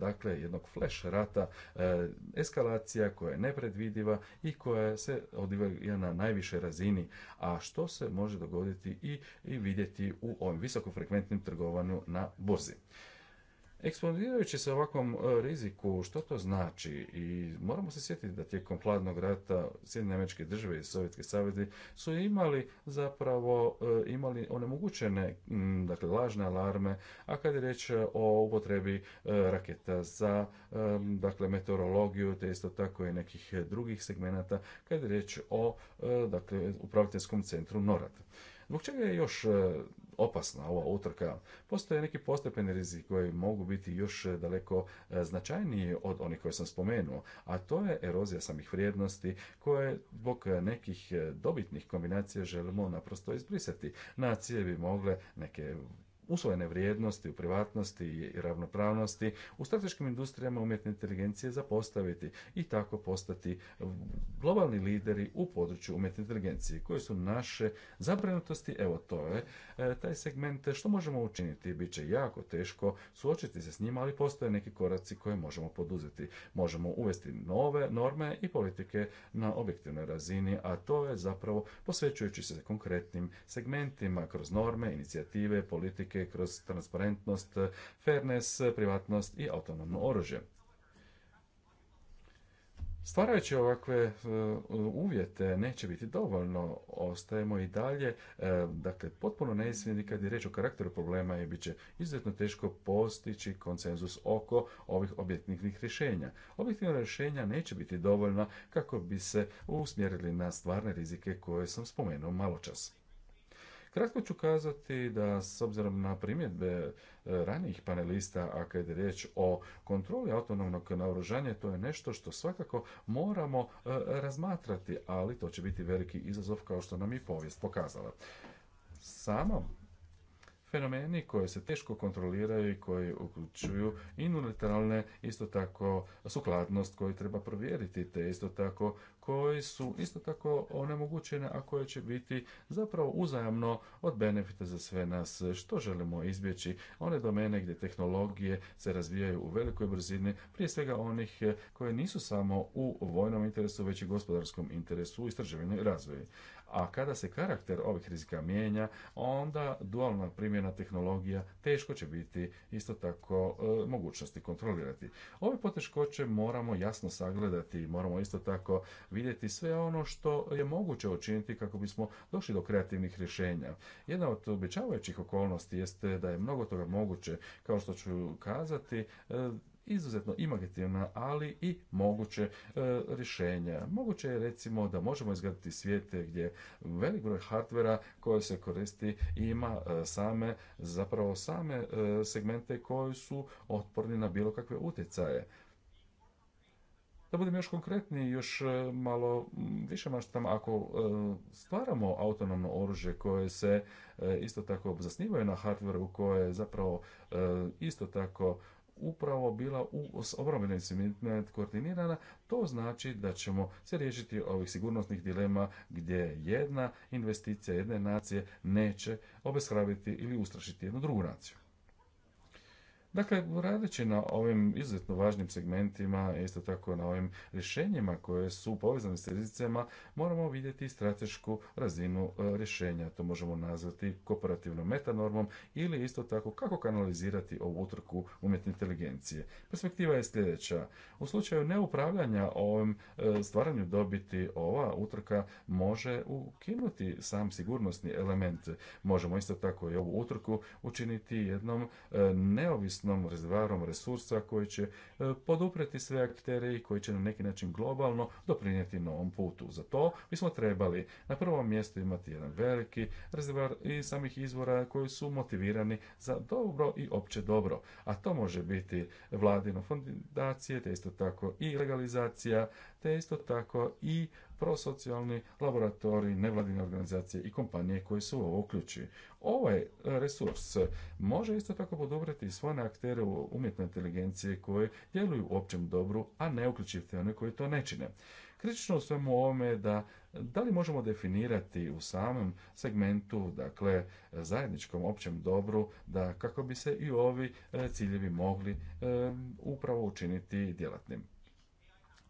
Speaker 1: dakle jednog flash rata, e, eskalacija koja je nepredvidiva i koja se odvija na najvišoj razini, a što se može dogoditi i, vidjeti u ovim visokofrekventnim trgovanju na burzi. Eksponirajući se ovakvom e, riziku, što to znači? I moramo se sjetiti da tijekom hladnog rata Sjedine američke države i Sovjetski savezi su imali zapravo e, imali onemogućene dakle, lažne alarme, a kad je riječ o upotrebi e, raketa za dakle, meteorologiju, te isto tako i nekih drugih segmenata, kad je riječ o dakle, upraviteljskom centru NORAD. Zbog čega je još e, opasna ova utrka? Postoje neki postepeni rizik koji mogu biti još e, daleko e, značajniji od onih koje sam spomenuo, a to je erozija samih vrijednosti koje zbog nekih dobitnih kombinacija želimo naprosto izbrisati. Nacije bi mogle neke usvojene vrijednosti u privatnosti i ravnopravnosti u strateškim industrijama umjetne inteligencije zapostaviti i tako postati globalni lideri u području umjetne inteligencije. Koje su naše zabrinutosti? Evo to je e, taj segment što možemo učiniti. će jako teško suočiti se s njima, ali postoje neki koraci koje možemo poduzeti. Možemo uvesti nove norme i politike na objektivnoj razini, a to je zapravo posvećujući se konkretnim segmentima kroz norme, inicijative, politike, kroz transparentnost, fairness, privatnost i autonomno oružje. Stvarajući ovakve e, uvjete neće biti dovoljno, ostajemo i dalje, e, dakle potpuno neizvjeni kad je reč o karakteru problema i bit će izuzetno teško postići konsenzus oko ovih objektivnih rješenja. Objektivna rješenja neće biti dovoljna kako bi se usmjerili na stvarne rizike koje sam spomenuo malo čas. Kratko ću kazati da s obzirom na primjedbe e, ranijih panelista, a kada je riječ o kontroli autonomnog naoružanja, to je nešto što svakako moramo e, razmatrati, ali to će biti veliki izazov kao što nam i povijest pokazala. Samo fenomeni koji se teško kontroliraju i koji uključuju i isto tako sukladnost koju treba provjeriti, te isto tako koji su isto tako onemogućene, a koje će biti zapravo uzajamno od benefita za sve nas. Što želimo izbjeći? One domene gdje tehnologije se razvijaju u velikoj brzini, prije svega onih koje nisu samo u vojnom interesu, već i gospodarskom interesu u istraživanju i razvoju. A kada se karakter ovih rizika mijenja, onda dualna primjena tehnologija teško će biti isto tako e, mogućnosti kontrolirati. Ove poteškoće moramo jasno sagledati i moramo isto tako vidjeti sve ono što je moguće učiniti kako bismo došli do kreativnih rješenja. Jedna od obećavajućih okolnosti jeste da je mnogo toga moguće, kao što ću kazati, e, izuzetno imaginativna, ali i moguće e, rješenja. Moguće je recimo da možemo izgraditi svijete gdje velik broj hardvera koje se koristi ima e, same, zapravo same e, segmente koji su otporni na bilo kakve utjecaje. Da budem još konkretniji, još malo više maštam, ako stvaramo autonomno oružje koje se isto tako zasnivaju na u koje zapravo isto tako upravo bila u obrambenoj koordinirana, to znači da ćemo se riješiti ovih sigurnosnih dilema gdje jedna investicija jedne nacije neće obeshrabiti ili ustrašiti jednu drugu naciju. Dakle, radeći na ovim izuzetno važnim segmentima, isto tako na ovim rješenjima koje su povezane s rizicima, moramo vidjeti stratešku razinu e, rješenja. To možemo nazvati kooperativnom metanormom ili isto tako kako kanalizirati ovu utrku umjetne inteligencije. Perspektiva je sljedeća. U slučaju neupravljanja ovim e, stvaranju dobiti ova utrka može ukinuti sam sigurnosni element. Možemo isto tako i ovu utrku učiniti jednom e, neovisnom rezervarom resursa koji će e, podupreti sve aktere i koji će na neki način globalno doprinijeti novom putu. Za to smo trebali na prvom mjestu imati jedan veliki rezervar i samih izvora koji su motivirani za dobro i opće dobro. A to može biti vladino fondacije, te isto tako i legalizacija, te isto tako i prosocijalni laboratori, nevladine organizacije i kompanije koje su u ovo Ovaj e, resurs može isto tako podobrati i aktere u umjetnoj inteligencije koje djeluju u općem dobru, a ne uključiti one koji to ne čine. Kritično u svemu ovome je da da li možemo definirati u samom segmentu, dakle zajedničkom općem dobru, da kako bi se i ovi e, ciljevi mogli e, upravo učiniti djelatnim.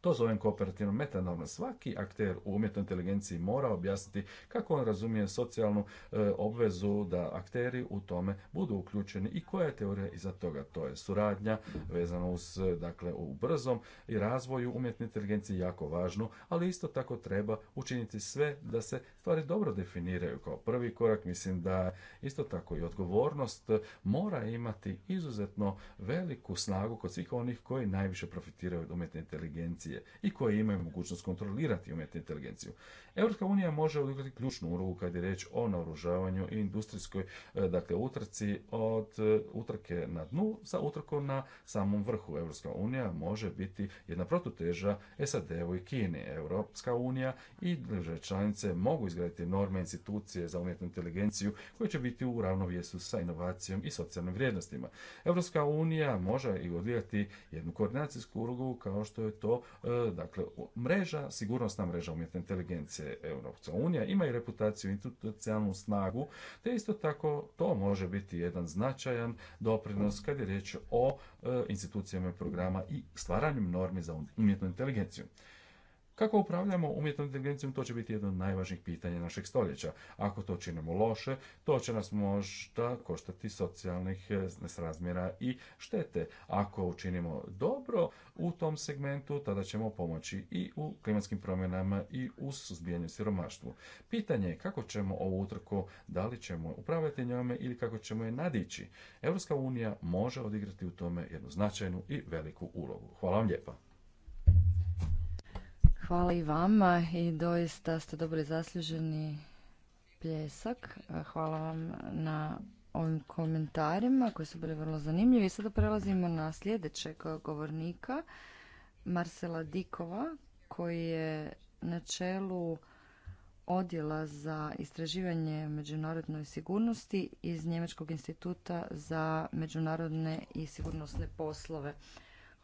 Speaker 1: To zovem kooperativno metanalno. Svaki akter u umjetnoj inteligenciji mora objasniti kako on razumije socijalnu e, obvezu da akteri u tome budu uključeni i koja je teorija iza toga. To je suradnja vezano uz, dakle, u brzom i razvoju umjetne inteligencije jako važno, ali isto tako treba učiniti sve da se stvari dobro definiraju kao prvi korak. Mislim da isto tako i odgovornost mora imati izuzetno veliku snagu kod svih onih koji najviše profitiraju od umjetne inteligencije i koje imaju mogućnost kontrolirati umjetnu inteligenciju. Europska unija može odigrati ključnu ulogu kad je riječ o naoružavanju i industrijskoj e, dakle utrci od e, utrke na dnu sa utrkom na samom vrhu. Europska unija može biti jedna protuteža SAD-u i Kini. Europska unija i države članice mogu izgraditi norme institucije za umjetnu inteligenciju koje će biti u ravnovjesu sa inovacijom i socijalnim vrijednostima. Europska unija može i odvijati jednu koordinacijsku ulogu kao što je to E, dakle, mreža, sigurnosna mreža umjetne inteligencije Europska unija ima i reputaciju, institucionalnu snagu, te isto tako to može biti jedan značajan doprinos kad je riječ o e, institucijama programa i stvaranju normi za umjetnu inteligenciju. Kako upravljamo umjetnom inteligencijom, to će biti jedno od najvažnijih pitanja našeg stoljeća. Ako to činimo loše, to će nas možda koštati socijalnih e, nesrazmjera i štete. Ako učinimo dobro u tom segmentu, tada ćemo pomoći i u klimatskim promjenama i u suzbijanju siromaštvu. Pitanje je kako ćemo ovu utrku, da li ćemo upravljati njome ili kako ćemo je nadići. Europska unija može odigrati u tome jednu značajnu i veliku ulogu. Hvala vam lijepa.
Speaker 2: Hvala i vama i doista ste dobili zasluženi pljesak. Hvala vam na ovim komentarima koji su bili vrlo zanimljivi. Sada prelazimo na sljedećeg govornika, Marcela Dikova, koji je na čelu odjela za istraživanje međunarodnoj sigurnosti iz Njemačkog instituta za međunarodne i sigurnosne poslove.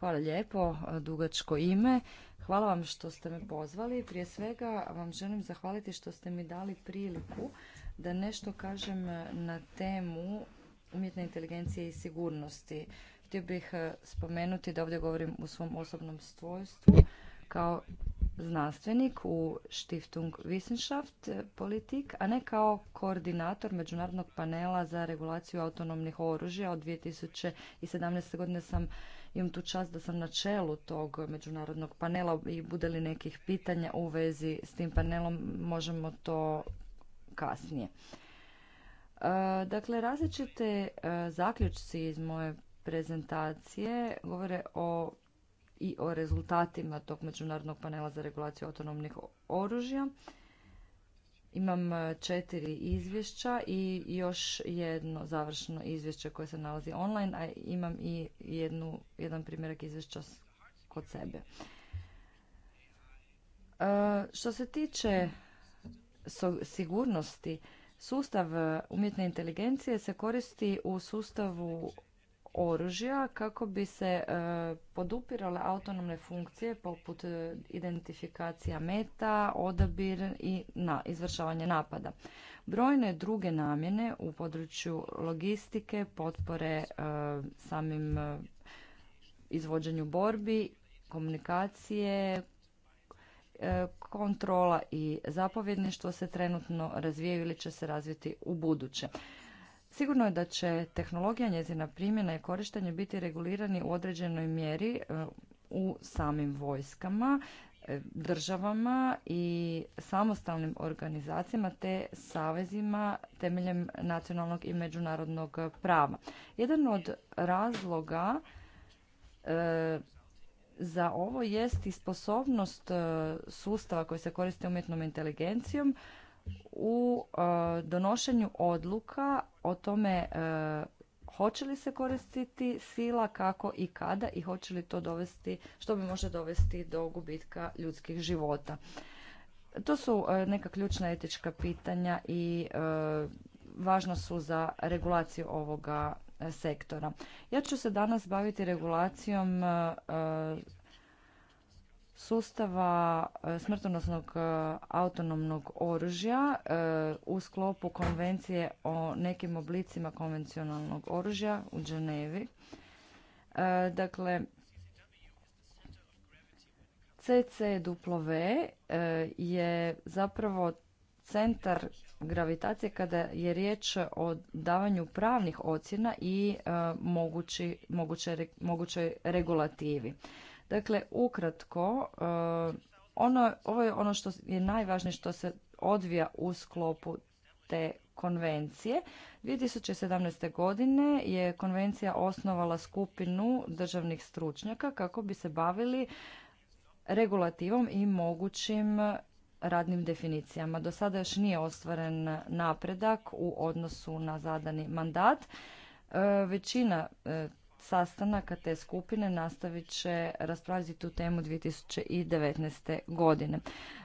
Speaker 2: Hvala lijepo, dugačko ime. Hvala vam što ste me pozvali. Prije svega vam želim zahvaliti što ste mi dali priliku da nešto kažem na temu umjetne inteligencije i sigurnosti. Htio bih eh, spomenuti da ovdje govorim u svom osobnom svojstvu kao znanstvenik u Stiftung Wissenschaft eh, Politik, a ne kao koordinator Međunarodnog panela za regulaciju autonomnih oružja. Od 2017. godine sam imam tu čast da sam na čelu tog međunarodnog panela i bude li nekih pitanja u vezi s tim panelom možemo to kasnije. E, dakle, različite e, zaključci iz moje prezentacije govore o i o rezultatima tog međunarodnog panela za regulaciju autonomnih oružja imam e, četiri izvješća i još jedno završeno izvješće koje se nalazi online, a imam i jednu, jedan primjerak izvješća kod sebe. E, što se tiče sigurnosti, sustav e, umjetne inteligencije se koristi u sustavu oružja kako bi se e, podupirale autonomne funkcije poput e, identifikacija meta, odabir i na, izvršavanje napada. Brojne druge namjene u području logistike, potpore e, samim izvođenju borbi, komunikacije, kontrola i zapovjedništvo se trenutno razvijaju ili će se razviti u buduće. Sigurno je da će tehnologija njezina primjena i korištenje biti regulirani u određenoj mjeri e, u samim vojskama, e, državama i samostalnim organizacijama te savezima temeljem nacionalnog i međunarodnog prava. Jedan od razloga e, za ovo jest i sposobnost sustava koji se koriste umjetnom inteligencijom u e, donošenju odluka o tome e, hoće li se koristiti sila, kako i kada i hoće li to dovesti, što bi može dovesti do gubitka ljudskih života. To su e, neka ključna etička pitanja i važna su za regulaciju ovoga sektora. Ja ću se danas baviti regulacijom sustava e, smrtonosnog e, autonomnog oružja e, u sklopu konvencije o nekim oblicima konvencionalnog oružja u Dženevi. Dakle, CCW je zapravo centar gravitacije kada je riječ o davanju pravnih ocjena i mogućoj regulativi. Dakle, ukratko, eh, ono, ovo je ono što je najvažnije što se odvija u sklopu te konvencije. 2017. godine je konvencija osnovala skupinu državnih stručnjaka kako bi se bavili regulativom i mogućim radnim definicijama. Do sada još nije ostvaren napredak u odnosu na zadani mandat. Eh, većina eh, sastanaka te skupine nastavit će raspraviti tu temu 2019. godine.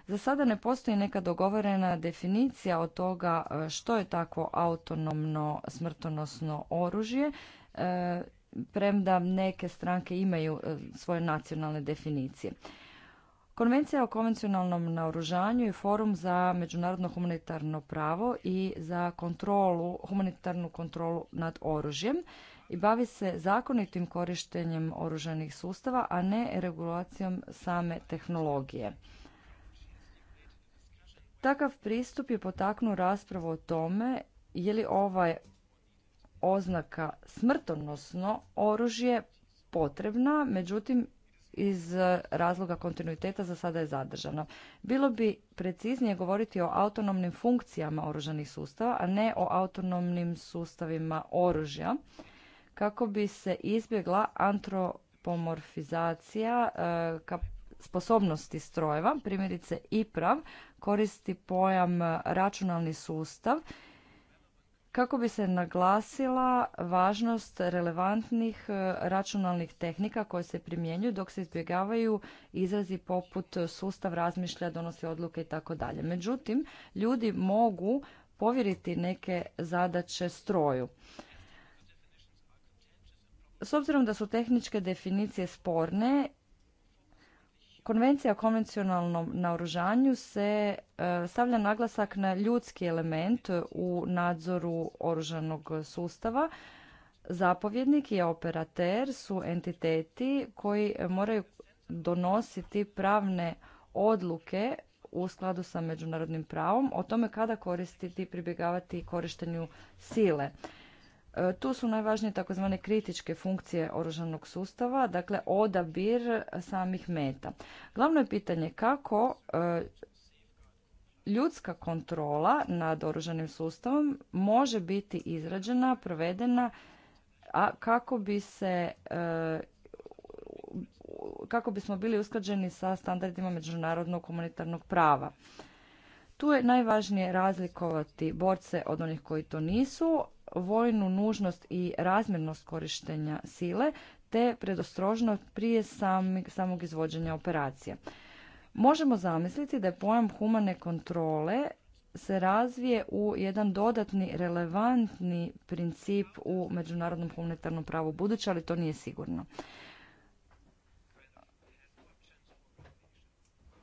Speaker 2: Za sada ne postoji neka dogovorena definicija od toga e, što je takvo autonomno smrtonosno oružje, e, premda neke stranke imaju e, svoje nacionalne definicije. Konvencija o konvencionalnom naoružanju je forum za međunarodno humanitarno pravo i za kontrolu, humanitarnu kontrolu nad oružjem i bavi se zakonitim korištenjem oružanih sustava, a ne regulacijom same tehnologije. Takav pristup je potaknuo raspravu o tome je li ovaj oznaka smrtonosno oružje potrebna, međutim iz razloga kontinuiteta za sada je zadržano. Bilo bi preciznije govoriti o autonomnim funkcijama oružanih sustava, a ne o autonomnim sustavima oružja kako bi se izbjegla antropomorfizacija e, sposobnosti strojeva, primjerice IPRAV koristi pojam računalni sustav kako bi se naglasila važnost relevantnih e, računalnih tehnika koje se primjenjuju dok se izbjegavaju izrazi poput sustav razmišlja, donosi odluke i tako dalje. Međutim, ljudi mogu povjeriti neke zadaće stroju. S obzirom da su tehničke definicije sporne, Konvencija o konvencionalnom naoružanju se e, stavlja naglasak na ljudski element u nadzoru oružanog sustava. Zapovjednik i operater su entiteti koji moraju donositi pravne odluke u skladu sa međunarodnim pravom o tome kada koristiti i pribjegavati korištenju sile. E, tu su najvažnije takozvane kritičke funkcije oružanog sustava, dakle odabir samih meta. Glavno je pitanje kako e, ljudska kontrola nad oružanim sustavom može biti izrađena, provedena, a kako bi se e, kako bismo bili usklađeni sa standardima međunarodnog humanitarnog prava. Tu je najvažnije razlikovati borce od onih koji to nisu, vojnu nužnost i razmjernost korištenja sile te predostrožnost prije samog izvođenja operacije. Možemo zamisliti da je pojam humane kontrole se razvije u jedan dodatni relevantni princip u međunarodnom humanitarnom pravu buduće, ali to nije sigurno.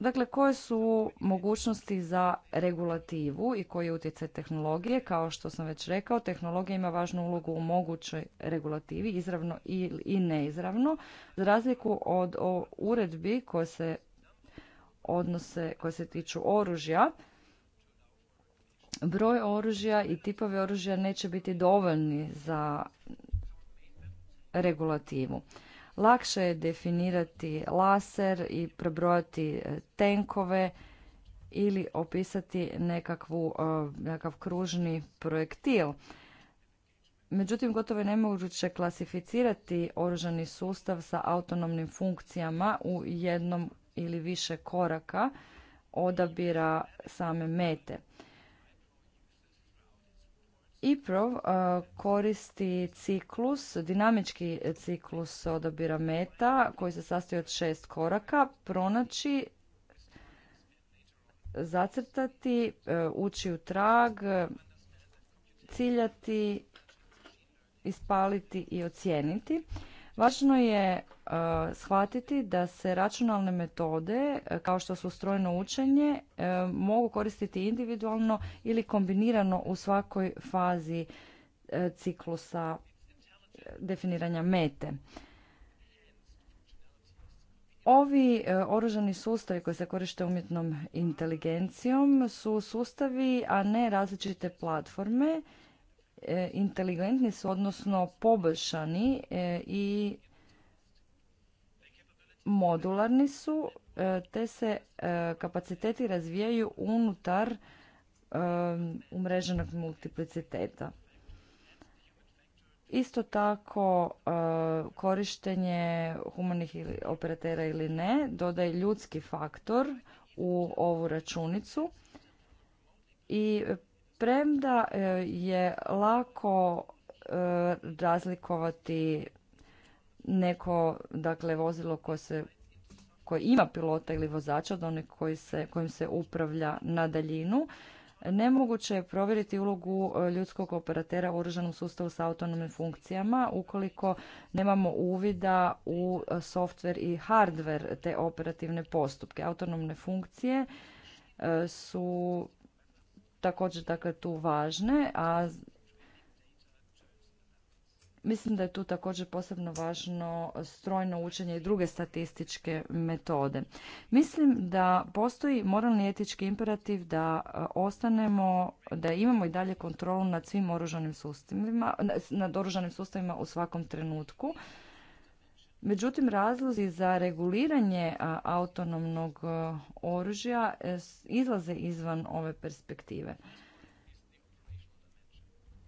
Speaker 2: Dakle, koje su mogućnosti za regulativu i koji je utjecaj tehnologije? Kao što sam već rekao, tehnologija ima važnu ulogu u mogućoj regulativi, izravno i neizravno, za razliku od uredbi koje se odnose, koje se tiču oružja, broj oružja i tipove oružja neće biti dovoljni za regulativu. Lakše je definirati laser i prebrojati e, tenkove ili opisati nekakvu, e, nekakav kružni projektil. Međutim, gotovo je nemoguće klasificirati oružani sustav sa autonomnim funkcijama u jednom ili više koraka odabira same mete. IPROV uh, koristi ciklus, dinamički ciklus odabira meta koji se sastoji od šest koraka, pronaći, zacrtati, uh, ući u trag, ciljati, ispaliti i ocijeniti. Važno je e, shvatiti da se računalne metode e, kao što su strojno učenje e, mogu koristiti individualno ili kombinirano u svakoj fazi ciklusa definiranja mete. Ovi oružani sustavi koji se korište umjetnom inteligencijom su sustavi, a ne različite platforme E, inteligentni su, odnosno poboljšani e, i modularni su, e, te se kapaciteti razvijaju unutar umreženog multipliciteta. Isto tako, korištenje humanih operatera ili ne dodaje ljudski faktor u ovu računicu i Premda e, je lako e, razlikovati neko dakle vozilo koje se koje ima pilota ili vozača od onih koji se, kojim se upravlja na daljinu. Nemoguće je provjeriti ulogu e, ljudskog operatera u oružanom sustavu sa autonomnim funkcijama ukoliko nemamo uvida u softver i hardver te operativne postupke. Autonomne funkcije su također dakle tu važne, a mislim da je tu također posebno važno strojno učenje i druge statističke metode. Mislim da postoji moralni etički imperativ da e, ostanemo, da imamo i dalje kontrolu nad svim oružanim sustavima, nad oružanim sustavima u svakom trenutku Međutim, razlozi za reguliranje autonomnog e, oružja e, izlaze izvan ove perspektive.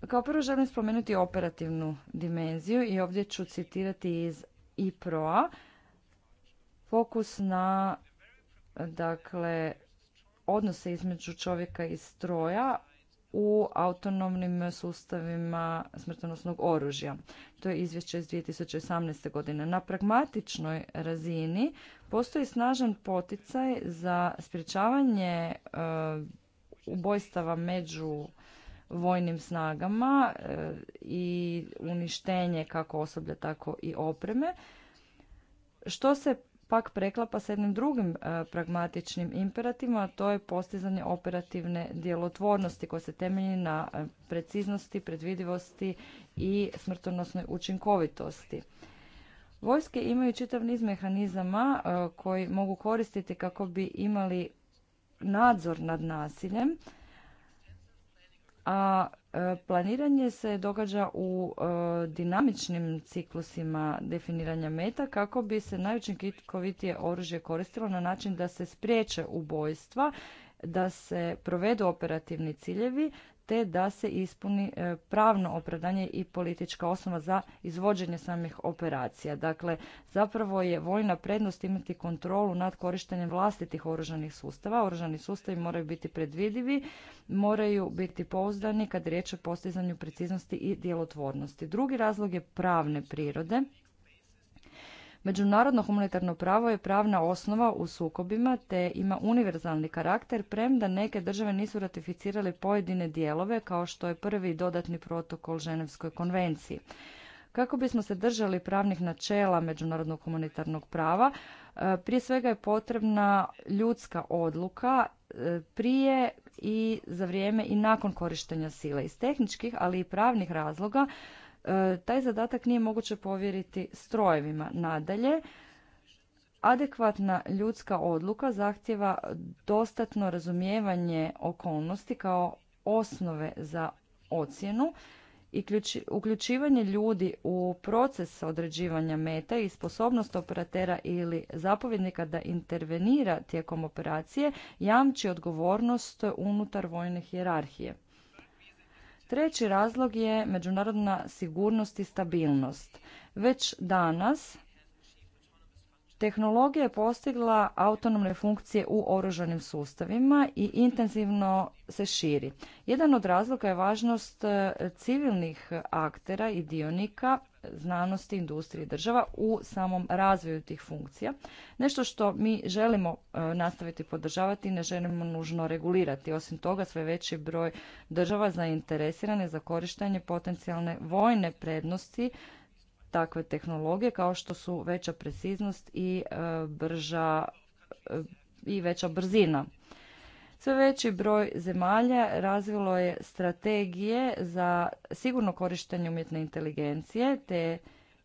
Speaker 2: Kao prvo želim spomenuti operativnu dimenziju i ovdje ću citirati iz IPRO-a fokus na dakle, odnose između čovjeka i stroja u autonomnim sustavima smrtonosnog oružja. To je izvješće iz 2018. godine. Na pragmatičnoj razini postoji snažan poticaj za sprječavanje e, ubojstava među vojnim snagama e, i uništenje kako osoblja tako i opreme što se pak preklapa s jednim drugim e, pragmatičnim imperativima, a to je postizanje operativne djelotvornosti koja se temelji na e, preciznosti, predvidivosti i smrtonosnoj učinkovitosti. Vojske imaju čitav niz mehanizama e, koji mogu koristiti kako bi imali nadzor nad nasiljem, a E, planiranje se događa u e, dinamičnim ciklusima definiranja meta kako bi se najučinkovitije oružje koristilo na način da se spriječe ubojstva, da se provedu operativni ciljevi, te da se ispuni e, pravno opravdanje i politička osnova za izvođenje samih operacija. Dakle, zapravo je vojna prednost imati kontrolu nad korištenjem vlastitih oružanih sustava. Oružani sustavi moraju biti predvidivi, moraju biti pouzdani kad riječ o postizanju preciznosti i djelotvornosti. Drugi razlog je pravne prirode Međunarodno humanitarno pravo je pravna osnova u sukobima te ima univerzalni karakter premda neke države nisu ratificirale pojedine dijelove kao što je prvi dodatni protokol Ženevskoj konvenciji. Kako bismo se držali pravnih načela međunarodnog humanitarnog prava, e, prije svega je potrebna ljudska odluka e, prije i za vrijeme i nakon korištenja sile. Iz tehničkih, ali i pravnih razloga E, taj zadatak nije moguće povjeriti strojevima. Nadalje, adekvatna ljudska odluka zahtjeva dostatno razumijevanje okolnosti kao osnove za ocjenu i uključivanje ljudi u proces određivanja meta i sposobnost operatera ili zapovjednika da intervenira tijekom operacije jamči odgovornost unutar vojne hijerarhije. Treći razlog je međunarodna sigurnost i stabilnost. Već danas Tehnologija je postigla autonomne funkcije u oružanim sustavima i intenzivno se širi. Jedan od razloga je važnost e, civilnih aktera i dionika znanosti, industrije i država u samom razvoju tih funkcija. Nešto što mi želimo e, nastaviti podržavati i ne želimo nužno regulirati. Osim toga, sve veći broj država zainteresirane za korištenje potencijalne vojne prednosti takve tehnologije kao što su veća preciznost i e, brža e, i veća brzina. Sve veći broj zemalja razvilo je strategije za sigurno korištenje umjetne inteligencije te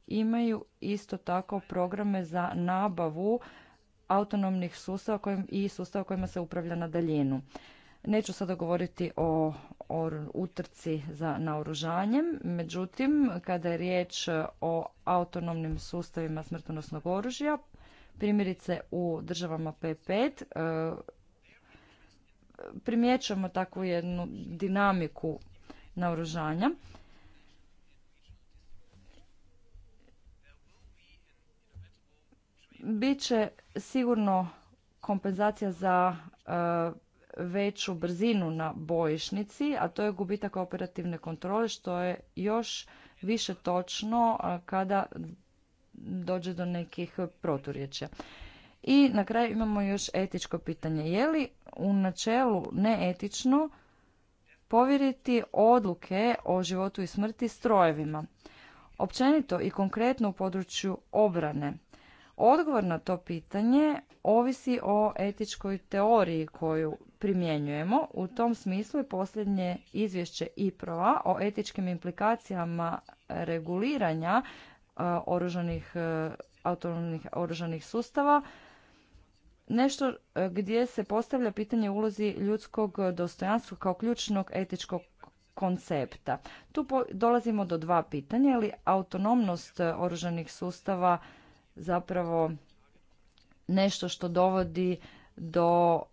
Speaker 2: imaju isto tako programe za nabavu autonomnih sustava i sustava kojima se upravlja na daljinu. Neću sada govoriti o, o utrci za naoružanjem, međutim, kada je riječ o autonomnim sustavima smrtonosnog oružja, primjerice u državama P5, e, primjećujemo takvu jednu dinamiku naoružanja. Biće sigurno kompenzacija za e, veću brzinu na bojišnici, a to je gubitak operativne kontrole što je još više točno kada dođe do nekih proturječja. I na kraju imamo još etičko pitanje. Je li u načelu neetično povjeriti odluke o životu i smrti strojevima? Općenito i konkretno u području obrane. Odgovor na to pitanje ovisi o etičkoj teoriji koju primjenjujemo. U tom smislu je posljednje izvješće ipro o etičkim implikacijama reguliranja e, oružanih, e, autonomnih oružanih sustava nešto e, gdje se postavlja pitanje ulozi ljudskog dostojanstva kao ključnog etičkog koncepta. Tu dolazimo do dva pitanja, ali autonomnost oružanih sustava zapravo nešto što dovodi do e,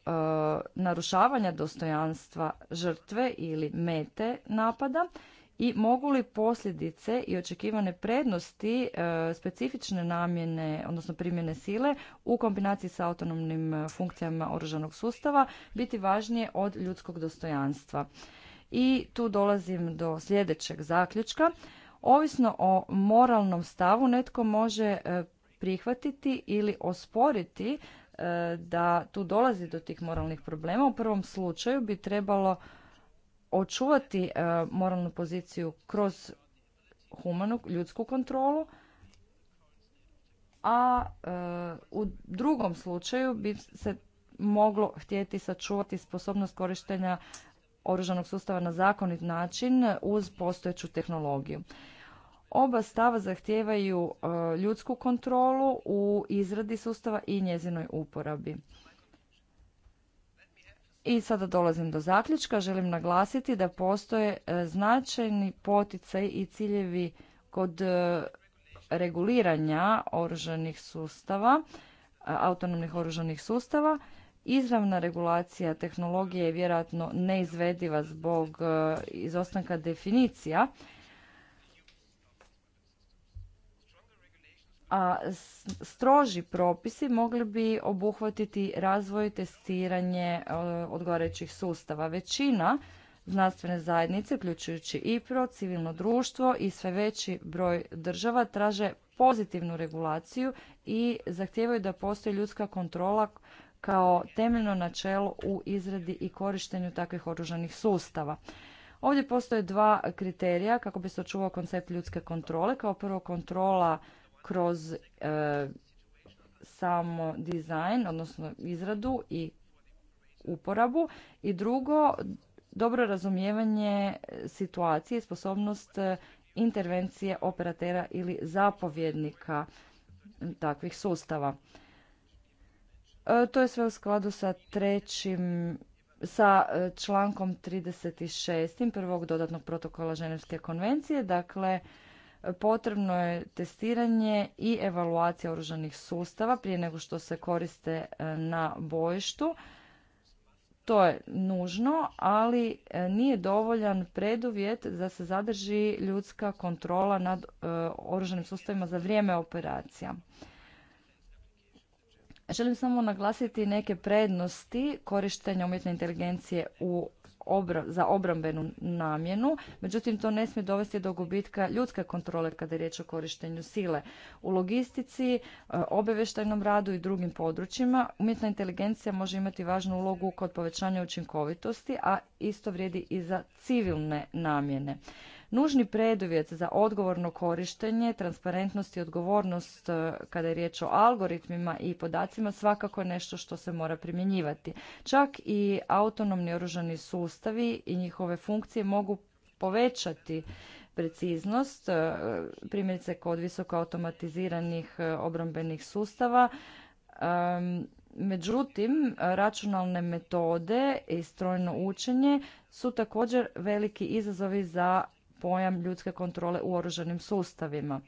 Speaker 2: narušavanja dostojanstva žrtve ili mete napada i mogu li posljedice i očekivane prednosti e, specifične namjene, odnosno primjene sile u kombinaciji sa autonomnim e, funkcijama oružanog sustava biti važnije od ljudskog dostojanstva. I tu dolazim do sljedećeg zaključka. Ovisno o moralnom stavu netko može prihvatiti ili osporiti da tu dolazi do tih moralnih problema. U prvom slučaju bi trebalo očuvati e, moralnu poziciju kroz humanu, ljudsku kontrolu, a e, u drugom slučaju bi se moglo htjeti sačuvati sposobnost korištenja oružanog sustava na zakonit način uz postojeću tehnologiju. Oba stava zahtijevaju e, ljudsku kontrolu u izradi sustava i njezinoj uporabi. I sada dolazim do zaključka. Želim naglasiti da postoje e, značajni poticaj i ciljevi kod e, reguliranja oružanih sustava, autonomnih oružanih sustava. Izravna regulacija tehnologije je vjerojatno neizvediva zbog izostanka definicija a stroži propisi mogli bi obuhvatiti razvoj, i testiranje e, odgovarajućih sustava. Većina znanstvene zajednice, uključujući IPRO, civilno društvo i sve veći broj država traže pozitivnu regulaciju i zahtijevaju da postoji ljudska kontrola kao temeljno načelo u izradi i korištenju takvih oružanih sustava. Ovdje postoje dva kriterija kako bi se očuvao koncept ljudske kontrole. Kao prvo kontrola kroz e, samo dizajn, odnosno izradu i uporabu. I drugo, dobro razumijevanje situacije i sposobnost e, intervencije operatera ili zapovjednika takvih sustava. E, to je sve u skladu sa trećim sa člankom 36. prvog dodatnog protokola Ženevske konvencije. Dakle, potrebno je testiranje i evaluacija oružanih sustava prije nego što se koriste e, na bojištu. To je nužno, ali e, nije dovoljan preduvjet da se zadrži ljudska kontrola nad e, oružanim sustavima za vrijeme operacija. Želim samo naglasiti neke prednosti korištenja umjetne inteligencije u za obrambenu namjenu, međutim to ne smije dovesti do gubitka ljudske kontrole kada je riječ o korištenju sile. U logistici, e, obavještajnom radu i drugim područjima umjetna inteligencija može imati važnu ulogu kod povećanja učinkovitosti, a isto vrijedi i za civilne namjene nužni preduvjet za odgovorno korištenje, transparentnost i odgovornost e, kada je riječ o algoritmima i podacima svakako je nešto što se mora primjenjivati. Čak i autonomni oružani sustavi i njihove funkcije mogu povećati preciznost, e, primjerice kod visoko automatiziranih e, obrambenih sustava. Međutim, računalne metode i strojno učenje su također veliki izazovi za pojam ljudske kontrole u oružanim sustavima.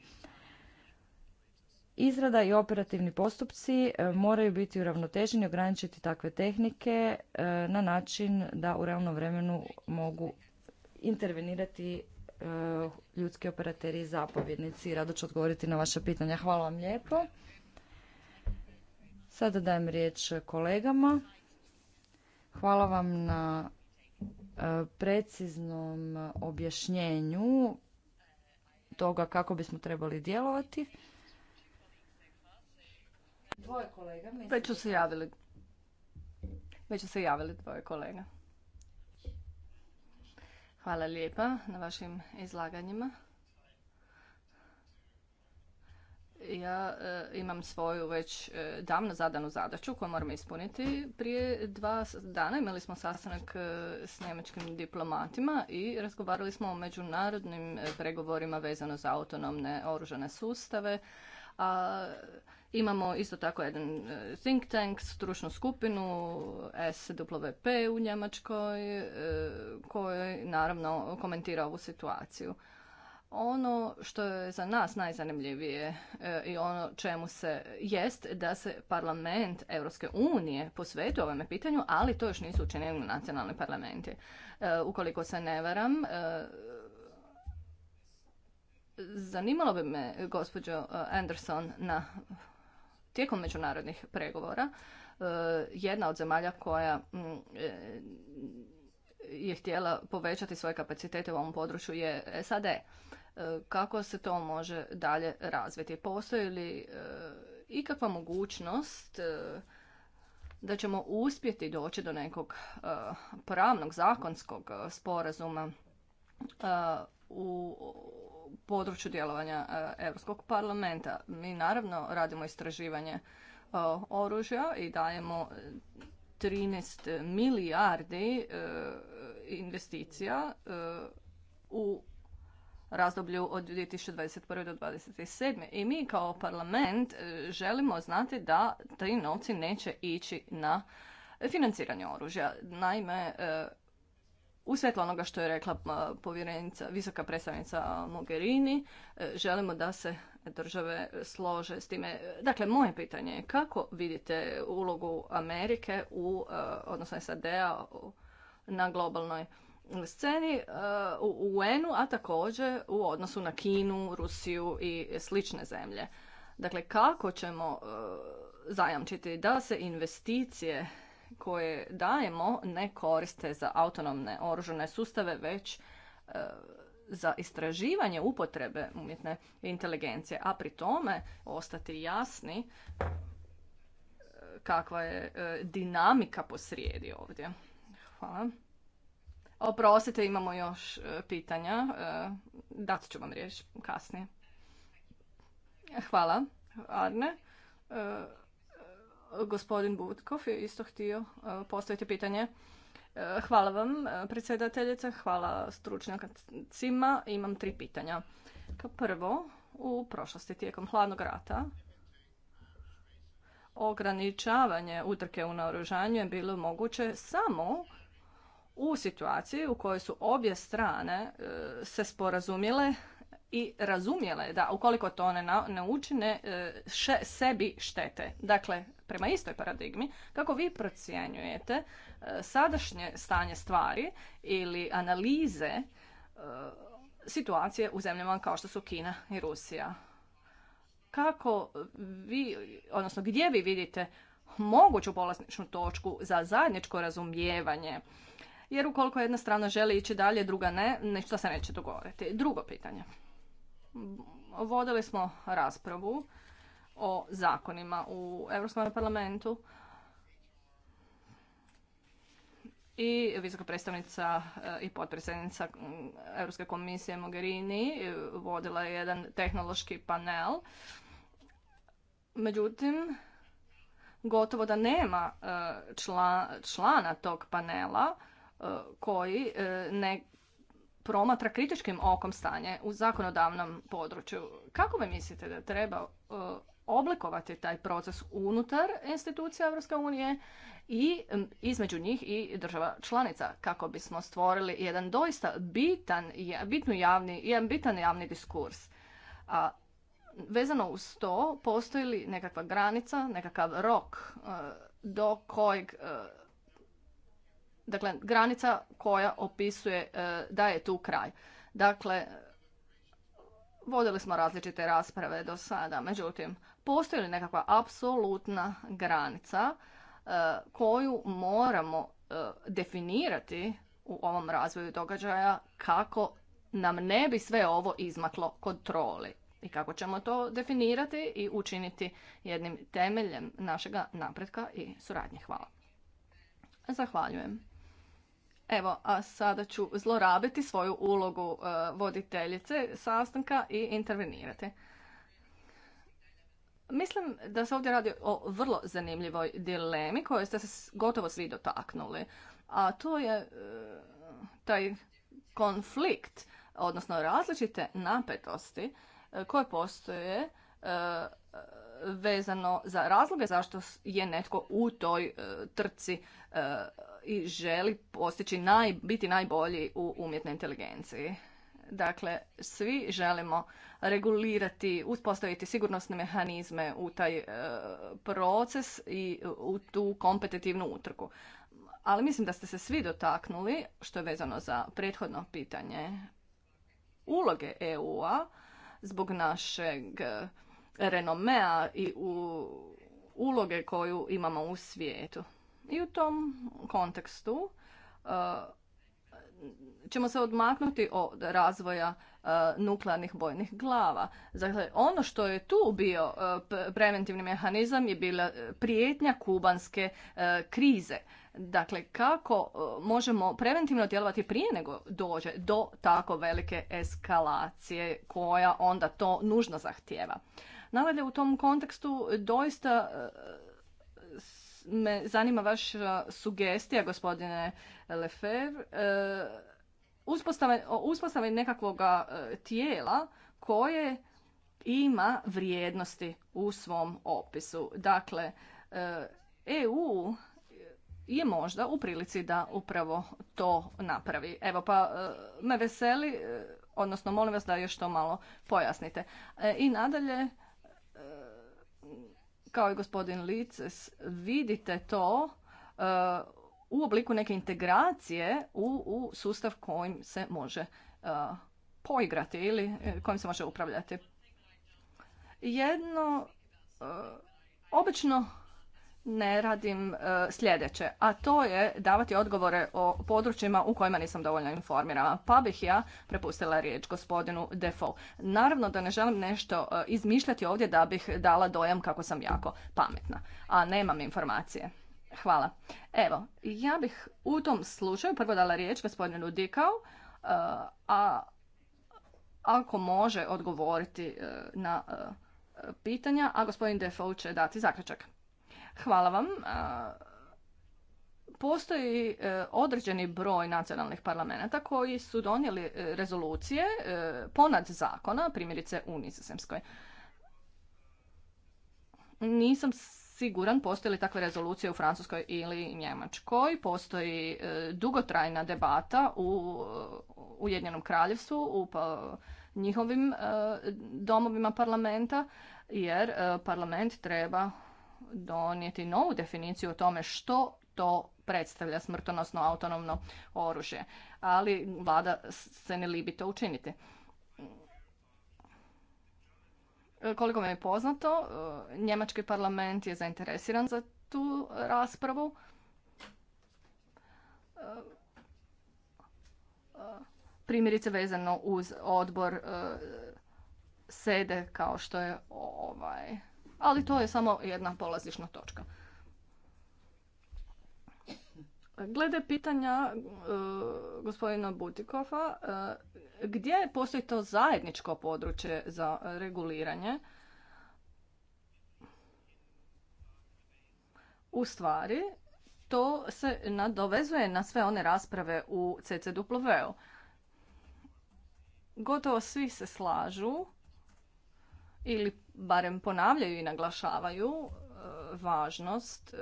Speaker 2: Izrada i operativni postupci e, moraju biti uravnoteženi i ograničiti takve tehnike e, na način da u realnom vremenu mogu intervenirati e, ljudski operateri i zapovjednici. Rado ću odgovoriti na vaše pitanja. Hvala vam lijepo. Sada dajem riječ kolegama. Hvala vam na E, preciznom objašnjenju toga kako bismo trebali djelovati. Dvoje kolega. Već su se
Speaker 3: javili. Već su se javili dvoje kolega. Hvala lijepa na vašim izlaganjima. ja e, imam svoju već e, davno zadanu zadaću koju moram ispuniti. Prije dva dana imali smo sastanak e, s njemačkim diplomatima i razgovarali smo o međunarodnim pregovorima vezano za autonomne oružane sustave. A, imamo isto tako jedan think tank, stručnu skupinu SWP u Njemačkoj koji naravno komentira ovu situaciju. Ono što je za nas najzanimljivije e, i ono čemu se jest da se parlament Europske unije posvetuje ovome pitanju, ali to još nisu učinili nacionalni parlamenti. E, ukoliko se ne varam, e, zanimalo bi me, gospođo Anderson, na tijekom međunarodnih pregovora, jedna od zemalja koja mm, je htjela povećati svoje kapacitete u ovom području je SAD. E, kako se to može dalje razviti. Postoji li e, ikakva mogućnost e, da ćemo uspjeti doći do nekog pravnog zakonskog sporazuma u području djelovanja Europskog parlamenta. Mi naravno radimo istraživanje oružja i dajemo 13 milijardi investicija u razdoblju od 2021. do 2027. I mi kao parlament e, želimo znati da ti novci neće ići na financiranje oružja. Naime, e, u svjetlu onoga što je rekla e, povjerenica, visoka predstavnica Mogherini, želimo da se države slože s time. Dakle, moje pitanje je kako vidite ulogu Amerike u, odnosno SAD-a na globalnoj sceni e, u UN-u, a također u odnosu na Kinu, Rusiju i slične zemlje. Dakle, kako ćemo e, zajamčiti da se investicije koje dajemo ne koriste za autonomne oružane sustave, već e, za istraživanje upotrebe umjetne inteligencije, a pri tome ostati jasni kakva je dinamika posrijedi ovdje. Hvala. Oprostite, imamo još e, pitanja. E, dat ću vam riječ kasnije. Hvala, Arne. E, gospodin Budkov je isto htio postaviti pitanje. Hvala vam, predsjedateljice. Hvala stručnjacima. Imam tri pitanja. Kao prvo, u prošlosti tijekom hladnog rata ograničavanje utrke u naoružanju je bilo moguće samo u situaciji u kojoj su obje strane e, se sporazumjele i razumjele da ukoliko to ne, ne učine e, sebi štete. Dakle, prema istoj paradigmi, kako vi procjenjujete e, sadašnje stanje stvari ili analize situacije u zemljama kao što su Kina i Rusija. Kako vi, odnosno gdje vi vidite moguću polazničnu točku za zajedničko razumijevanje jer ukoliko jedna strana želi ići dalje, druga ne, ništa se neće dogovoriti. Drugo pitanje. Vodili smo raspravu o zakonima u Europskom parlamentu i visoka predstavnica eh, i potpredsjednica mm, Europske komisije Mogherini eh, vodila je jedan tehnološki panel. Međutim, gotovo da nema eh, člana tog panela E, koji e, ne promatra kritičkim okom stanje u zakonodavnom području. Kako vi mislite da treba e, oblikovati taj proces unutar institucija Europske unije i između njih i država članica kako bismo stvorili jedan doista bitan, bitnu javni, jedan bitan javni diskurs. A vezano uz to postoji li nekakva granica, nekakav rok do kojeg Dakle, granica koja opisuje e, da je tu kraj. Dakle, vodili smo različite rasprave do sada. Međutim, postoji li nekakva apsolutna granica e, koju moramo e, definirati u ovom razvoju događaja kako nam ne bi sve ovo izmaklo kontroli i kako ćemo to definirati i učiniti jednim temeljem našega napretka i suradnje. Hvala. Zahvaljujem. Evo, a sada ću zlorabiti svoju ulogu e, voditeljice sastanka i intervenirati. Mislim da se ovdje radi o vrlo zanimljivoj dilemi koju ste se gotovo svi dotaknuli. A to je e, taj konflikt, odnosno različite napetosti e, koje postoje vezano za razloge zašto je netko u toj trci i želi postići naj, biti najbolji u umjetnoj inteligenciji. Dakle, svi želimo regulirati, uspostaviti sigurnosne mehanizme u taj e, proces i u tu kompetitivnu utrku. Ali mislim da ste se svi dotaknuli, što je vezano za prethodno pitanje, uloge EU-a zbog našeg renomea i uloge koju imamo u svijetu. I u tom kontekstu e, ćemo se odmaknuti od razvoja e, nuklearnih bojnih glava. Dakle, ono što je tu bio e, preventivni mehanizam je bila prijetnja kubanske krize. Dakle, kako možemo preventivno djelovati prije nego dođe do tako velike eskalacije koja onda to nužno zahtjeva. Nadalje, u tom kontekstu doista me zanima vaša sugestija, gospodine Lefer, e, uspostave, uspostave nekakvog e, tijela koje ima vrijednosti u svom opisu. Dakle, EU e je možda u prilici da upravo to napravi. Evo pa me veseli, odnosno molim vas da još to malo pojasnite. I nadalje, kao i gospodin Lices, vidite to uh, u obliku neke integracije u, u sustav kojim se može uh, poigrati ili eh, kojim se može upravljati. Jedno, uh, obično ne radim e, sljedeće, a to je davati odgovore o područjima u kojima nisam dovoljno informirana. Pa bih ja prepustila riječ gospodinu Defoe. Naravno da ne želim nešto e, izmišljati ovdje da bih dala dojam kako sam jako pametna, a nemam informacije. Hvala. Evo, ja bih u tom slučaju prvo dala riječ gospodinu Dikau, e, a ako može odgovoriti na pitanja, a gospodin Defoe će dati zaključak. Hvala vam. Postoji e, određeni broj nacionalnih parlamenta koji su donijeli e, rezolucije e, ponad zakona, primjerice u Nizozemskoj. Nisam siguran postoje li takve rezolucije u Francuskoj ili Njemačkoj. Postoji dugotrajna debata u Ujedinjenom kraljevstvu, u pa, njihovim domovima parlamenta, jer parlament treba donijeti novu definiciju o tome što to predstavlja smrtonosno autonomno oružje. Ali vlada se ne libi to učiniti. Koliko vam je poznato, njemački parlament je zainteresiran za tu raspravu. Primjerice vezano uz odbor eh, sede kao što je ovaj ali to je samo jedna polazišna točka. Glede pitanja e, gospodina Butikova, e, gdje postoji to zajedničko područje za reguliranje? U stvari, to se nadovezuje na sve one rasprave u CCW-u. Gotovo svi se slažu ili barem ponavljaju i naglašavaju e, važnost e,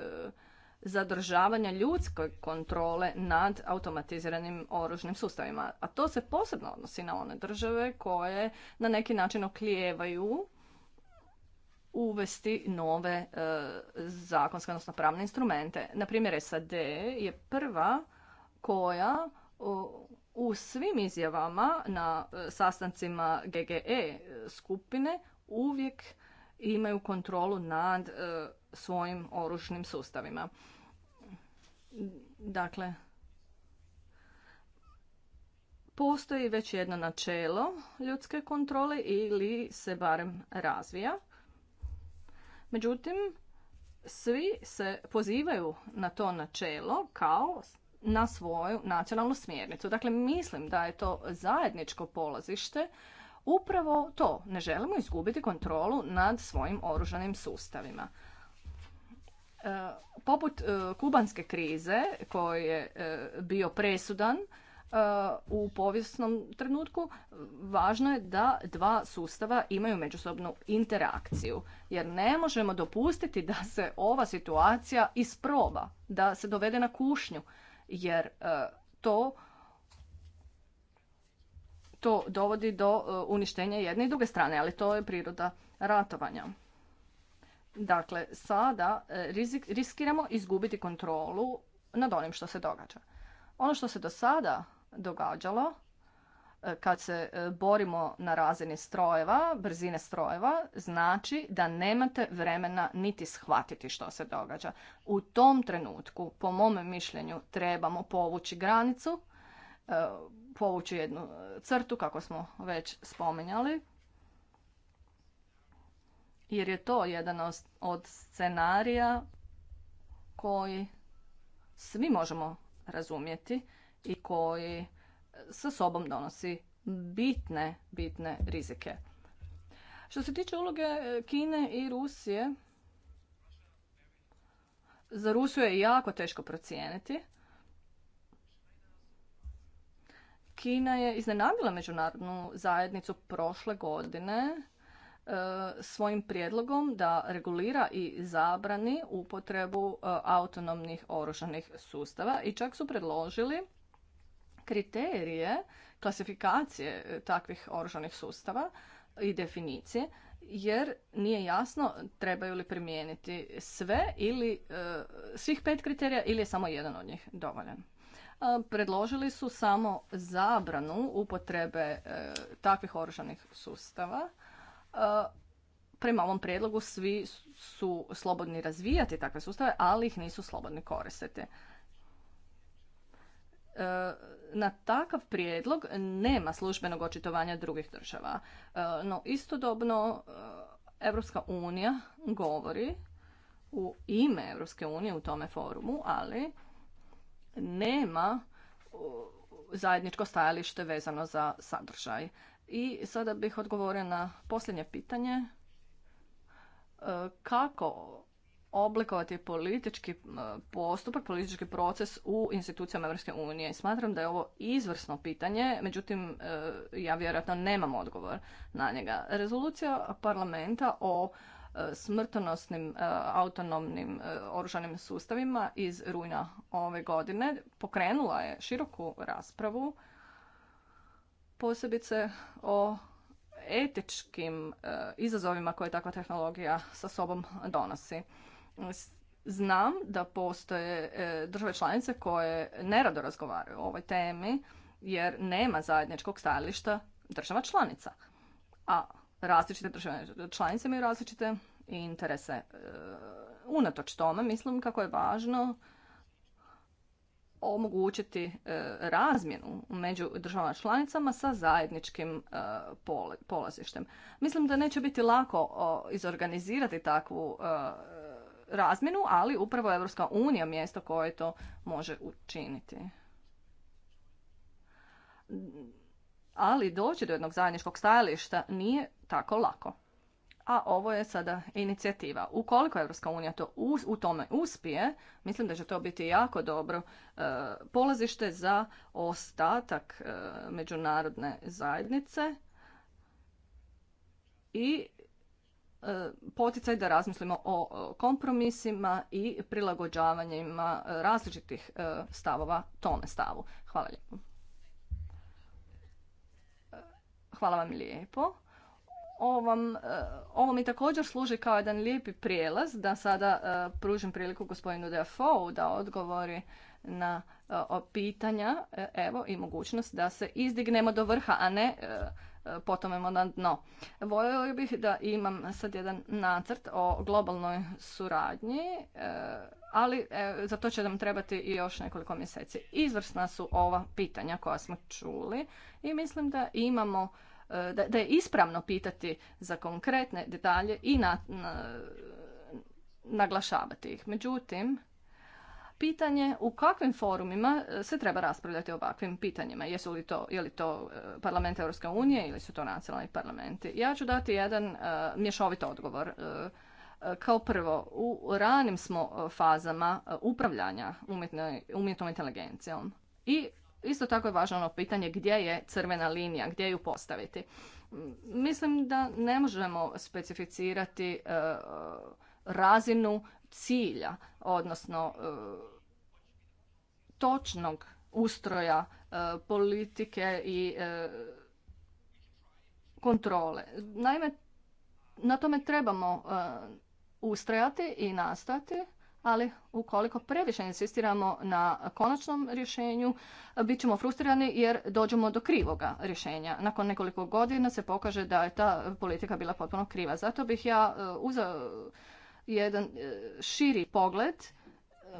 Speaker 3: zadržavanja ljudske kontrole nad automatiziranim oružnim sustavima. A to se posebno odnosi na one države koje na neki način oklijevaju uvesti nove e, zakonske, odnosno pravne instrumente. Na primjer, SAD je prva koja u svim izjavama na sastancima GGE skupine uvijek imaju kontrolu nad e, svojim oružnim sustavima. Dakle, postoji već jedno načelo ljudske kontrole ili se barem razvija. Međutim, svi se pozivaju na to načelo kao na svoju nacionalnu smjernicu. Dakle, mislim da je to zajedničko polazište upravo to. Ne želimo izgubiti kontrolu nad svojim oružanim sustavima. E, poput e, kubanske krize, koji je e, bio presudan, u povijesnom trenutku važno je da dva sustava imaju međusobnu interakciju jer ne možemo dopustiti da se ova situacija isproba da se dovede na kušnju jer to to dovodi do e, uništenja jedne i druge strane, ali to je priroda ratovanja. Dakle, sada e, rizik, riskiramo izgubiti kontrolu nad onim što se događa. Ono što se do sada događalo, e, kad se borimo na razini strojeva, brzine strojeva, znači da nemate vremena niti shvatiti što se događa. U tom trenutku, po mom mišljenju, trebamo povući granicu, povući jednu e, crtu, kako smo već spomenjali, jer je to jedan od scenarija koji svi možemo razumjeti i koji e, sa sobom donosi bitne, bitne rizike. Što se tiče uloge e, Kine i Rusije, za Rusiju je jako teško procijeniti. Kina je iznenadila međunarodnu zajednicu prošle godine e, svojim prijedlogom da regulira i zabrani upotrebu e, autonomnih oružanih sustava i čak su predložili kriterije klasifikacije e, takvih oružanih sustava i definicije jer nije jasno trebaju li primijeniti sve ili svih pet kriterija ili je samo jedan od njih dovoljan. E, predložili su samo zabranu upotrebe e, takvih oružanih sustava. E, prema ovom prijedlogu svi su slobodni razvijati takve sustave, ali ih nisu slobodni koristiti. Na takav prijedlog nema službenog očitovanja drugih država. No istodobno Europska unija govori u ime Europske unije u tome forumu, ali nema zajedničko stajalište vezano za sadržaj. I sada bih odgovorio na posljednje pitanje. E, kako oblikovati politički postupak, politički proces u institucijama Europske unije. Smatram da je ovo izvrsno pitanje, međutim e, ja vjerojatno nemam odgovor na njega. Rezolucija parlamenta o E, smrtonosnim e, autonomnim e, oružanim sustavima iz rujna ove godine pokrenula je široku raspravu posebice o etičkim izazovima koje takva tehnologija sa sobom donosi. Znam da postoje države članice koje nerado razgovaraju o ovoj temi jer nema zajedničkog stajališta država članica. A Različite države članice imaju različite interese. E, unatoč tome mislim kako je važno omogućiti e, razmjenu među državama članicama sa zajedničkim e, polazištem. Mislim da neće biti lako izorganizirati takvu razmjenu, ali upravo Evropska unija mjesto koje to može učiniti ali doći do jednog zajedničkog stajališta nije tako lako. A ovo je sada inicijativa. Ukoliko EU unija to u tome uspije, mislim da će to biti jako dobro e, polazište za ostatak e, međunarodne zajednice i e, poticaj da razmislimo o kompromisima i prilagođavanjima različitih stavova tome stavu. Hvala lijepo. Hvala vam lijepo. E, ovo mi također služi kao jedan lijepi prijelaz da sada e, pružim priliku gospodinu Defoe da odgovori na e, pitanja evo i mogućnost da se izdignemo do vrha, a ne potomemo na dno. Voljela bih da imam sad jedan nacrt o globalnoj suradnji, ali za to će nam trebati i još nekoliko mjeseci. Izvrsna su ova pitanja koja smo čuli i mislim da imamo E, da, da je ispravno pitati za konkretne detalje i naglašavati ih. Međutim, pitanje u kakvim forumima e, se treba raspravljati o ovakvim pitanjima. Jesu li to, je li to e, parlament Europske unije ili su to nacionalni parlamenti? Ja ću dati jedan uh, mješovit odgovor. kao prvo, u ranim smo fazama upravljanja umjetnom inteligencijom i Isto tako je važno ono pitanje gdje je crvena linija, gdje ju postaviti. Mislim da ne možemo specificirati e, razinu cilja, odnosno e, točnog ustroja e, politike i kontrole. Naime, na tome trebamo ustrajati i nastati ali ukoliko previše insistiramo na konačnom rješenju, bit ćemo frustrirani jer dođemo do krivoga rješenja. Nakon nekoliko godina se pokaže da je ta politika bila potpuno kriva. Zato bih ja e, uzeo jedan e, širi pogled e,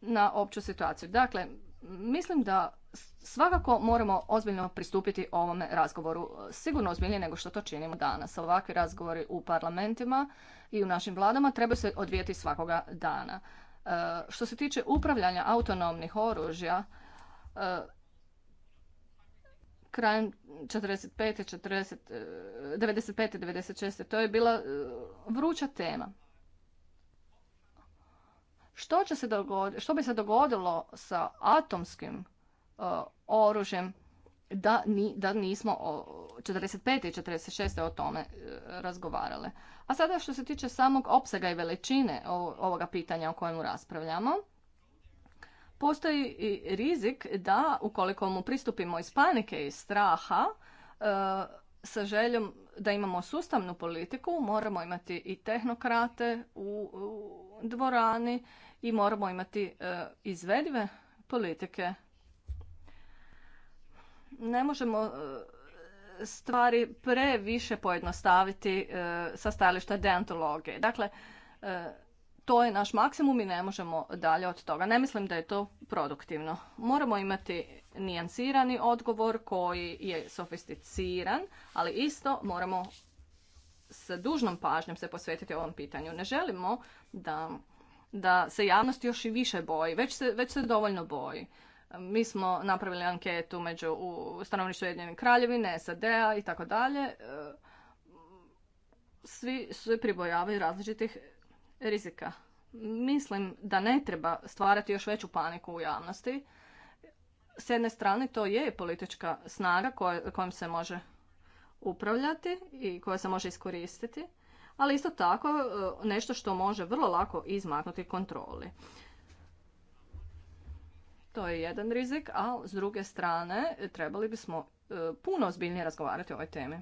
Speaker 3: na opću situaciju. Dakle, mislim da svakako moramo ozbiljno pristupiti ovome razgovoru. Sigurno ozbiljnije nego što to činimo danas. Ovakvi razgovori u parlamentima i u našim vladama treba se odvijeti svakoga dana. E, što se tiče upravljanja autonomnih oružja, e, krajem 45. i 95. 96. to je bila e, vruća tema. Što, će se što bi se dogodilo sa atomskim oružjem da, ni, da nismo o 45. i 46. o tome e, razgovarale. A sada što se tiče samog opsega i veličine ovoga pitanja o kojemu raspravljamo, postoji i rizik da ukoliko mu pristupimo iz panike i straha, e, sa željom da imamo sustavnu politiku, moramo imati i tehnokrate u, dvorani i moramo imati e, izvedive politike ne možemo e, stvari previše pojednostaviti e, sa stajališta deontologije. Dakle, e, to je naš maksimum i ne možemo dalje od toga. Ne mislim da je to produktivno. Moramo imati nijansirani odgovor koji je sofisticiran, ali isto moramo sa dužnom pažnjom se posvetiti ovom pitanju. Ne želimo da, da se javnost još i više boji, već se, već se dovoljno boji. Mi smo napravili anketu među u stanovništvu Jedinjene kraljevine, SAD-a i tako dalje. E, svi se pribojavaju različitih rizika. Mislim da ne treba stvarati još veću paniku u javnosti. S jedne strane to je politička snaga kojom se može upravljati i koja se može iskoristiti, ali isto tako e, nešto što može vrlo lako izmaknuti kontroli to je jedan rizik, a s druge strane trebali bismo e, puno ozbiljnije razgovarati o ovoj temi. E,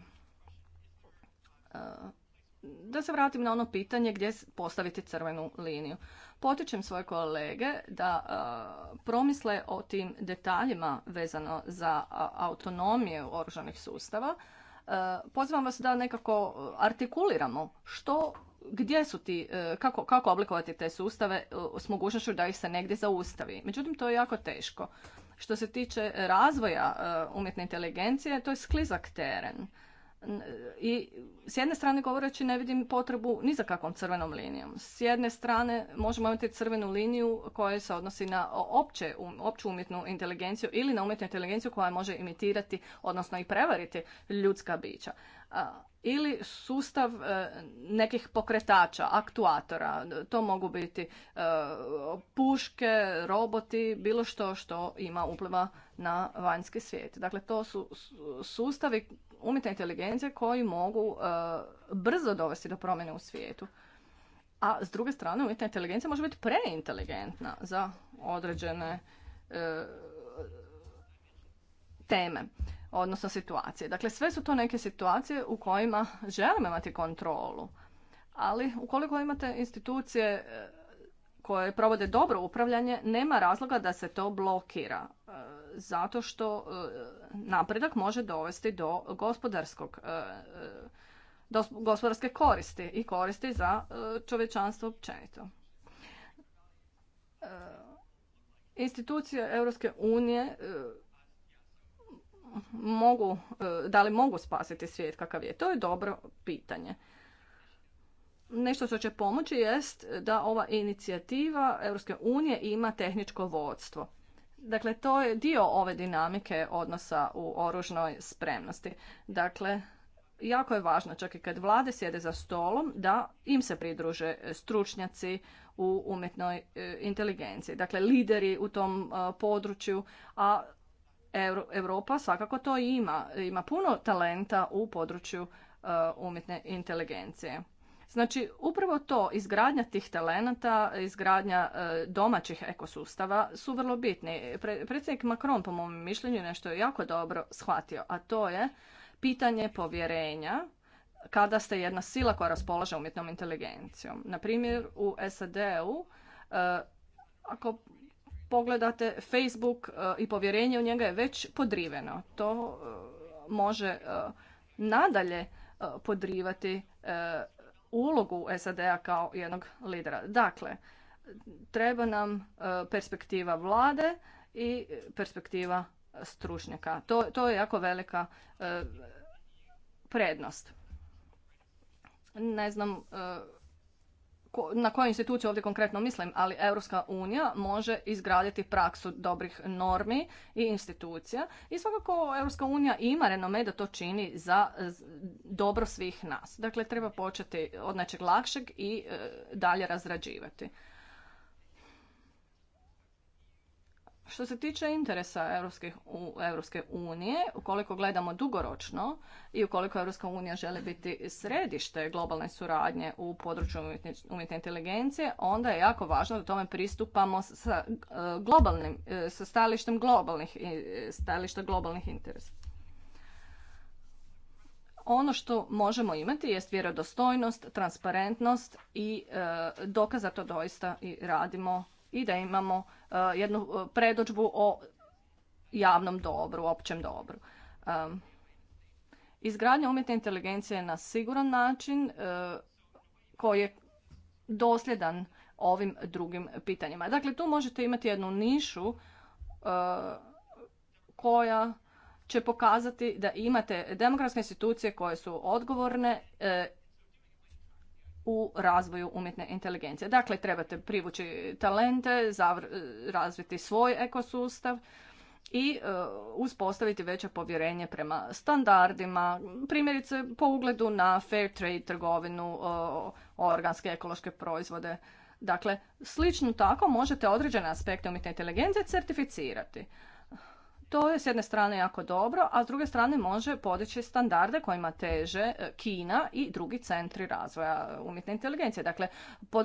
Speaker 3: da se vratim na ono pitanje gdje postaviti crvenu liniju. Potičem svoje kolege da e, promisle o tim detaljima vezano za autonomije oružanih sustava. Pozivam vas da nekako artikuliramo što gdje su ti, e, kako, kako oblikovati te sustave e, s mogućnošću da ih se negdje zaustavi. Međutim, to je jako teško. Što se tiče razvoja e, umjetne inteligencije, to je sklizak teren. I s jedne strane govoreći ne vidim potrebu ni za kakvom crvenom linijom. S jedne strane možemo imati crvenu liniju koja se odnosi na opće, um, opću umjetnu inteligenciju ili na umjetnu inteligenciju koja može imitirati, odnosno i prevariti ljudska bića ili sustav e, nekih pokretača, aktuatora. To mogu biti e, puške, roboti, bilo što što ima upliva na vanjski svijet. Dakle, to su sustavi umjetne inteligencije koji mogu e, brzo dovesti do promjene u svijetu. A s druge strane, umjetna inteligencija može biti preinteligentna za određene teme odnosno situacije. Dakle, sve su to neke situacije u kojima želimo imati kontrolu. Ali ukoliko imate institucije e, koje provode dobro upravljanje, nema razloga da se to blokira. E, zato što e, napredak može dovesti do gospodarskog do gospodarske koristi i koristi za čovječanstvo općenito. Institucije Europske unije mogu, e, da li mogu spasiti svijet kakav je? To je dobro pitanje. Nešto što će pomoći jest da ova inicijativa Europske unije ima tehničko vodstvo. Dakle, to je dio ove dinamike odnosa u oružnoj spremnosti. Dakle, jako je važno čak i kad vlade sjede za stolom da im se pridruže stručnjaci u umjetnoj e, inteligenciji, dakle lideri u tom e, području, a Europa svakako to ima. Ima puno talenta u području e, umjetne inteligencije. Znači, upravo to, izgradnja tih talenata, izgradnja e, domaćih ekosustava su vrlo bitni. Predsjednik Macron, po mom mišljenju, nešto je jako dobro shvatio, a to je pitanje povjerenja kada ste jedna sila koja raspolaže umjetnom inteligencijom. Na primjer, u SAD-u, e, ako pogledate, Facebook e, i povjerenje u njega je već podriveno. To e, može e, nadalje podrivati ulogu SAD-a kao jednog lidera. Dakle, treba nam perspektiva vlade i perspektiva stručnjaka. To, to je jako velika prednost. Ne znam na koje institucije ovdje konkretno mislim, ali Europska unija može izgraditi praksu dobrih normi i institucija i svakako Europska unija ima renome da to čini za dobro svih nas. Dakle, treba početi od nečeg lakšeg i e, dalje razrađivati. Što se tiče interesa Europske unije, ukoliko gledamo dugoročno i ukoliko Europska unija želi biti središte globalne suradnje u području umjetne inteligencije, onda je jako važno da tome pristupamo sa, e, globalnim, e, sa stajalištem globalnih, e, stajališta globalnih interesa. Ono što možemo imati jest vjerodostojnost, transparentnost i dokaz to doista i radimo i da imamo e, jednu e, predođbu o javnom dobru, općem dobru. E, izgradnja umjetne inteligencije na siguran način koji je dosljedan ovim drugim pitanjima. Dakle, tu možete imati jednu nišu koja će pokazati da imate demokratske institucije koje su odgovorne u razvoju umjetne inteligencije. Dakle, trebate privući talente, e, razviti svoj ekosustav i e, uspostaviti veće povjerenje prema standardima, primjerice po ugledu na fair trade trgovinu, e, organske ekološke proizvode. Dakle, slično tako možete određene aspekte umjetne inteligencije certificirati. To je s jedne strane jako dobro, a s druge strane može podići standarde kojima teže e, Kina i drugi centri razvoja umjetne inteligencije. Dakle,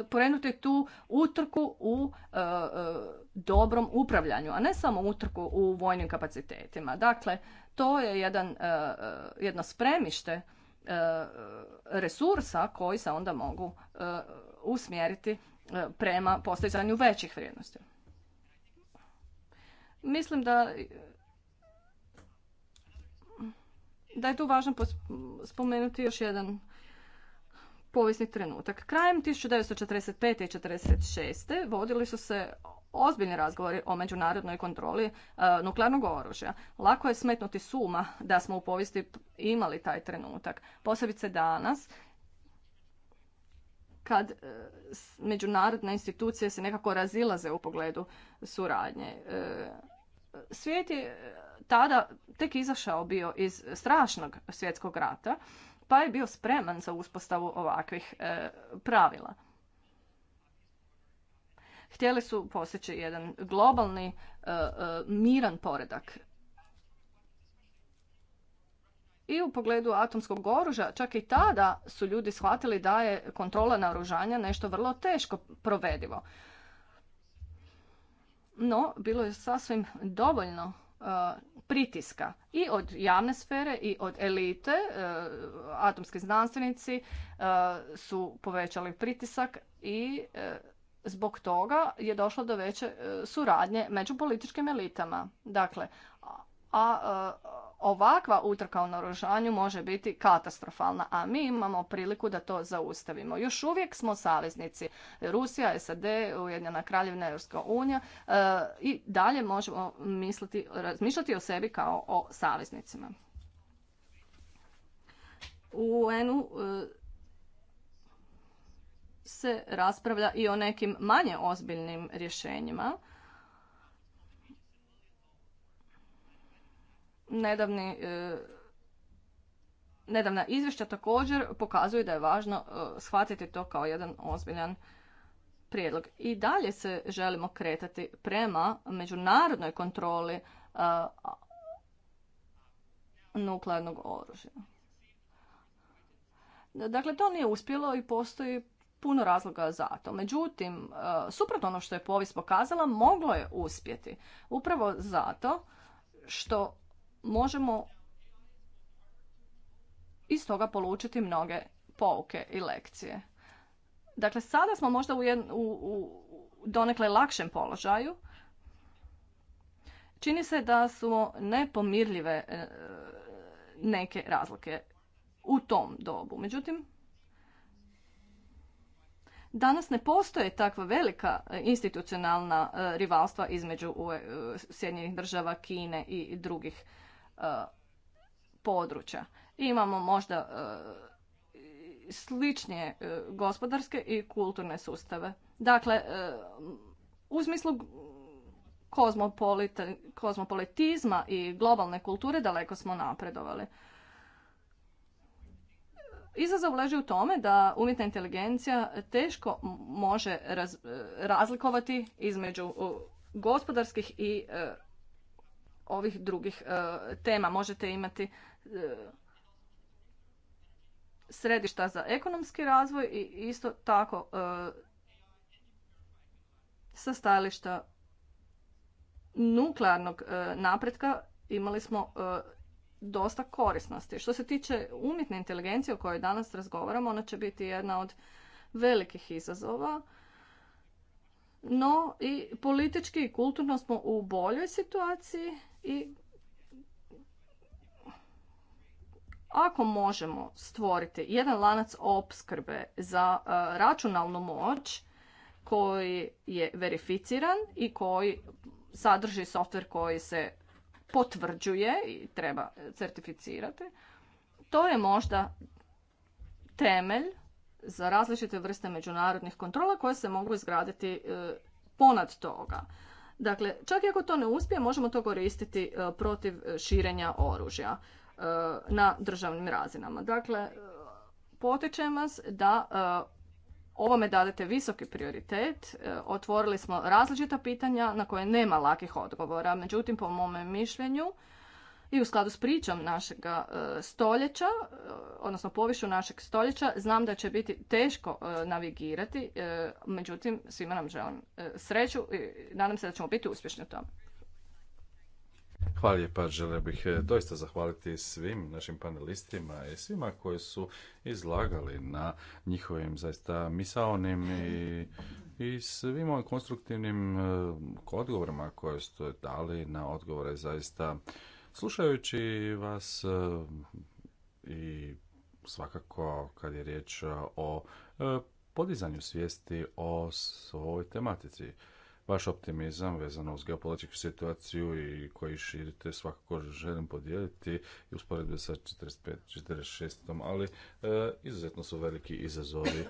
Speaker 3: porenuti tu utrku u e, e, dobrom upravljanju, a ne samo utrku u vojnim kapacitetima. Dakle, to je jedan, jedno spremište resursa koji se onda mogu usmjeriti prema postizanju većih vrijednosti. Mislim da da je tu važno spomenuti još jedan povijesni trenutak. Krajem 1945. i 1946. vodili su se ozbiljni razgovori o međunarodnoj kontroli e, nuklearnog oružja. Lako je smetnuti suma da smo u povijesti imali taj trenutak. Posebice danas, kad e, međunarodne institucije se nekako razilaze u pogledu suradnje. E, svijet je tada tek izašao bio iz strašnog svjetskog rata, pa je bio spreman za uspostavu ovakvih e, pravila. Htjeli su postići jedan globalni e, e, miran poredak. I u pogledu atomskog oružja, čak i tada su ljudi shvatili da je kontrola naoružanja nešto vrlo teško provedivo. No, bilo je sasvim dovoljno E, pritiska i od javne sfere i od elite. E, atomski znanstvenici e, su povećali pritisak i zbog toga je došlo do veće suradnje među političkim elitama. Dakle, a Ovakva utrka u naoružanju može biti katastrofalna, a mi imamo priliku da to zaustavimo. Još uvijek smo saveznici. Rusija, SAD, Ujedinjena kraljevina, Europska unija e, i dalje možemo misliti, razmišljati o sebi kao o saveznicima. U UN-u e, se raspravlja i o nekim manje ozbiljnim rješenjima Nedavni, e, nedavna izvješća također pokazuju da je važno e, shvatiti to kao jedan ozbiljan prijedlog. I dalje se želimo kretati prema međunarodnoj kontroli e, nuklearnog oružja. Dakle, to nije uspjelo i postoji puno razloga za to. Međutim, suprotno ono što je povijest pokazala, moglo je uspjeti. Upravo zato što možemo iz toga polučiti mnoge pouke i lekcije. Dakle, sada smo možda u, u, donekle lakšem položaju. Čini se da su nepomirljive e, neke razlike u tom dobu. Međutim, danas ne postoje takva velika e, institucionalna e, rivalstva između Sjedinjenih država, Kine i drugih E, područja. Imamo možda e, sličnije e, gospodarske i kulturne sustave. Dakle, u smislu kozmopolitizma i globalne kulture daleko smo napredovali. Izazov leži u tome da umjetna inteligencija teško može razlikovati između gospodarskih i ovih drugih e, tema. Možete imati e, središta za ekonomski razvoj i isto tako e, sa stajališta nuklearnog napretka imali smo dosta korisnosti. Što se tiče umjetne inteligencije o kojoj danas razgovaramo, ona će biti jedna od velikih izazova. No i politički i kulturno smo u boljoj situaciji i ako možemo stvoriti jedan lanac opskrbe za e, računalnu moć koji je verificiran i koji sadrži softver koji se potvrđuje i treba certificirati, to je možda temelj za različite vrste međunarodnih kontrola koje se mogu izgraditi e, ponad toga. Dakle, čak i ako to ne uspije, možemo to koristiti e, protiv širenja oružja e, na državnim razinama. Dakle, e, potičem vas da ovome dadete visoki prioritet. Otvorili smo različita pitanja na koje nema lakih odgovora. Međutim, po mome mišljenju, i u skladu s pričom našeg e, stoljeća, e, odnosno povišu našeg stoljeća, znam da će biti teško e, navigirati, međutim svima nam želim sreću i nadam se da ćemo biti uspješni u tome.
Speaker 1: Hvala lijepa, želio bih doista zahvaliti svim našim panelistima i svima koji su izlagali na njihovim zaista misaonim i svim ovim konstruktivnim odgovorima koje ste dali na odgovore zaista Slušajući vas e, i svakako kad je riječ o e, podizanju svijesti o svojoj tematici, vaš optimizam vezano uz geopolitičku situaciju i koji širite svakako želim podijeliti i usporedbe sa 45-46, ali e, izuzetno su veliki izazovi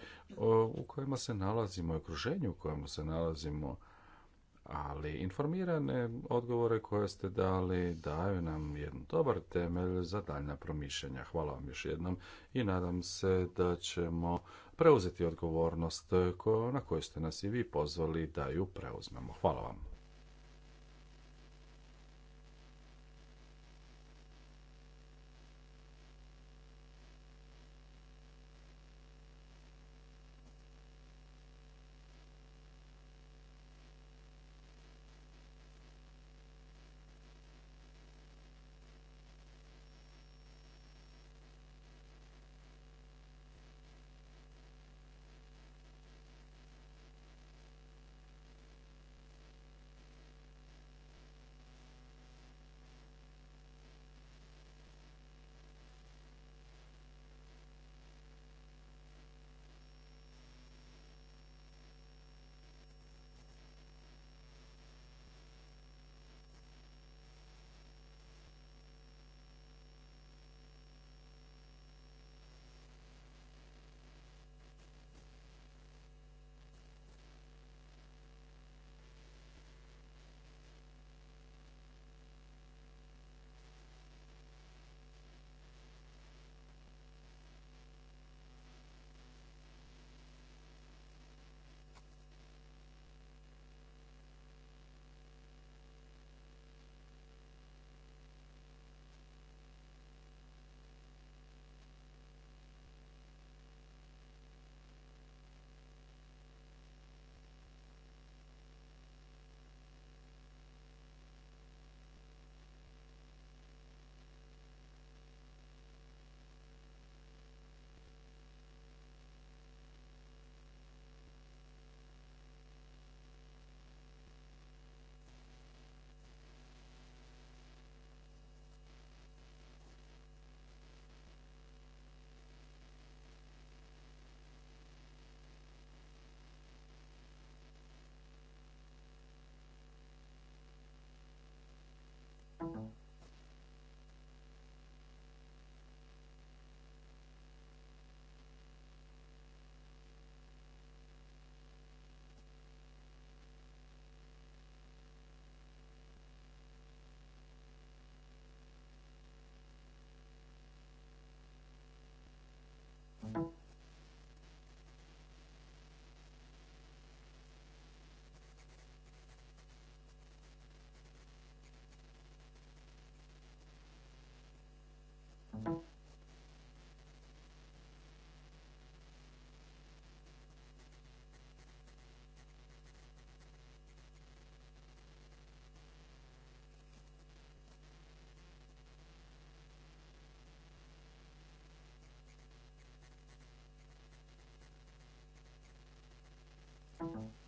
Speaker 1: u kojima se nalazimo i okruženju u kojemu se nalazimo ali informirane odgovore koje ste dali daju nam jedan dobar temelj za daljna promišljanja. Hvala vam još jednom i nadam se da ćemo preuzeti odgovornost na koju ste nas i vi pozvali da ju preuzmemo. Hvala vam.
Speaker 3: Hvala.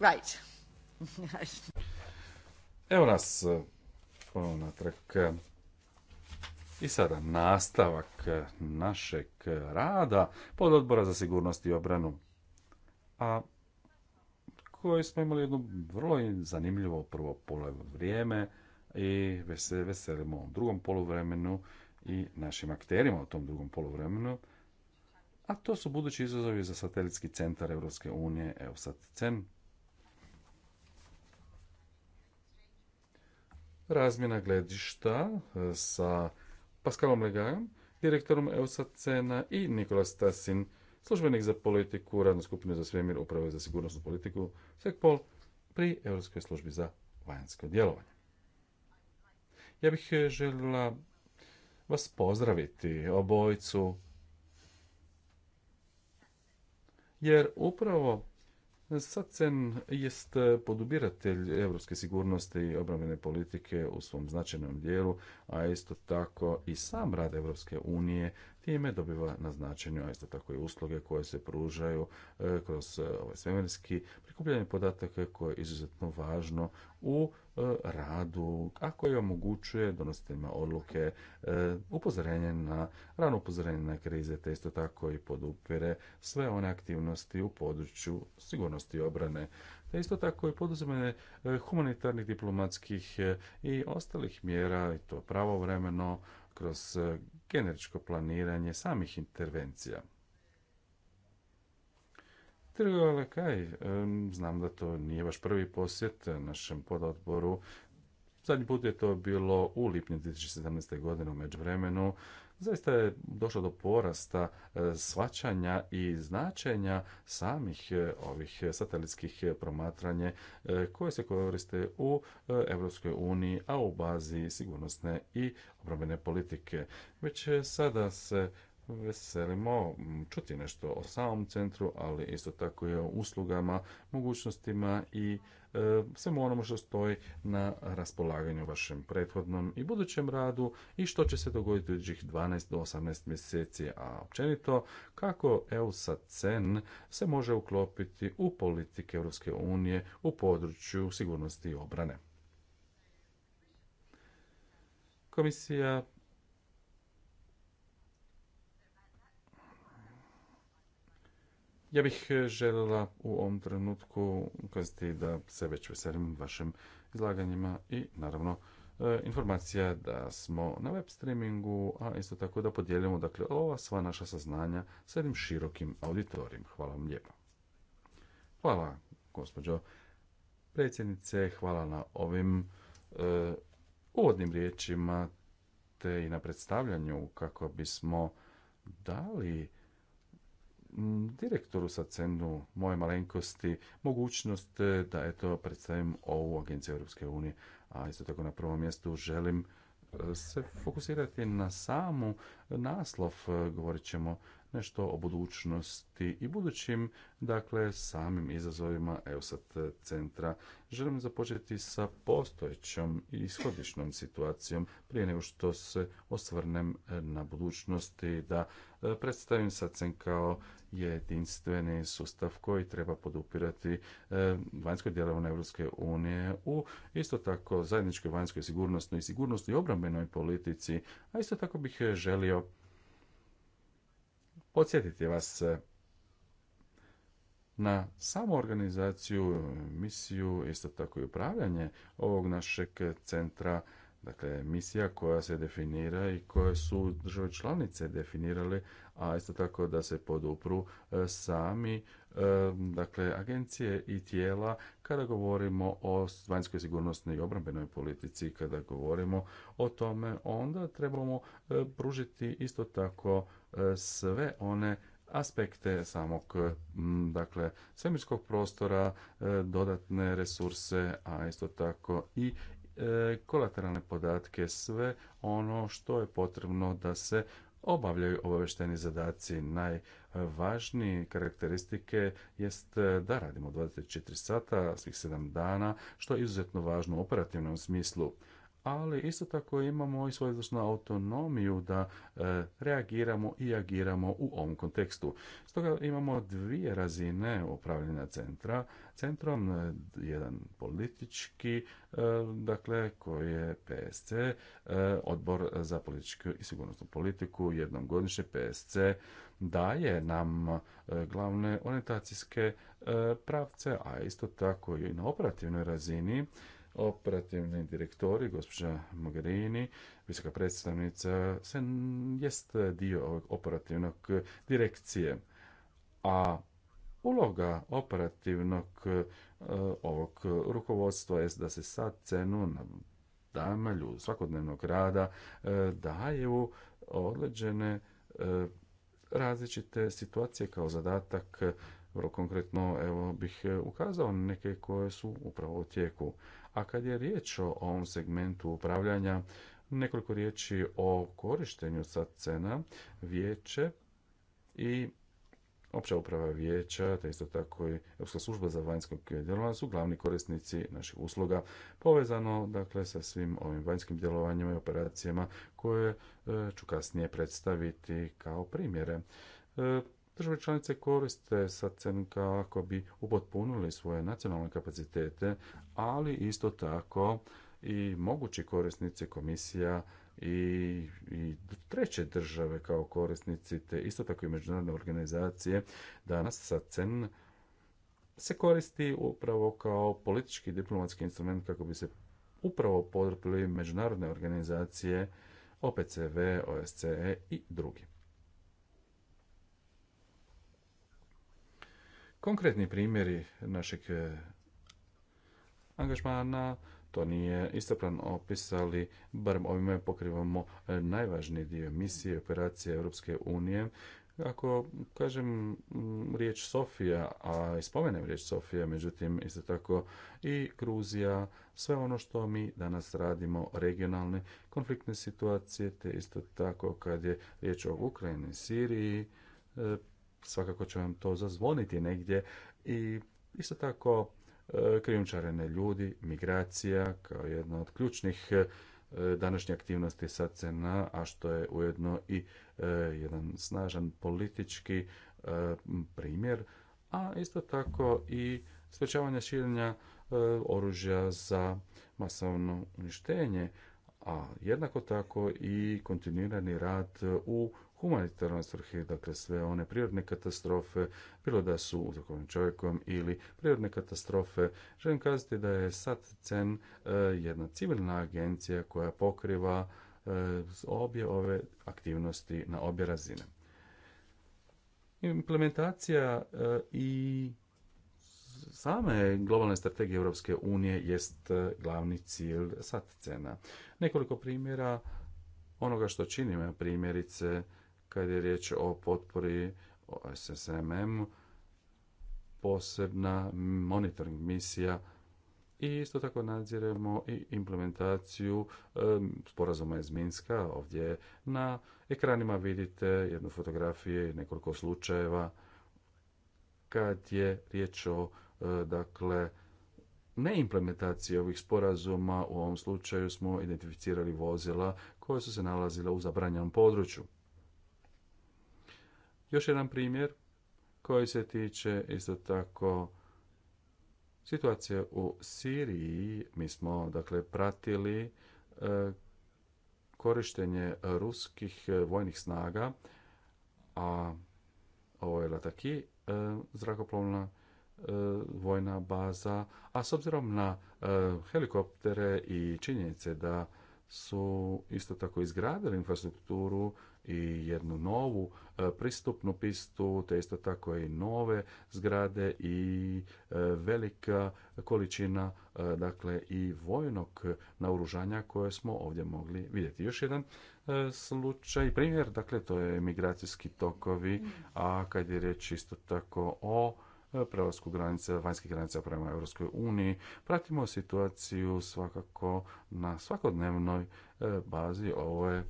Speaker 2: Right. *laughs*
Speaker 1: Evo nas eh, ponovno natrag. Eh, I sada nastavak eh, našeg rada pod odbora za sigurnost i obranu. A koji smo imali jedno vrlo zanimljivo prvo polo vrijeme i veselimo ovom drugom poluvremenu i našim akterima u tom drugom poluvremenu. A to su budući izazovi za satelitski centar Europske unije, EOSAT-CEN, razmjena gledišta e, sa Paskalom Legajom, direktorom EUSA Cena i Nikola Stasin, službenik za politiku, radnu skupinu za svemir, uprave za sigurnosnu politiku, SECPOL, pri Europskoj službi za vanjsko djelovanje. Ja bih e, željela vas pozdraviti obojcu jer upravo SACEN jest e, podubiratelj europske sigurnosti i obrambene politike u svom značajnom dijelu, a isto tako i sam rad Evropske unije Time dobiva na značenju, a isto tako i usluge koje se pružaju e, kroz e, ovaj svemirski prikupljanje podataka koje je izuzetno važno u e, radu, a koje omogućuje donositeljima odluke upozorenje na, rano upozorenje na krize, te isto tako i podupire sve one aktivnosti u području sigurnosti i obrane, te isto tako i poduzimanje humanitarnih, diplomatskih i ostalih mjera, i to pravovremeno, kroz e, generičko planiranje samih intervencija. Trgo e, znam da to nije vaš prvi posjet našem pododboru. Zadnji put je to bilo u lipnju 2017. godine u međuvremenu zaista je došlo do porasta e, svačanja i značenja samih e, ovih satelitskih promatranje e, koje se koriste u Europskoj uniji, a u bazi sigurnosne i obrambene politike. Već sada se veselimo čuti nešto o samom centru, ali isto tako i o uslugama, mogućnostima i E, svemu onome što stoji na raspolaganju vašem prethodnom i budućem radu i što će se dogoditi u dvanaest 12 do 18 mjeseci, a općenito kako EUSA-CEN se može uklopiti u politike Europske unije u području sigurnosti i obrane. Komisija Ja bih e, željela u ovom trenutku ukazati da se već veselim vašim izlaganjima i naravno e, informacija da smo na web streamingu, a isto tako da podijelimo dakle, ova sva naša saznanja sa jednim širokim auditorijem. Hvala vam lijepo. Hvala, gospođo predsjednice, hvala na ovim e, uvodnim riječima te i na predstavljanju kako bismo dali direktoru sa cenu moje malenkosti mogućnost e, da eto predstavim ovu agenciju Europske unije, a isto tako na prvom mjestu želim e, se fokusirati na samu e, naslov, govorit ćemo nešto o budućnosti i budućim, dakle, samim izazovima EUSAT centra. Želim započeti sa postojećom i ishodišnom situacijom prije nego što se osvrnem na budućnosti da e, predstavim SACEN kao jedinstveni sustav koji treba podupirati e, vanjsko djelovanje Europske unije u isto tako zajedničkoj vanjskoj sigurnosnoj i sigurnosnoj obrambenoj politici, a isto tako bih želio podsjetiti vas eh, na samu organizaciju, misiju, isto tako i upravljanje ovog našeg centra Dakle, misija koja se definira i koje su države članice definirale, a isto tako da se podupru e, sami e, dakle, agencije i tijela kada govorimo o vanjskoj sigurnosnoj i obrambenoj politici, kada govorimo o tome, onda trebamo e, pružiti isto tako sve one aspekte samog dakle svemirskog prostora, dodatne resurse, a isto tako i E, kolateralne podatke, sve ono što je potrebno da se obavljaju obavešteni zadaci. Najvažnije karakteristike jest e, da radimo 24 sata svih 7 dana, što je izuzetno važno u operativnom smislu ali isto tako imamo i svojevrsnu autonomiju da e, reagiramo i agiramo u ovom kontekstu. Stoga imamo dvije razine upravljanja centra. Centrom e, jedan politički, e, dakle, koji je PSC, e, odbor za političku i sigurnosnu politiku, jednom godišnje PSC daje nam glavne orientacijske pravce, a isto tako i na operativnoj razini operativni direktori, gospođa Mogherini, visoka predstavnica, se jest dio operativnog direkcije. A uloga operativnog e, ovog rukovodstva je da se sad cenu na damalju svakodnevnog rada e, u određene e, različite situacije kao zadatak vrlo konkretno bih ukazao neke koje su upravo u tijeku a kad je riječ o ovom segmentu upravljanja, nekoliko riječi o korištenju sad cena, vijeće i Opća uprava vijeća, te isto tako i Europska služba za vanjskog djelovanja su glavni korisnici naših usluga, povezano dakle, sa svim ovim vanjskim djelovanjima i operacijama koje e, ću kasnije predstaviti kao primjere. E, Države članice koriste SACEN kako bi upotpunili svoje nacionalne kapacitete, ali isto tako i mogući korisnici komisija i, treće države kao korisnici, te isto tako i međunarodne organizacije, danas SACEN se koristi upravo kao politički diplomatski instrument kako bi se upravo podrpili međunarodne organizacije OPCV, OSCE i drugi. konkretni primjeri našeg eh, angažmana, to nije istopran opis, ali barem ovime pokrivamo eh, najvažniji dio misije operacije Europske unije. Ako kažem mm, riječ Sofija, a spomenem riječ Sofija, međutim isto tako i Gruzija, sve ono što mi danas radimo, regionalne konfliktne situacije, te isto tako kad je riječ o Ukrajini, Siriji, eh, svakako će vam to zazvoniti negdje i isto tako e, krijumčarene ljudi, migracija kao jedna od ključnih e, današnje aktivnosti sa cena, a što je ujedno i e, jedan snažan politički primjer, a isto tako i sprečavanje širenja oružja za masovno uništenje, a jednako tako i kontinuirani rad u humanitarne svrhe, dakle sve one prirodne katastrofe, bilo da su uzrokovane čovjekom ili prirodne katastrofe. Želim kazati da je SATCEN e, jedna civilna agencija koja pokriva e, obje ove aktivnosti na obje razine. Implementacija e, i same globalne strategije Europske unije jest glavni cilj SATCENA. Nekoliko primjera onoga što činimo, primjerice kad je riječ o potpori o SSMM, posebna monitoring misija i isto tako nadziremo i implementaciju sporazuma iz Minska. Ovdje na ekranima vidite jednu fotografiju i nekoliko slučajeva kad je riječ o e, dakle neimplementaciji ovih sporazuma. U ovom slučaju smo identificirali vozila koje su se nalazile u zabranjenom području. Još jedan primjer koji se tiče isto tako situacije u Siriji. Mi smo dakle pratili e, korištenje ruskih vojnih snaga, a ovo je Lataki, e, zrakoplovna e, vojna baza, a s obzirom na helikoptere i činjenice da su isto tako izgradili infrastrukturu i jednu novu e, pristupnu pistu, te isto tako i nove zgrade i e, velika količina e, dakle i vojnog naoružanja koje smo ovdje mogli vidjeti. Još jedan slučaj, primjer, dakle to je migracijski tokovi, a kad je riječ isto tako o prelasku granice, vanjskih granica prema Europskoj uniji. Pratimo situaciju svakako na svakodnevnoj bazi. ove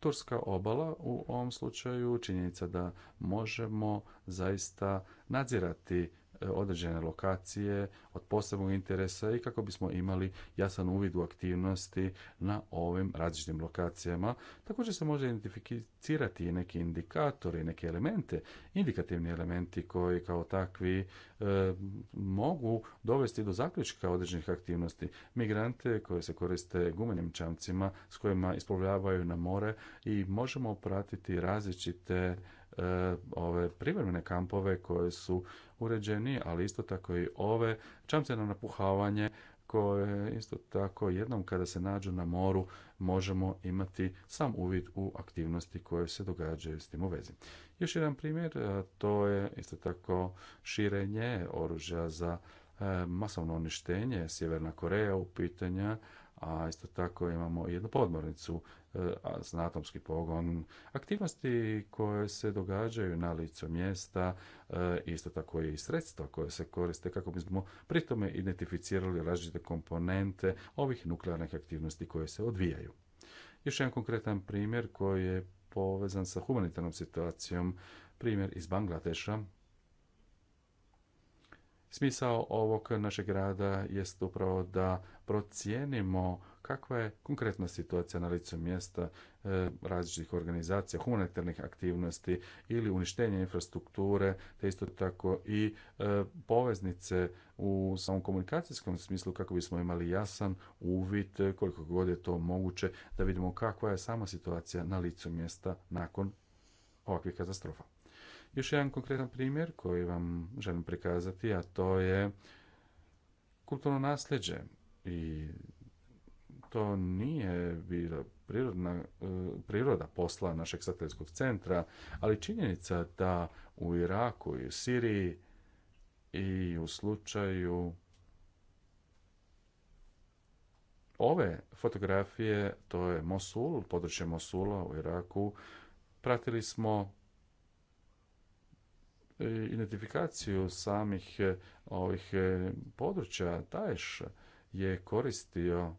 Speaker 1: turska obala u ovom slučaju činjenica da možemo zaista nadzirati određene lokacije od posebnog interesa i kako bismo imali jasan uvid u aktivnosti na ovim različitim lokacijama. Također se može identificirati i neki indikatori, neke elemente, indikativni elementi koji kao takvi e, mogu dovesti do zaključka određenih aktivnosti. Migrante koje se koriste gumenim čamcima s kojima isplovljavaju na more i možemo pratiti različite E, ove privremene kampove koje su uređeni, ali isto tako i ove čamce na napuhavanje koje isto tako jednom kada se nađu na moru možemo imati sam uvid u aktivnosti koje se događaju s tim u vezi. Još jedan primjer, to je isto tako širenje oružja za e, masovno uništenje Sjeverna Koreja u pitanja, a isto tako imamo jednu podmornicu na e, atomski pogon, aktivnosti koje se događaju na licu mjesta, e, isto tako i sredstva koje se koriste kako bismo pri tome identificirali različite komponente ovih nuklearnih aktivnosti koje se odvijaju. Još jedan konkretan primjer koji je povezan sa humanitarnom situacijom, primjer iz Bangladeša, Smisao ovog našeg rada jest upravo da procijenimo kakva je konkretna situacija na licu mjesta e, različitih organizacija, humanitarnih aktivnosti ili uništenje infrastrukture, te isto tako i e, poveznice u samom komunikacijskom smislu kako bismo imali jasan uvid koliko god je to moguće da vidimo kakva je sama situacija na licu mjesta nakon ovakvih katastrofa. Još jedan konkretan primjer koji vam želim prikazati, a to je kulturno nasljeđe i to nije bila prirodna, e, priroda posla našeg satelitskog centra, ali činjenica da u Iraku i u Siriji i u slučaju ove fotografije, to je Mosul, područje Mosula u Iraku, pratili smo e, identifikaciju samih e, ovih područja. Daesh je koristio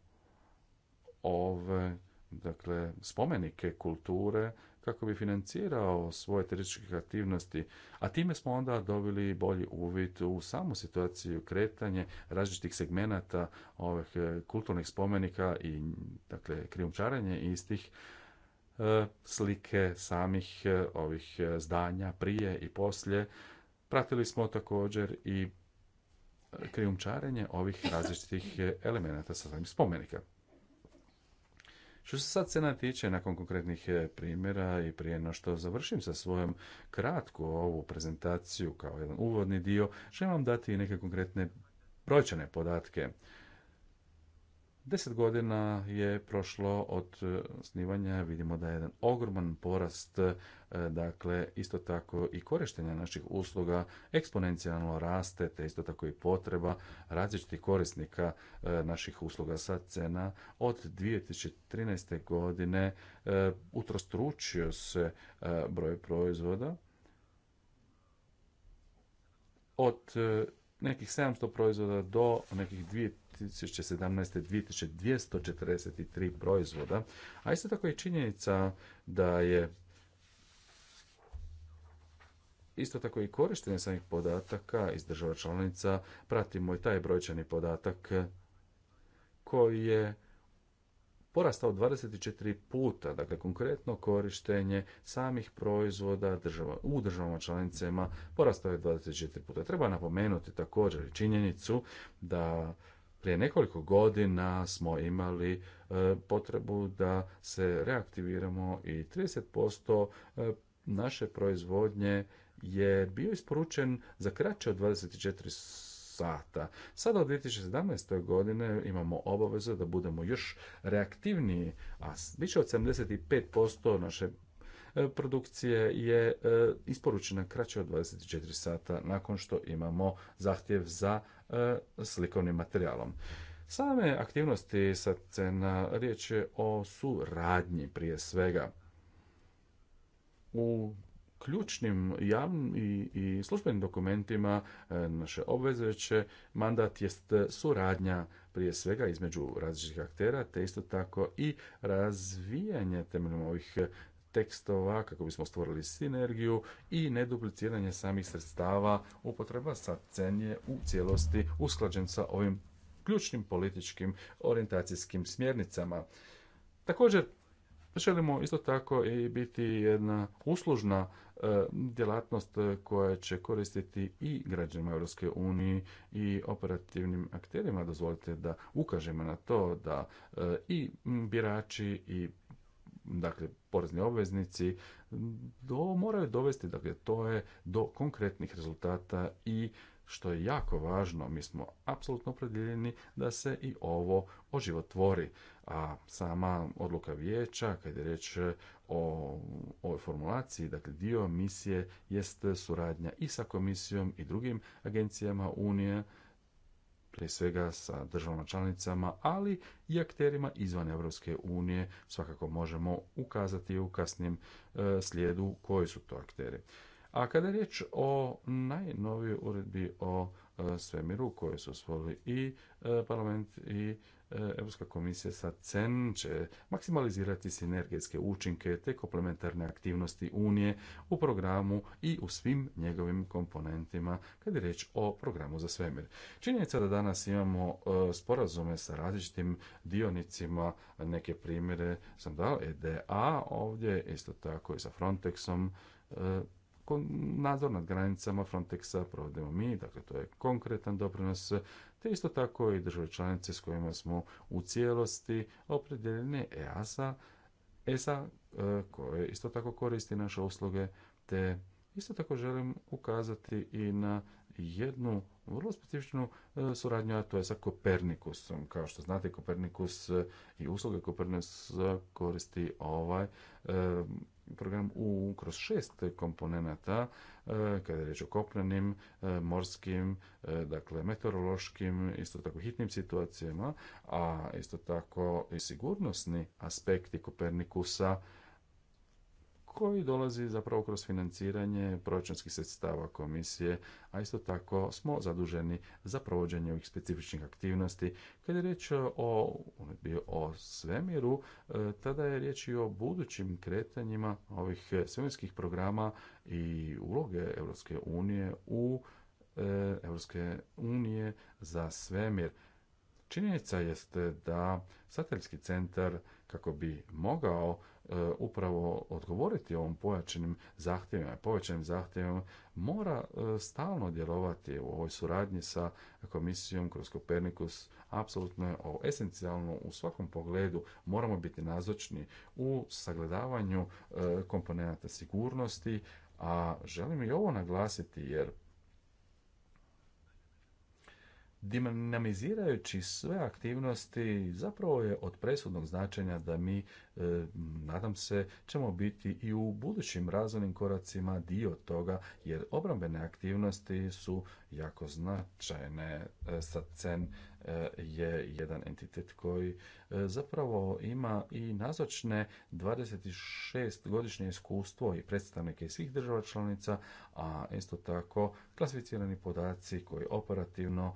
Speaker 1: ove dakle, spomenike kulture kako bi financirao svoje turističke aktivnosti, a time smo onda dobili bolji uvid u samu situaciju kretanje različitih segmenata ovih e, kulturnih spomenika i dakle krijumčarenje istih e, slike samih e, ovih zdanja prije i poslije. Pratili smo također i krijumčarenje ovih različitih elemenata sa samih spomenika. Što se sad cena tiče, nakon konkretnih e, primjera i prije no što završim sa svojom kratku ovu prezentaciju kao jedan uvodni dio, želim vam dati i neke konkretne brojčane podatke. Deset godina je prošlo od e, snivanja, vidimo da je jedan ogroman porast, e, dakle isto tako i korištenja naših usluga eksponencijalno raste, te isto tako i potreba različitih korisnika e, naših usluga sa cena od 2013. godine utrostručio se broj proizvoda od nekih 700 proizvoda do nekih 2017. 2243 proizvoda, a isto tako je činjenica da je Isto tako i korištenje samih podataka iz država članica, pratimo i taj brojčani podatak koji je porastao 24 puta, dakle konkretno korištenje samih proizvoda u državama članicama porastao je 24 puta. Treba napomenuti također činjenicu da prije nekoliko godina smo imali e, potrebu da se reaktiviramo i 30% e, naše proizvodnje je bio isporučen za kraće od 24 sata. Sada od 2017. godine imamo obavezu da budemo još reaktivniji, a više od 75% naše E, produkcije je e, isporučena kraće od 24 sata nakon što imamo zahtjev za e, slikovnim materijalom. Same aktivnosti sa cena riječ je o suradnji prije svega. U ključnim javnim i službenim dokumentima naše obveze mandat jest suradnja prije svega između različitih aktera, te isto tako i razvijanje temeljem ovih tekstova kako bismo stvorili sinergiju i nedupliciranje samih sredstava upotreba sa cenje u cijelosti usklađen sa ovim ključnim političkim orijentacijskim smjernicama. Također, želimo isto tako i biti jedna uslužna e, djelatnost koja će koristiti i građanima Europske unije i operativnim akterima. Dozvolite da ukažemo na to da e, i birači i dakle, porezni obveznici, do moraju dovesti, dakle, to je do konkretnih rezultata i što je jako važno, mi smo apsolutno opredeljeni da se i ovo oživotvori. A sama odluka vijeća, kad je reč o ovoj formulaciji, dakle dio misije jest suradnja i sa komisijom i drugim agencijama Unije, prije svega sa državama članicama, ali i akterima izvan Europske unije. Svakako možemo ukazati u kasnim e, slijedu koji su to akteri. A kada je riječ o najnovijoj uredbi o e, svemiru koju su usvojili i e, parlament i Europska komisija sa CEN će maksimalizirati sinergijske učinke te komplementarne aktivnosti Unije u programu i u svim njegovim komponentima kad je riječ o programu za svemir. Činjenica da danas imamo e, sporazume sa različitim dionicima, neke primjere sam dao EDA ovdje, isto tako i sa Frontexom, e, nadzor nad granicama Frontexa provodimo mi, dakle to je konkretan doprinos te isto tako i države članice s kojima smo u cijelosti opredjeljene EASA, ESA e, koje isto tako koristi naše usluge, te isto tako želim ukazati i na jednu vrlo specifičnu e, suradnju, a to je sa Kopernikusom. Kao što znate, Kopernikus e, i usluge Kopernikus koristi ovaj program u kroz šest komponenata e, kada je reč o kopnenim, e, morskim, e, dakle meteorološkim, isto tako hitnim situacijama, a isto tako i sigurnosni aspekti Kopernikusa koji dolazi zapravo kroz financiranje proračunskih sredstava komisije, a isto tako smo zaduženi za provođenje ovih specifičnih aktivnosti. Kad je riječ o, o svemiru, e, tada je riječ i o budućim kretanjima ovih svemirskih programa i uloge Europske unije u e, Europske unije za svemir. Činjenica jeste da satelitski centar kako bi mogao e, upravo odgovoriti ovom pojačanim zahtjevima, povećanim zahtjevima, mora e, stalno djelovati u ovoj suradnji sa komisijom kroz Kopernikus. Apsolutno je ovo esencijalno u svakom pogledu. Moramo biti nazočni u sagledavanju e, komponenta sigurnosti, a želim i ovo naglasiti jer dinamizirajući sve aktivnosti zapravo je od presudnog značenja da mi E, nadam se ćemo biti i u budućim razvojnim koracima dio toga jer obrambene aktivnosti su jako značajne. E, SACEN e, je jedan entitet koji zapravo ima i nazočne 26 godišnje iskustvo i predstavnike svih država članica, a isto tako klasificirani podaci koji operativno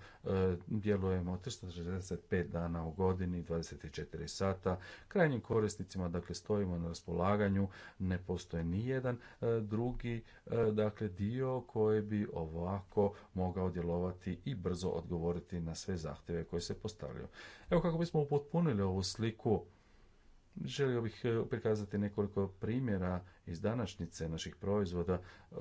Speaker 1: djelujemo 365 dana u godini, 24 sata, krajnjim korisnicima korisnicima, dakle stojimo na raspolaganju, ne postoji ni jedan e, drugi e, dakle dio koji bi ovako mogao djelovati i brzo odgovoriti na sve zahtjeve koje se postavljaju. Evo kako bismo upotpunili ovu sliku, želio bih e, prikazati nekoliko primjera iz današnjice naših proizvoda e,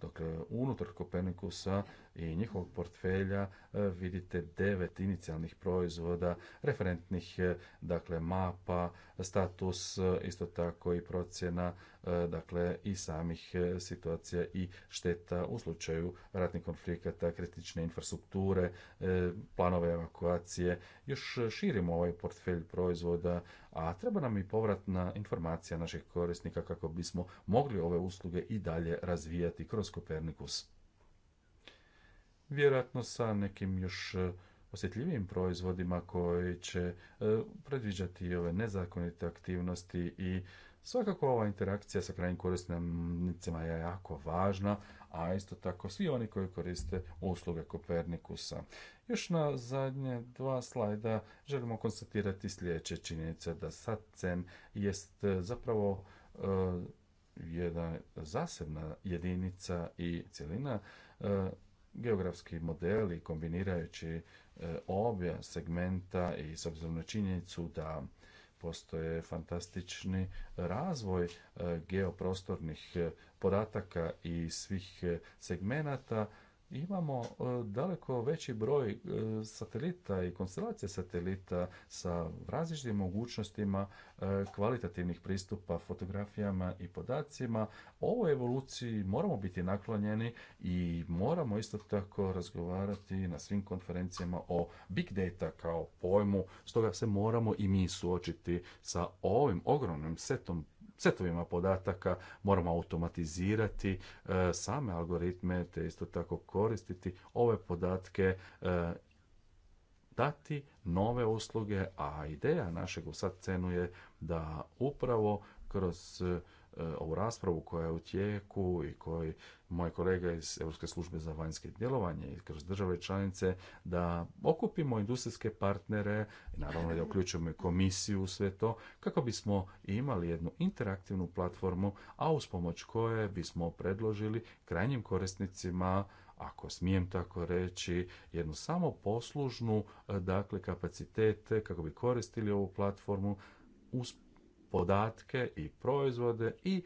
Speaker 1: dakle, unutar Kopernikusa i njihovog portfelja e, vidite devet inicijalnih proizvoda, referentnih e, dakle, mapa, status, isto tako i procjena dakle, i samih situacija i šteta u slučaju ratnih konflikata, kritične infrastrukture, planove evakuacije. Još širimo ovaj portfelj proizvoda, a treba nam i povratna informacija naših korisnika kako bi bismo mogli ove usluge i dalje razvijati kroz Kopernikus. Vjerojatno sa nekim još e, osjetljivim proizvodima koji će e, predviđati ove nezakonite aktivnosti i Svakako ova interakcija sa krajnjim korisnicima je jako važna, a isto tako svi oni koji koriste usluge Kopernikusa. Još na zadnje dva slajda želimo konstatirati sljedeće činjenice da SATCEN jest e, zapravo jedna zasebna jedinica i cjelina e, geografski modeli kombinirajući e, obja segmenta i s obzirom na činjenicu da postoje fantastični razvoj e, geoprostornih podataka i svih segmenata imamo e, daleko veći broj e, satelita i konstelacija satelita sa različitim mogućnostima e, kvalitativnih pristupa fotografijama i podacima. Ovoj evoluciji moramo biti naklonjeni i moramo isto tako razgovarati na svim konferencijama o big data kao pojmu, stoga se moramo i mi suočiti sa ovim ogromnim setom setovima podataka, moramo automatizirati e, same algoritme, te isto tako koristiti ove podatke e, dati nove usluge, a ideja našeg u sad cenu je da upravo kroz E, ovu raspravu koja je u tijeku i koji moje kolega iz Europske službe za vanjske djelovanje i kroz države članice da okupimo industrijske partnere i naravno da uključujemo i komisiju u sve to kako bismo imali jednu interaktivnu platformu, a uz pomoć koje bismo predložili krajnjim korisnicima ako smijem tako reći, jednu samo poslužnu e, dakle, kapacitete kako bi koristili ovu platformu uz podatke i proizvode i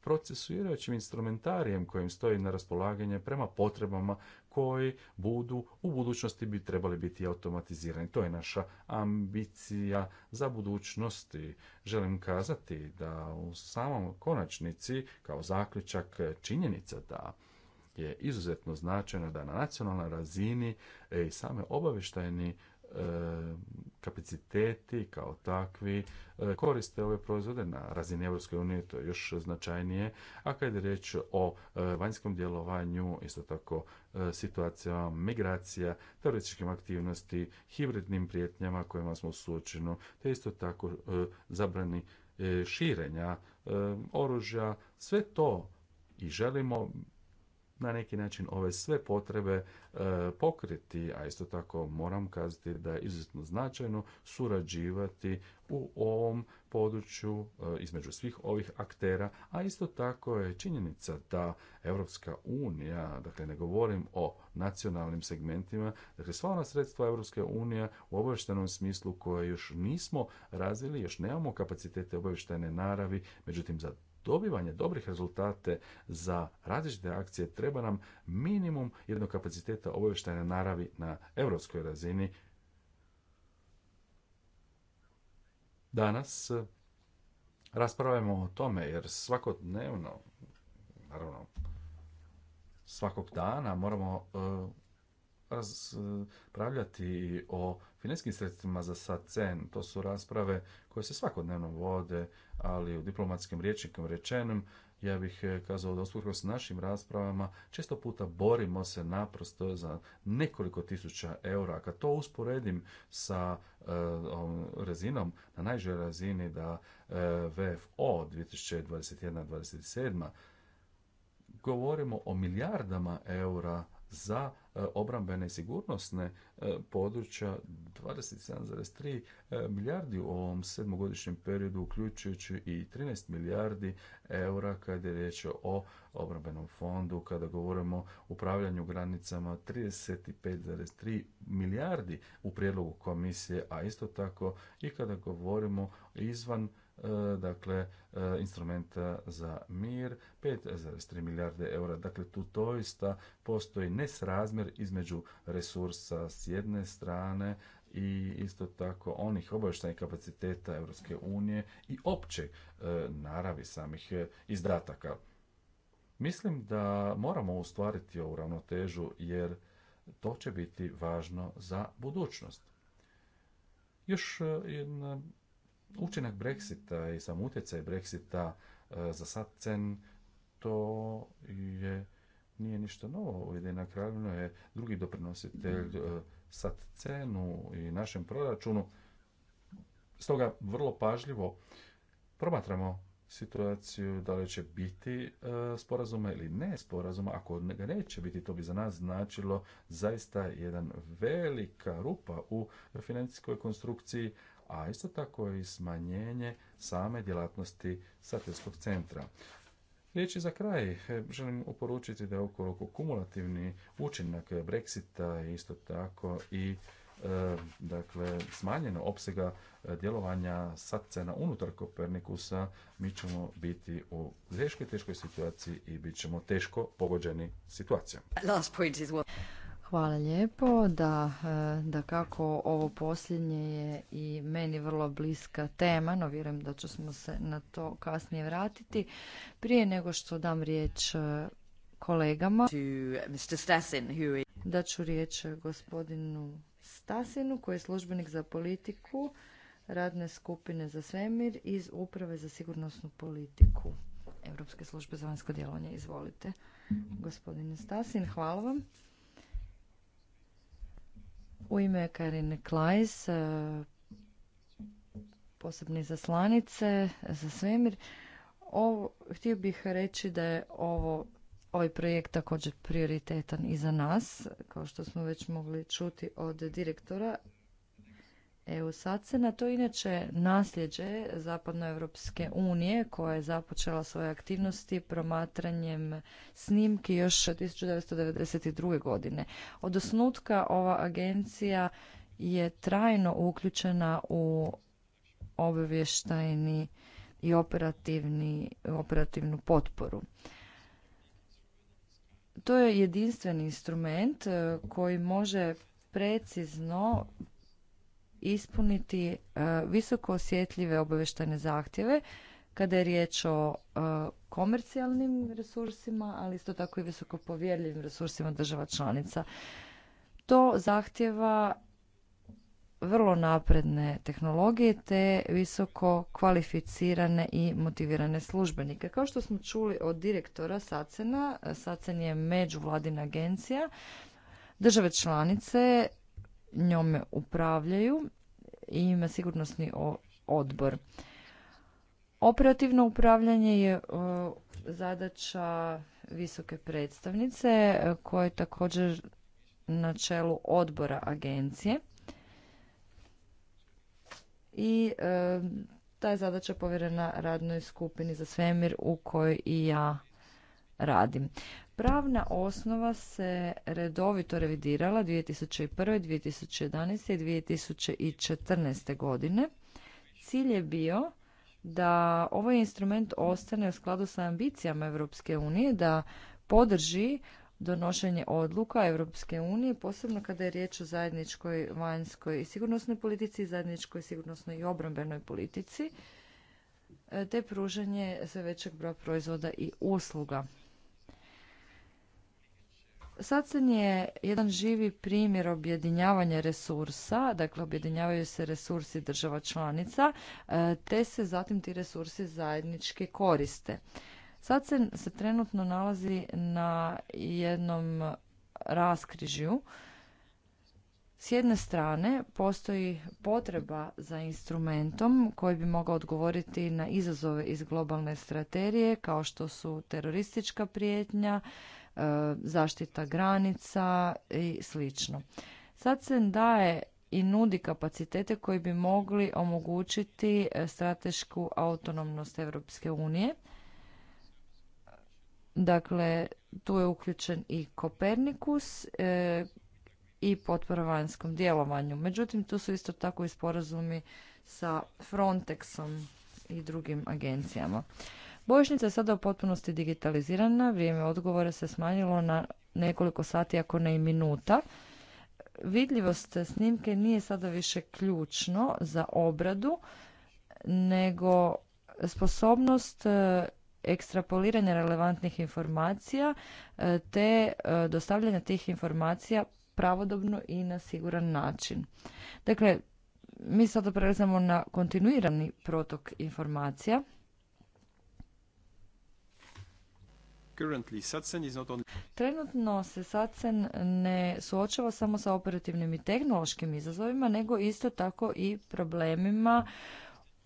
Speaker 1: procesuirajućim instrumentarijem kojim stoji na raspolaganje prema potrebama koji budu u budućnosti bi trebali biti automatizirani. To je naša ambicija za budućnosti. Želim kazati da u samom konačnici, kao zaključak, činjenica da je izuzetno značajno da na nacionalnoj razini e, i same obavještajni E, kapaciteti kao takvi e, koriste ove proizvode na razini Europske unije, to je još značajnije, a kad je reč o e, vanjskom djelovanju, isto tako situacijama migracija, terorističkim aktivnosti, hibridnim prijetnjama kojima smo suočeni, te isto tako zabrani širenja oružja, sve to i želimo na neki način ove sve potrebe e, pokriti, a isto tako moram kazati da je izuzetno značajno surađivati u ovom području e, između svih ovih aktera, a isto tako je činjenica da Europska unija, dakle ne govorim o nacionalnim segmentima, dakle sva ona sredstva Europske unije u obavještenom smislu koje još nismo razvili, još nemamo kapacitete obavještajne naravi, međutim za dobivanje dobrih rezultate za različite akcije treba nam minimum jednog kapaciteta obavještajne naravi na europskoj razini. Danas eh, raspravljamo o tome jer svakodnevno, naravno, svakog dana moramo eh, raspravljati o financijskim sredstvima za cen. To su rasprave koje se svakodnevno vode, ali u diplomatskim rječnikom rečenom, ja bih eh, kazao da s našim raspravama često puta borimo se naprosto za nekoliko tisuća eura. A kad to usporedim sa eh, razinom, na najžoj razini da eh, VFO 2021-2027, govorimo o milijardama eura za e, obrambene i sigurnosne e, područja 27,3 e, milijardi u ovom sedmogodišnjem periodu, uključujući i 13 milijardi eura kada je riječ o obrambenom fondu, kada govorimo o upravljanju granicama 35,3 milijardi u prijedlogu komisije, a isto tako i kada govorimo izvan E, dakle e, instrumenta za mir 5,3 milijarde eura. Dakle, tu doista postoji nesrazmjer između resursa s jedne strane i isto tako onih obavještajnih kapaciteta Europske unije i opće e, naravi samih izdataka. Mislim da moramo ustvariti ovu ravnotežu jer to će biti važno za budućnost. Još jedna učinak Brexita i sam utjecaj Brexita e, za sad cen, to je nije ništa novo. Ujedina kraljevina je drugi doprinositelj e, sad cenu i našem proračunu. Stoga vrlo pažljivo promatramo situaciju da li će biti e, sporazuma ili ne sporazuma. Ako ga neće biti, to bi za nas značilo zaista jedan velika rupa u financijskoj konstrukciji, a isto tako i smanjenje same djelatnosti satelitskog centra. Riječi za kraj. Želim uporučiti da ukoliko kumulativni učinak Brexita isto tako i e, dakle, smanjeno opsega djelovanja satcena unutar Kopernikusa, mi ćemo biti u teškoj, teškoj situaciji i bit ćemo teško pogođeni situacijom.
Speaker 2: Hvala lijepo. Da, e, da kako ovo posljednje je i meni vrlo bliska tema, no vjerujem da smo se na to kasnije vratiti. Prije nego što dam riječ e, kolegama, da ću riječ gospodinu Stasinu koji je službenik za politiku radne skupine za svemir iz Uprave za sigurnosnu politiku Europske službe za vanjsko djelovanje. Izvolite, gospodine Stasin, hvala vam. U ime Karin Klajs, e, posebne zaslanice za svemir, ovo, htio bih reći da je ovo ovaj projekt također prioritetan i za nas, kao što smo već mogli čuti od direktora se na to inače nasljeđe Zapadnoevropske unije koja je započela svoje aktivnosti promatranjem snimki još 1992. godine. Od osnutka ova agencija je trajno uključena u obavještajni i operativni, operativnu potporu. To je jedinstveni instrument eh, koji može precizno ispuniti e, visoko osjetljive obavještajne zahtjeve kada je riječ o e, komercijalnim resursima, ali isto tako i visoko povjerljivim resursima država članica. To zahtjeva vrlo napredne tehnologije te visoko kvalificirane i motivirane službenike. Kao što smo čuli od direktora Sacena, Sacen je međuvladina agencija, države članice njome upravljaju i ima sigurnosni odbor. Operativno upravljanje je e, zadaća visoke predstavnice e, koja je također na čelu odbora agencije i e, ta je zadaća povjerena radnoj skupini za svemir u kojoj i ja radim. Pravna osnova se redovito revidirala 2001., 2011. i 2014. godine. Cilj je bio da ovaj instrument ostane u skladu sa ambicijama Europske unije, da podrži donošenje odluka Europske unije, posebno kada je riječ o zajedničkoj vanjskoj i sigurnosnoj politici i zajedničkoj sigurnosnoj i obrambenoj politici, e, te pružanje sve većeg broja proizvoda i usluga. Sacen je jedan živi primjer objedinjavanja resursa, dakle objedinjavaju se resursi država članica, e, te se zatim ti resursi zajednički koriste. Sacen se trenutno nalazi na jednom raskrižju. S jedne strane postoji potreba za instrumentom koji bi mogao odgovoriti na izazove iz globalne strategije kao što su teroristička prijetnja, E, zaštita granica i slično. Sad se daje i nudi kapacitete koji bi mogli omogućiti e, stratešku autonomnost Europske unije. Dakle, tu je uključen i Kopernikus e, i potpora vanjskom djelovanju. Međutim, tu su isto tako i sporazumi sa Frontexom i drugim agencijama. Bojišnica je sada u potpunosti digitalizirana, vrijeme odgovora se smanjilo na nekoliko sati, ako ne i minuta. Vidljivost snimke nije sada više ključno za obradu, nego sposobnost e, ekstrapoliranja relevantnih informacija e, te e, dostavljanja tih informacija pravodobno i na siguran način. Dakle, mi sada prelazimo na kontinuirani protok informacija Trenutno se SACEN ne suočava samo sa operativnim i tehnološkim izazovima, nego isto tako i problemima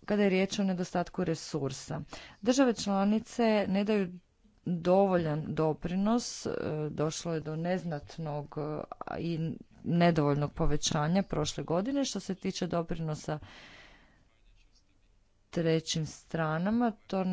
Speaker 2: kada je riječ o nedostatku resursa. Države članice ne daju dovoljan doprinos, e, došlo je do neznatnog e, i nedovoljnog povećanja prošle godine što se tiče doprinosa trećim stranama, to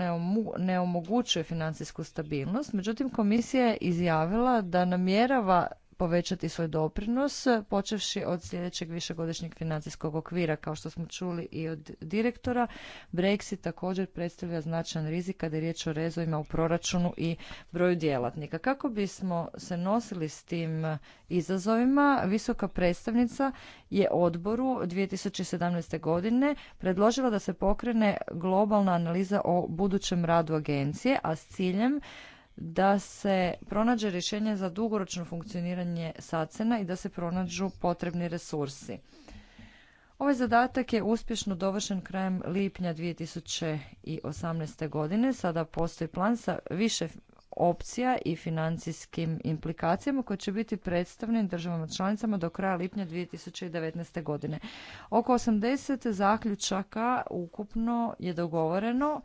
Speaker 2: ne omogućuje financijsku stabilnost. Međutim, komisija je izjavila da namjerava povećati svoj doprinos, počevši od sljedećeg višegodišnjeg financijskog okvira. Kao što smo čuli i od direktora, Brexit također predstavlja značajan rizik kada je riječ o rezovima u proračunu i broju djelatnika. Kako bismo se nosili s tim izazovima, visoka predstavnica je odboru 2017. godine predložila da se pokrene globalna analiza o budućem radu agencije, a s ciljem da se pronađe rješenje za dugoročno funkcioniranje SACENA i da se pronađu potrebni resursi. Ovaj zadatak je uspješno dovršen krajem lipnja 2018. godine. Sada postoji plan sa više opcija i financijskim implikacijama koje će biti predstavljen državama članicama do kraja lipnja 2019. godine. Oko 80 zaključaka ukupno je dogovoreno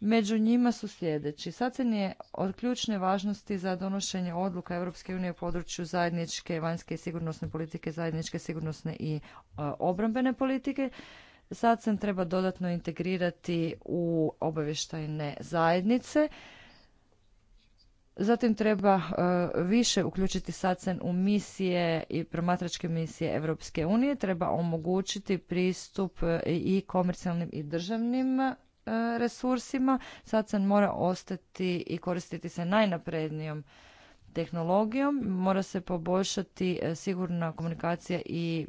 Speaker 2: Među njima su sljedeći. Sacen je od ključne važnosti za donošenje odluka Europske unije u području zajedničke vanjske i sigurnosne politike, zajedničke sigurnosne i e, obrambene politike. Sacen treba dodatno integrirati u obavještajne zajednice. Zatim treba e, više uključiti SACEN u misije i promatračke misije Europske unije. Treba omogućiti pristup e, i komercijalnim i državnim E, resursima. se mora ostati i koristiti se najnaprednijom tehnologijom. Mora se poboljšati e, sigurna komunikacija i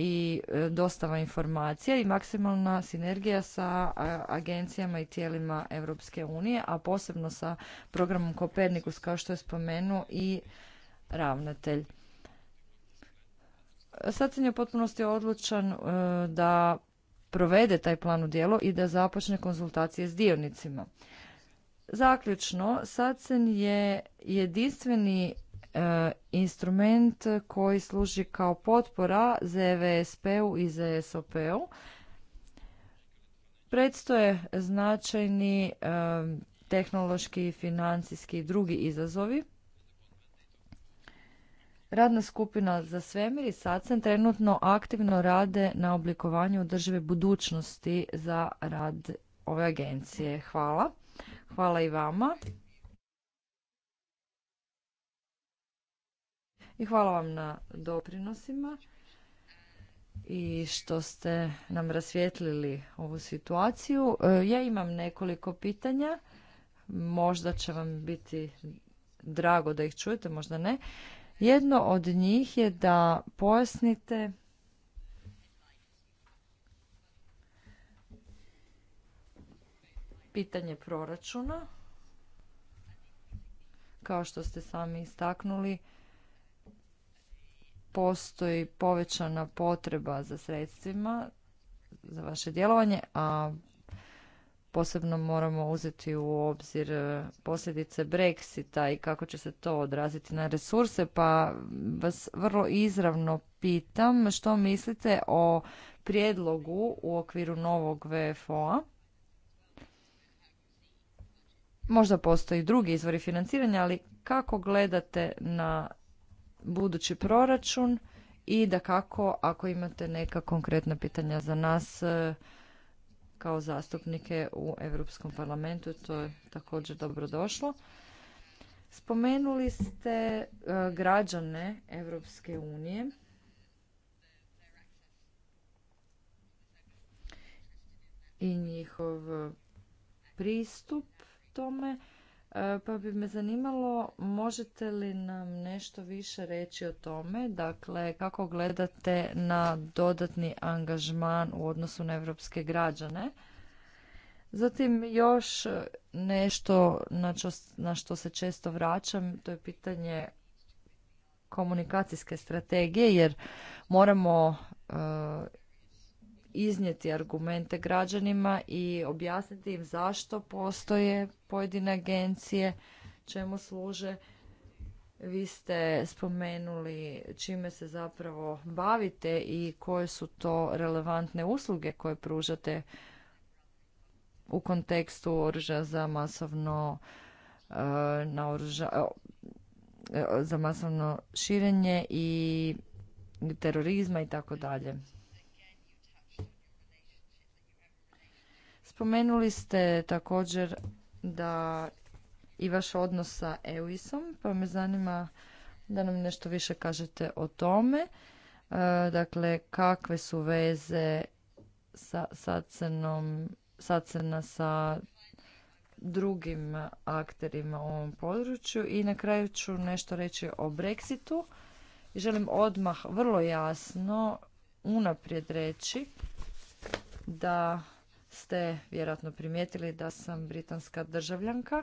Speaker 2: i e, dostava informacija i maksimalna sinergija sa agencijama i tijelima Europske unije, a posebno sa programom Kopernikus kao što je spomenuo i ravnatelj. sam je potpunosti odlučan da provede taj plan u djelo i da započne konzultacije s dionicima. Zaključno, SACEN je jedinstveni e, instrument koji služi kao potpora ZVSP-u i ZSOP-u. Predstoje značajni e, tehnološki, financijski i drugi izazovi Radna skupina za svemir i SACEN trenutno aktivno rade na oblikovanju održive budućnosti za rad ove agencije. Hvala. Hvala i vama. I hvala vam na doprinosima i što ste nam rasvjetlili ovu situaciju. E, ja imam nekoliko pitanja. Možda će vam biti drago da ih čujete, možda ne. Jedno od njih je da pojasnite pitanje proračuna. Kao što ste sami istaknuli, postoji povećana potreba za sredstvima za vaše djelovanje, a Posebno moramo uzeti u obzir e, posljedice Brexita i kako će se to odraziti na resurse, pa vas vrlo izravno pitam što mislite o prijedlogu u okviru novog VFO-a. Možda postoji drugi izvori financiranja, ali kako gledate na budući proračun i da kako, ako imate neka konkretna pitanja za nas, e, kao zastupnike u Europskom parlamentu. To je također došlo. Spomenuli ste e, građane Europske unije. i njihov pristup tome. E, pa bi me zanimalo, možete li nam nešto više reći o tome, dakle kako gledate na dodatni angažman u odnosu na evropske građane? Zatim još nešto na što se često vraćam, to je pitanje komunikacijske strategije jer moramo e, iznijeti argumente građanima i objasniti im zašto postoje pojedine agencije, čemu služe. Vi ste spomenuli čime se zapravo bavite i koje su to relevantne usluge koje pružate u kontekstu oružja za masovno eh, na eh, za masovno širenje i terorizma i tako dalje. Spomenuli ste također da i vaš odnos sa euis pa me zanima da nam nešto više kažete o tome. E, dakle, kakve su veze sa sacena sa drugim akterima u ovom području i na kraju ću nešto reći o Brexitu. I želim odmah vrlo jasno unaprijed reći da ste vjerojatno primijetili da sam britanska državljanka,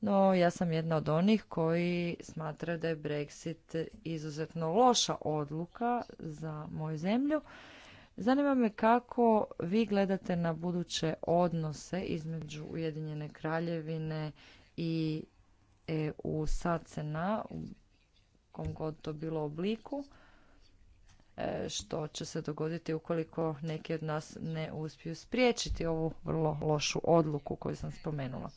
Speaker 2: no ja sam jedna od onih koji smatra da je Brexit izuzetno loša odluka za moju zemlju. Zanima me kako vi gledate na buduće odnose između Ujedinjene kraljevine i EU SACENA u kom god to bilo obliku. E, što će se dogoditi ukoliko neki od nas ne uspiju spriječiti ovu vrlo lošu odluku koju sam spomenula.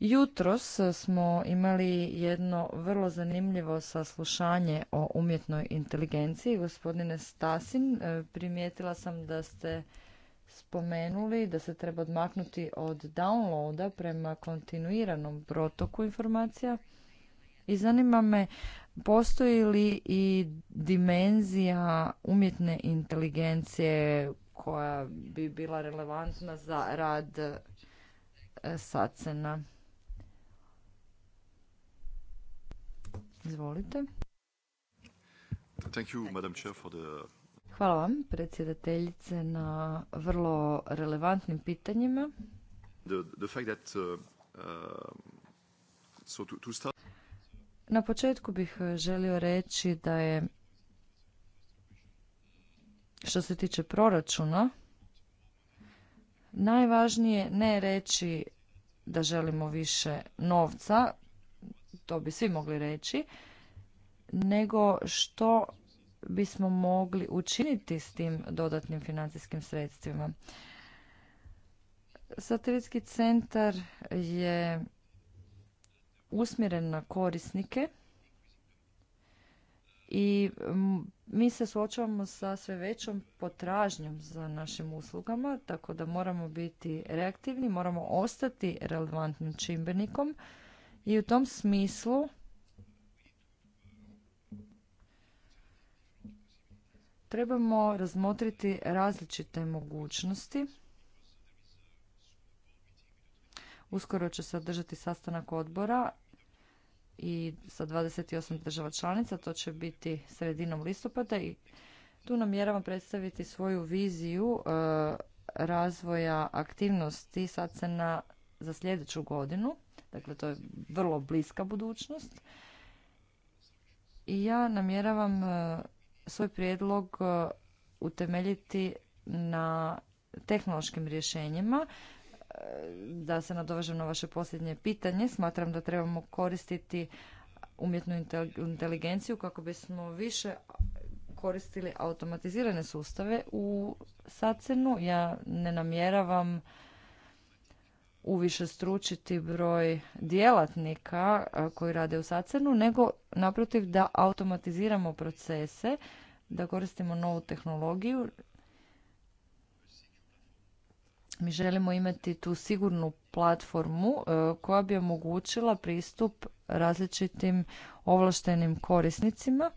Speaker 2: Jutros smo imali jedno vrlo zanimljivo saslušanje o umjetnoj inteligenciji. Gospodine Stasin, e, primijetila sam da ste spomenuli da se treba odmaknuti od downloada prema kontinuiranom protoku informacija. I zanima me, postoji li i dimenzija umjetne inteligencije koja bi bila relevantna za rad e, SACENA? Izvolite. Hvala vam, predsjedateljice, na vrlo relevantnim pitanjima. Na početku bih e, želio reći da je što se tiče proračuna najvažnije ne reći da želimo više novca, to bi svi mogli reći, nego što bismo mogli učiniti s tim dodatnim financijskim sredstvima. Satelitski centar je usmjeren na korisnike i mi se suočavamo sa sve većom potražnjom za našim uslugama, tako da moramo biti reaktivni, moramo ostati relevantnim čimbenikom i u tom smislu trebamo razmotriti različite mogućnosti Uskoro će se održati sastanak odbora i sa 28 država članica, to će biti sredinom listopada i tu namjeravam predstaviti svoju viziju e, razvoja aktivnosti sad se na za sljedeću godinu, dakle to je vrlo bliska budućnost. I ja namjeravam e, svoj prijedlog e, utemeljiti na tehnološkim rješenjima da se nadovežem na vaše posljednje pitanje, smatram da trebamo koristiti umjetnu inteligenciju kako bismo više koristili automatizirane sustave u sacenu. Ja ne namjeravam uviše stručiti broj djelatnika koji rade u sacenu, nego naprotiv da automatiziramo procese, da koristimo novu tehnologiju mi želimo imati tu sigurnu platformu e, koja bi omogućila pristup različitim ovlaštenim korisnicima.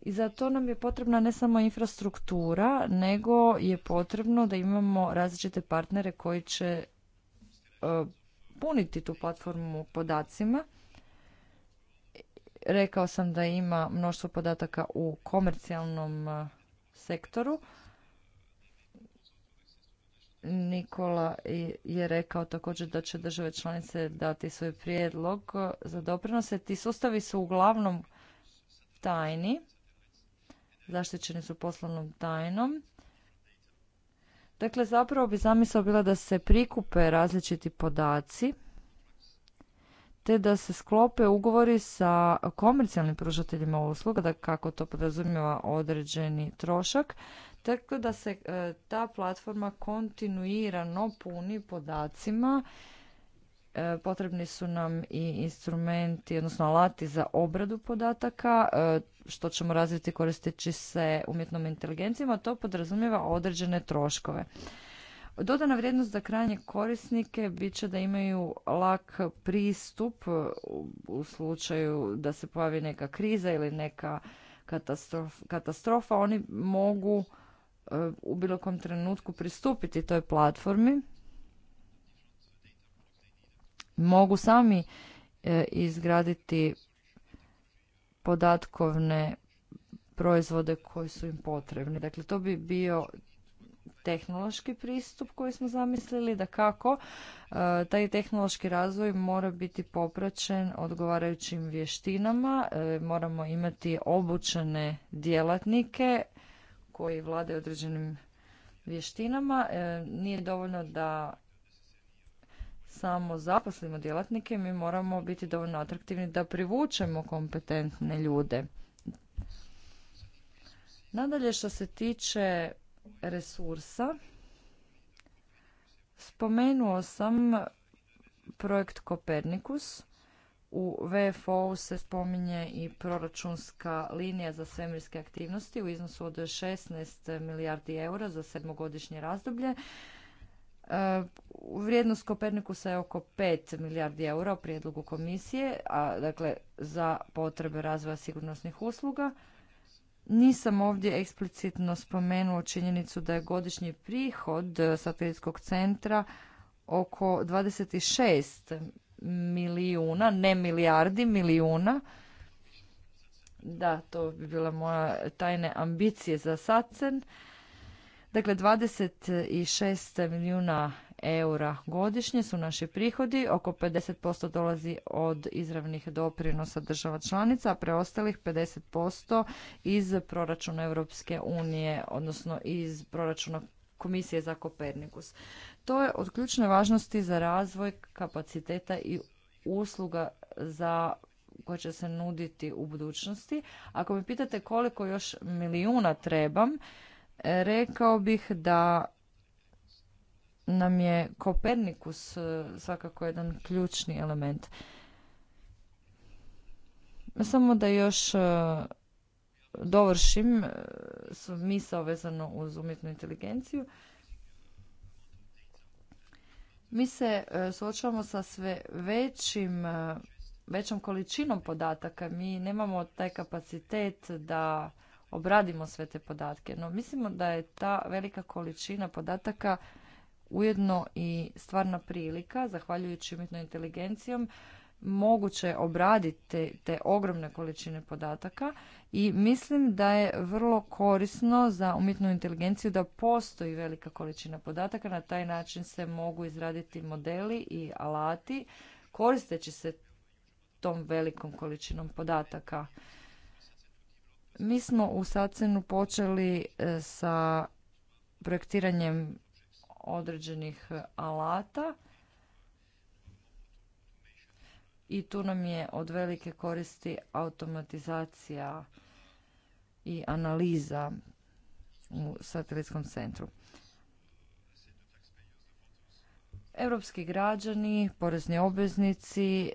Speaker 2: I za to nam je potrebna ne samo infrastruktura, nego je potrebno da imamo različite partnere koji će e, puniti tu platformu podacima. Rekao sam da ima mnoštvo podataka u komercijalnom sektoru. Nikola je rekao također da će države članice dati svoj prijedlog za doprinose. Ti sustavi su uglavnom tajni, zaštićeni su poslovnom tajnom. Dakle, zapravo bi zamisao bila da se prikupe različiti podaci te da se sklope ugovori sa komercijalnim pružateljima usluga, da kako to podrazumijeva određeni trošak, tako da se e, ta platforma kontinuirano puni podacima. E, potrebni su nam i instrumenti, odnosno alati za obradu podataka, e, što ćemo razviti koristeći se umjetnom inteligencijama, to podrazumijeva određene troškove. Dodana vrijednost za krajnje korisnike bit će da imaju lak pristup u slučaju da se pojavi neka kriza ili neka katastrofa, oni mogu e, u bilo kom trenutku pristupiti toj platformi. Mogu sami e, izgraditi podatkovne proizvode koji su im potrebni. Dakle, to bi bio tehnološki pristup koji smo zamislili, da kako e, taj tehnološki razvoj mora biti popraćen odgovarajućim vještinama, e, moramo imati obučene djelatnike koji vlade određenim vještinama. E, nije dovoljno da samo zaposlimo djelatnike, mi moramo biti dovoljno atraktivni da privučemo kompetentne ljude. Nadalje što se tiče resursa. Spomenuo sam projekt Kopernikus. U vfo se spominje i proračunska linija za svemirske aktivnosti u iznosu od 16 milijardi eura za sedmogodišnje razdoblje. E, vrijednost Kopernikusa je oko 5 milijardi eura u prijedlogu komisije, a dakle za potrebe razvoja sigurnosnih usluga. Nisam ovdje eksplicitno spomenuo činjenicu da je godišnji prihod e, satelitskog centra oko 26 milijuna, ne milijardi, milijuna. Da, to bi bila moja tajne ambicije za SACEN. Dakle, 26 milijuna eura godišnje su naši prihodi, oko 50% dolazi od izravnih doprinosa država članica, a preostalih 50% iz proračuna Europske unije, odnosno iz proračuna Komisije za Kopernikus. To je od ključne važnosti za razvoj kapaciteta i usluga za koje će se nuditi u budućnosti. Ako me pitate koliko još milijuna trebam, rekao bih da nam je Kopernikus e, svakako jedan ključni element. Samo da još e, dovršim e, misao vezano uz umjetnu inteligenciju. Mi se suočavamo sa sve većim većom količinom podataka. Mi nemamo taj kapacitet da obradimo sve te podatke. No mislimo da je ta velika količina podataka ujedno i stvarna prilika, zahvaljujući umjetnoj inteligencijom, moguće obraditi te ogromne količine podataka i mislim da je vrlo korisno za umjetnu inteligenciju da postoji velika količina podataka. Na taj način se mogu izraditi modeli i alati koristeći se tom velikom količinom podataka. Mi smo u Sacenu počeli e, sa projektiranjem određenih alata i tu nam je od velike koristi automatizacija i analiza u satelitskom centru. Europski građani, porezni obveznici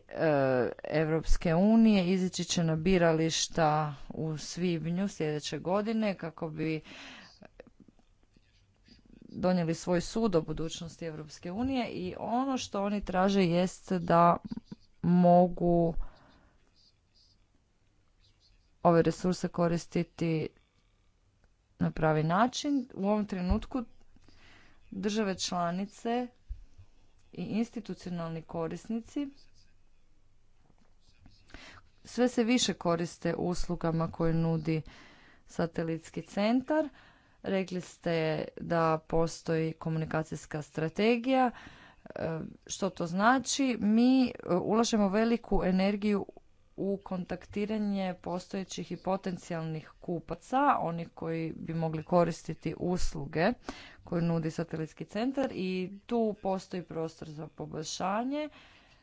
Speaker 2: Europske unije izići će na birališta u svibnju sljedeće godine kako bi donijeli svoj sud o budućnosti Europske unije i ono što oni traže jest da mogu ove resurse koristiti na pravi način. U ovom trenutku države članice i institucionalni korisnici sve se više koriste uslugama koje nudi satelitski centar Rekli ste da postoji komunikacijska strategija. E, što to znači? Mi e, ulažemo veliku energiju u kontaktiranje postojećih i potencijalnih kupaca, onih koji bi mogli koristiti usluge koje nudi satelitski centar i tu postoji prostor za poboljšanje.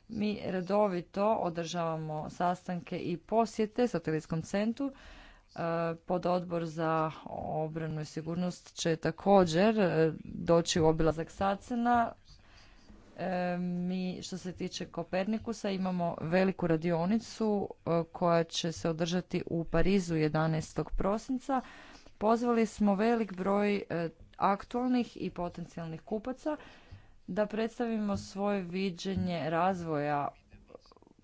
Speaker 2: Mi redovito održavamo sastanke i posjete satelitskom centru pod Odbor za obranu i sigurnost će također e, doći u obilazak Sacena. E, mi što se tiče Kopernikusa imamo veliku radionicu e, koja će se održati u Parizu 11. prosinca. Pozvali smo velik broj aktualnih i potencijalnih kupaca da predstavimo svoje viđenje razvoja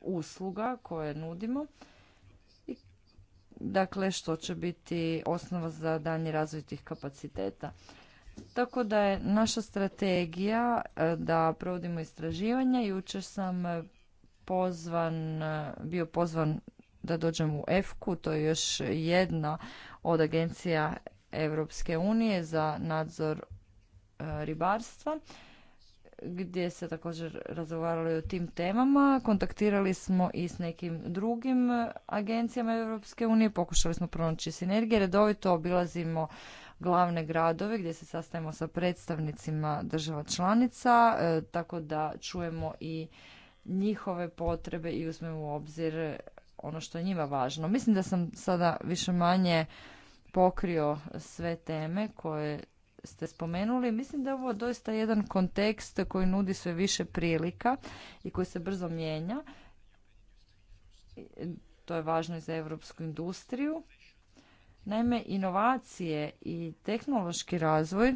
Speaker 2: usluga koje nudimo dakle što će biti osnova za dalje razvoj tih kapaciteta. Tako da je naša strategija e, da provodimo istraživanja. Jučer sam e, pozvan, e, bio pozvan da dođem u EFKU, to je još jedna od agencija Europske unije za nadzor ribarstva gdje se također razgovarali o tim temama. Kontaktirali smo i s nekim drugim agencijama Europske unije, pokušali smo pronaći sinergije, redovito obilazimo glavne gradove gdje se sastajemo sa predstavnicima država članica, e, tako da čujemo i njihove potrebe i uzmemo u obzir ono što je njima važno. Mislim da sam sada više manje pokrio sve teme koje ste spomenuli. Mislim da je ovo doista jedan kontekst koji nudi sve više prilika i koji se brzo mijenja. To je važno i za europsku industriju. Naime, inovacije i tehnološki razvoj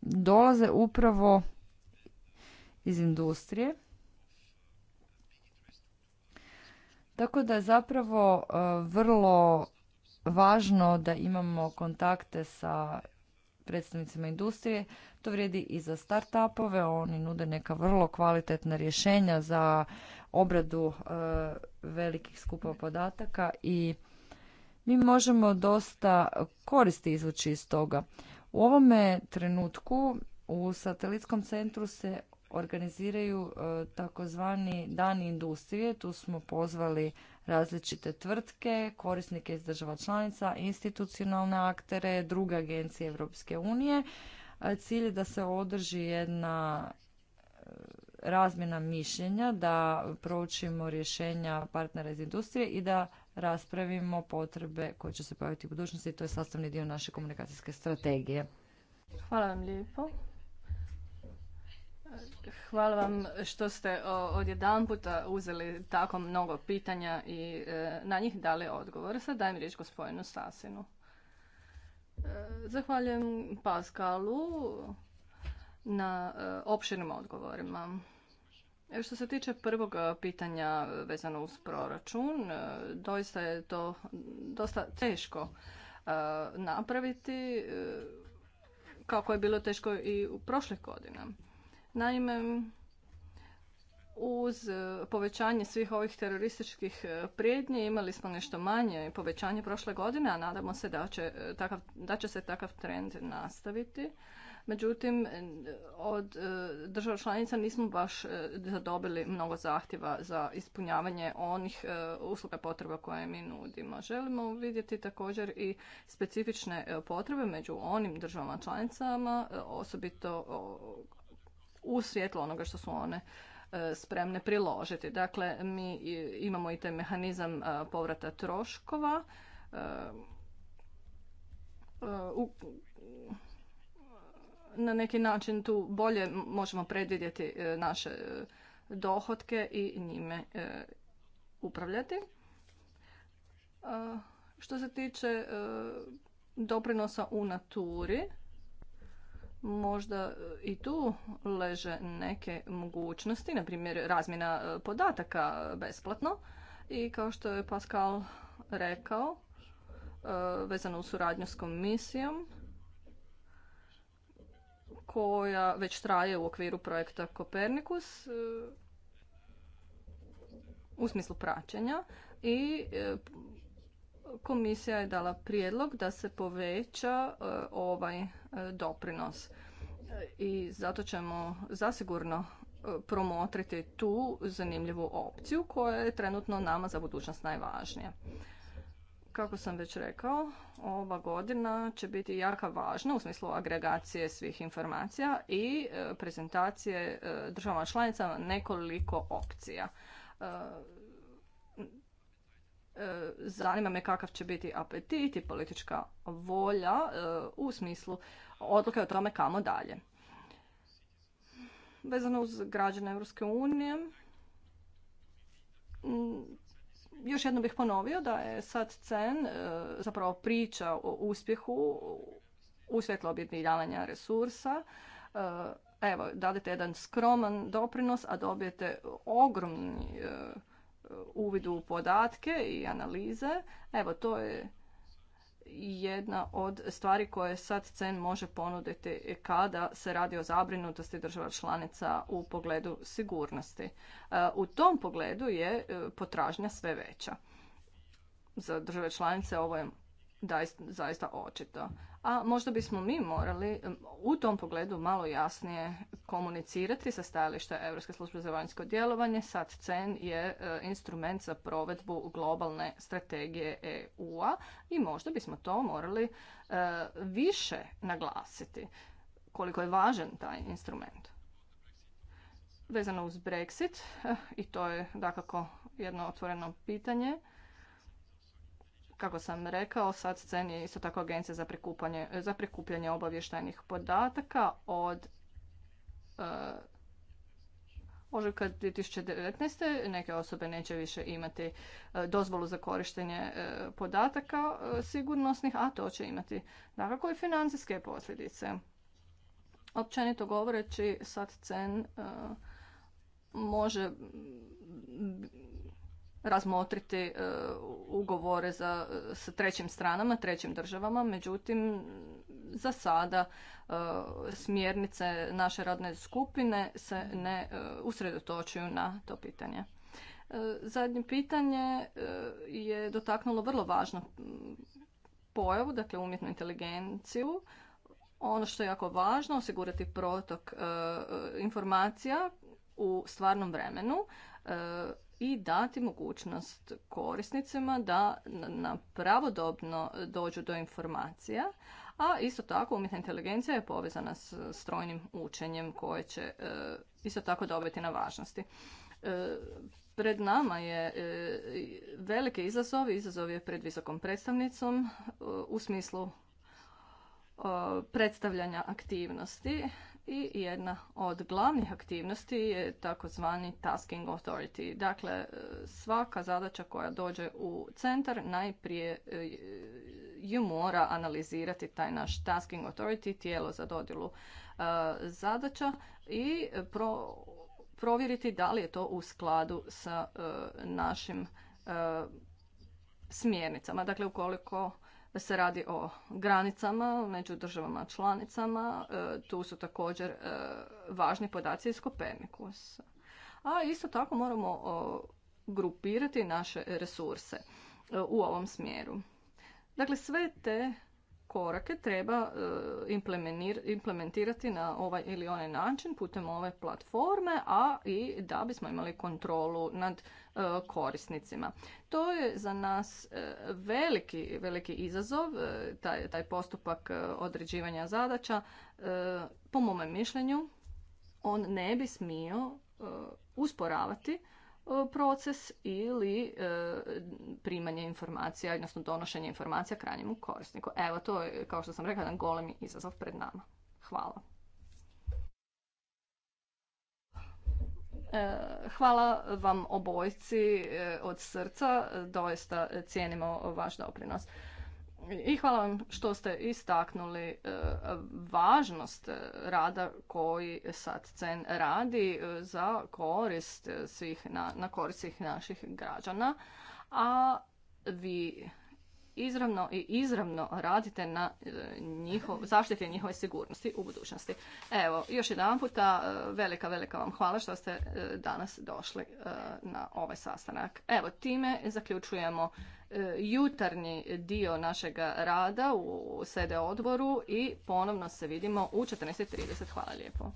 Speaker 2: dolaze upravo iz industrije. Tako da je zapravo e, vrlo važno da imamo kontakte sa predstavnicima industrije. To vrijedi i za startupove, oni nude neka vrlo kvalitetna rješenja za obradu e, velikih skupova podataka i mi možemo dosta koristi izvući iz toga. U ovome trenutku u satelitskom centru se organiziraju e, takozvani dani industrije. Tu smo pozvali različite tvrtke, korisnike iz država članica, institucionalne aktere, druge agencije Europske unije. Cilj je da se održi jedna e, razmjena mišljenja, da proučimo rješenja partnera iz industrije i da raspravimo potrebe koje će se pojaviti u budućnosti. To je sastavni dio naše komunikacijske strategije.
Speaker 3: Hvala vam lijepo. Hvala vam što ste odjedan puta uzeli tako mnogo pitanja i e, na njih dali odgovor. Sad dajem riječ gospodinu Sasinu. E, zahvaljujem Paskalu na e, opširnim odgovorima. Što se tiče prvog pitanja vezano uz proračun, doista je to dosta teško napraviti, kako je bilo teško i u prošlih godina. Naime, uz povećanje svih ovih terorističkih e, prijednji imali smo nešto manje povećanje prošle godine, a nadamo se da će, e, da će se takav trend nastaviti. Međutim, e, od država članica nismo baš zadobili mnogo zahtjeva za ispunjavanje onih usluga potreba koje mi nudimo. Želimo vidjeti također i specifične potrebe među onim državama članicama, osobito u svjetlo onoga što su one e, spremne priložiti. Dakle, mi imamo i taj mehanizam e, povrata troškova e, na neki način tu bolje možemo predvidjeti naše dohotke i njime upravljati. Što se tiče doprinosa u naturi, možda e, i tu leže neke mogućnosti, na primjer razmjena e, podataka besplatno i kao što je Pascal rekao, e, vezano u suradnju s komisijom, koja već traje u okviru projekta Kopernikus u smislu praćenja i komisija je dala prijedlog da se poveća ovaj doprinos. I zato ćemo zasigurno e, promotriti tu zanimljivu opciju koja je trenutno nama za budućnost najvažnija. Kako sam već rekao, ova godina će biti jaka važna u smislu agregacije svih informacija i e, prezentacije e, državama članicama nekoliko opcija E, zanima me kakav će biti apetit i politička volja e, u smislu odluke o tome kamo dalje. Vezano uz građane Europske unije, još jednom bih ponovio da je sad CEN e, zapravo priča o uspjehu u svjetlo objedinjavanja resursa. Evo, dadete jedan skroman doprinos, a dobijete ogromni uvidu u podatke i analize. Evo, to je jedna od stvari koje sad CEN može ponuditi kada se radi o zabrinutosti država članica u pogledu sigurnosti. E, u tom pogledu je e, potražnja sve veća. Za države članice ovo je zaista očito. A možda bismo mi morali u tom pogledu malo jasnije komunicirati sa stajališta Europske službe za vanjsko djelovanje. Sad CEN je e, instrument za provedbu globalne strategije EU-a i možda bismo to morali e, više naglasiti koliko je važan taj instrument. Vezano uz Brexit, eh, i to je dakako jedno otvoreno pitanje, kako sam rekao, sad cen je isto tako agencija za za prikupljanje obavještajnih podataka od e, ožujka 2019. neke osobe neće više imati eh, dozvolu za korištenje eh, podataka sigurnosnih, a to će imati dakako i financijske posljedice. Općenito govoreći, sad cen može razmotriti e, ugovore za, e, sa trećim stranama, trećim državama, međutim za sada e, smjernice naše radne skupine se ne usredotočuju na to pitanje. Zadnje pitanje je dotaknulo vrlo važnu pojavu, dakle umjetnu inteligenciju. Ono što je jako važno, osigurati protok informacija u stvarnom vremenu, i dati mogućnost korisnicima da na pravodobno dođu do informacija, a isto tako umjetna inteligencija je povezana s strojnim učenjem koje će e, isto tako dobiti na važnosti. E, pred nama je e, veliki izazov, izazov je pred visokom predstavnicom u smislu predstavljanja aktivnosti i jedna od glavnih aktivnosti je takozvani tasking authority. Dakle, e, svaka zadaća koja dođe u centar najprije e, ju mora analizirati taj naš tasking authority, tijelo za dodjelu e, zadaća i provjeriti da li je to u skladu sa našim smjernicama. Dakle, ukoliko se radi o granicama među državama članicama. E, tu su također e, važni podaci iz Kopernikus. A isto tako moramo grupirati naše resurse e, u ovom smjeru. Dakle, sve te korake treba e, implementirati na ovaj ili onaj način putem ove platforme, a i da bismo imali kontrolu nad e, korisnicima. To je za nas e, veliki, veliki izazov, taj, taj postupak određivanja zadaća. Po mome mišljenju, on ne bi smio usporavati E, proces ili e, primanje informacija, odnosno donošenje informacija krajnjem korisniku. Evo, to je, kao što sam rekla, jedan golemi izazov pred nama. Hvala. E, hvala vam obojci od srca, doista cijenimo vaš doprinos. I hvala vam što ste istaknuli e, važnost rada koji sad CEN radi e, za korist e, svih, na, na korist svih naših građana, a vi izravno i izravno radite na e, zaštiti njihove sigurnosti u budućnosti. Evo, još jedan puta, e, velika, velika vam hvala što ste e, danas došli na ovaj sastanak. Evo, time zaključujemo jutarnji dio našeg rada u sede odboru i ponovno se vidimo u 14.30. Hvala lijepo.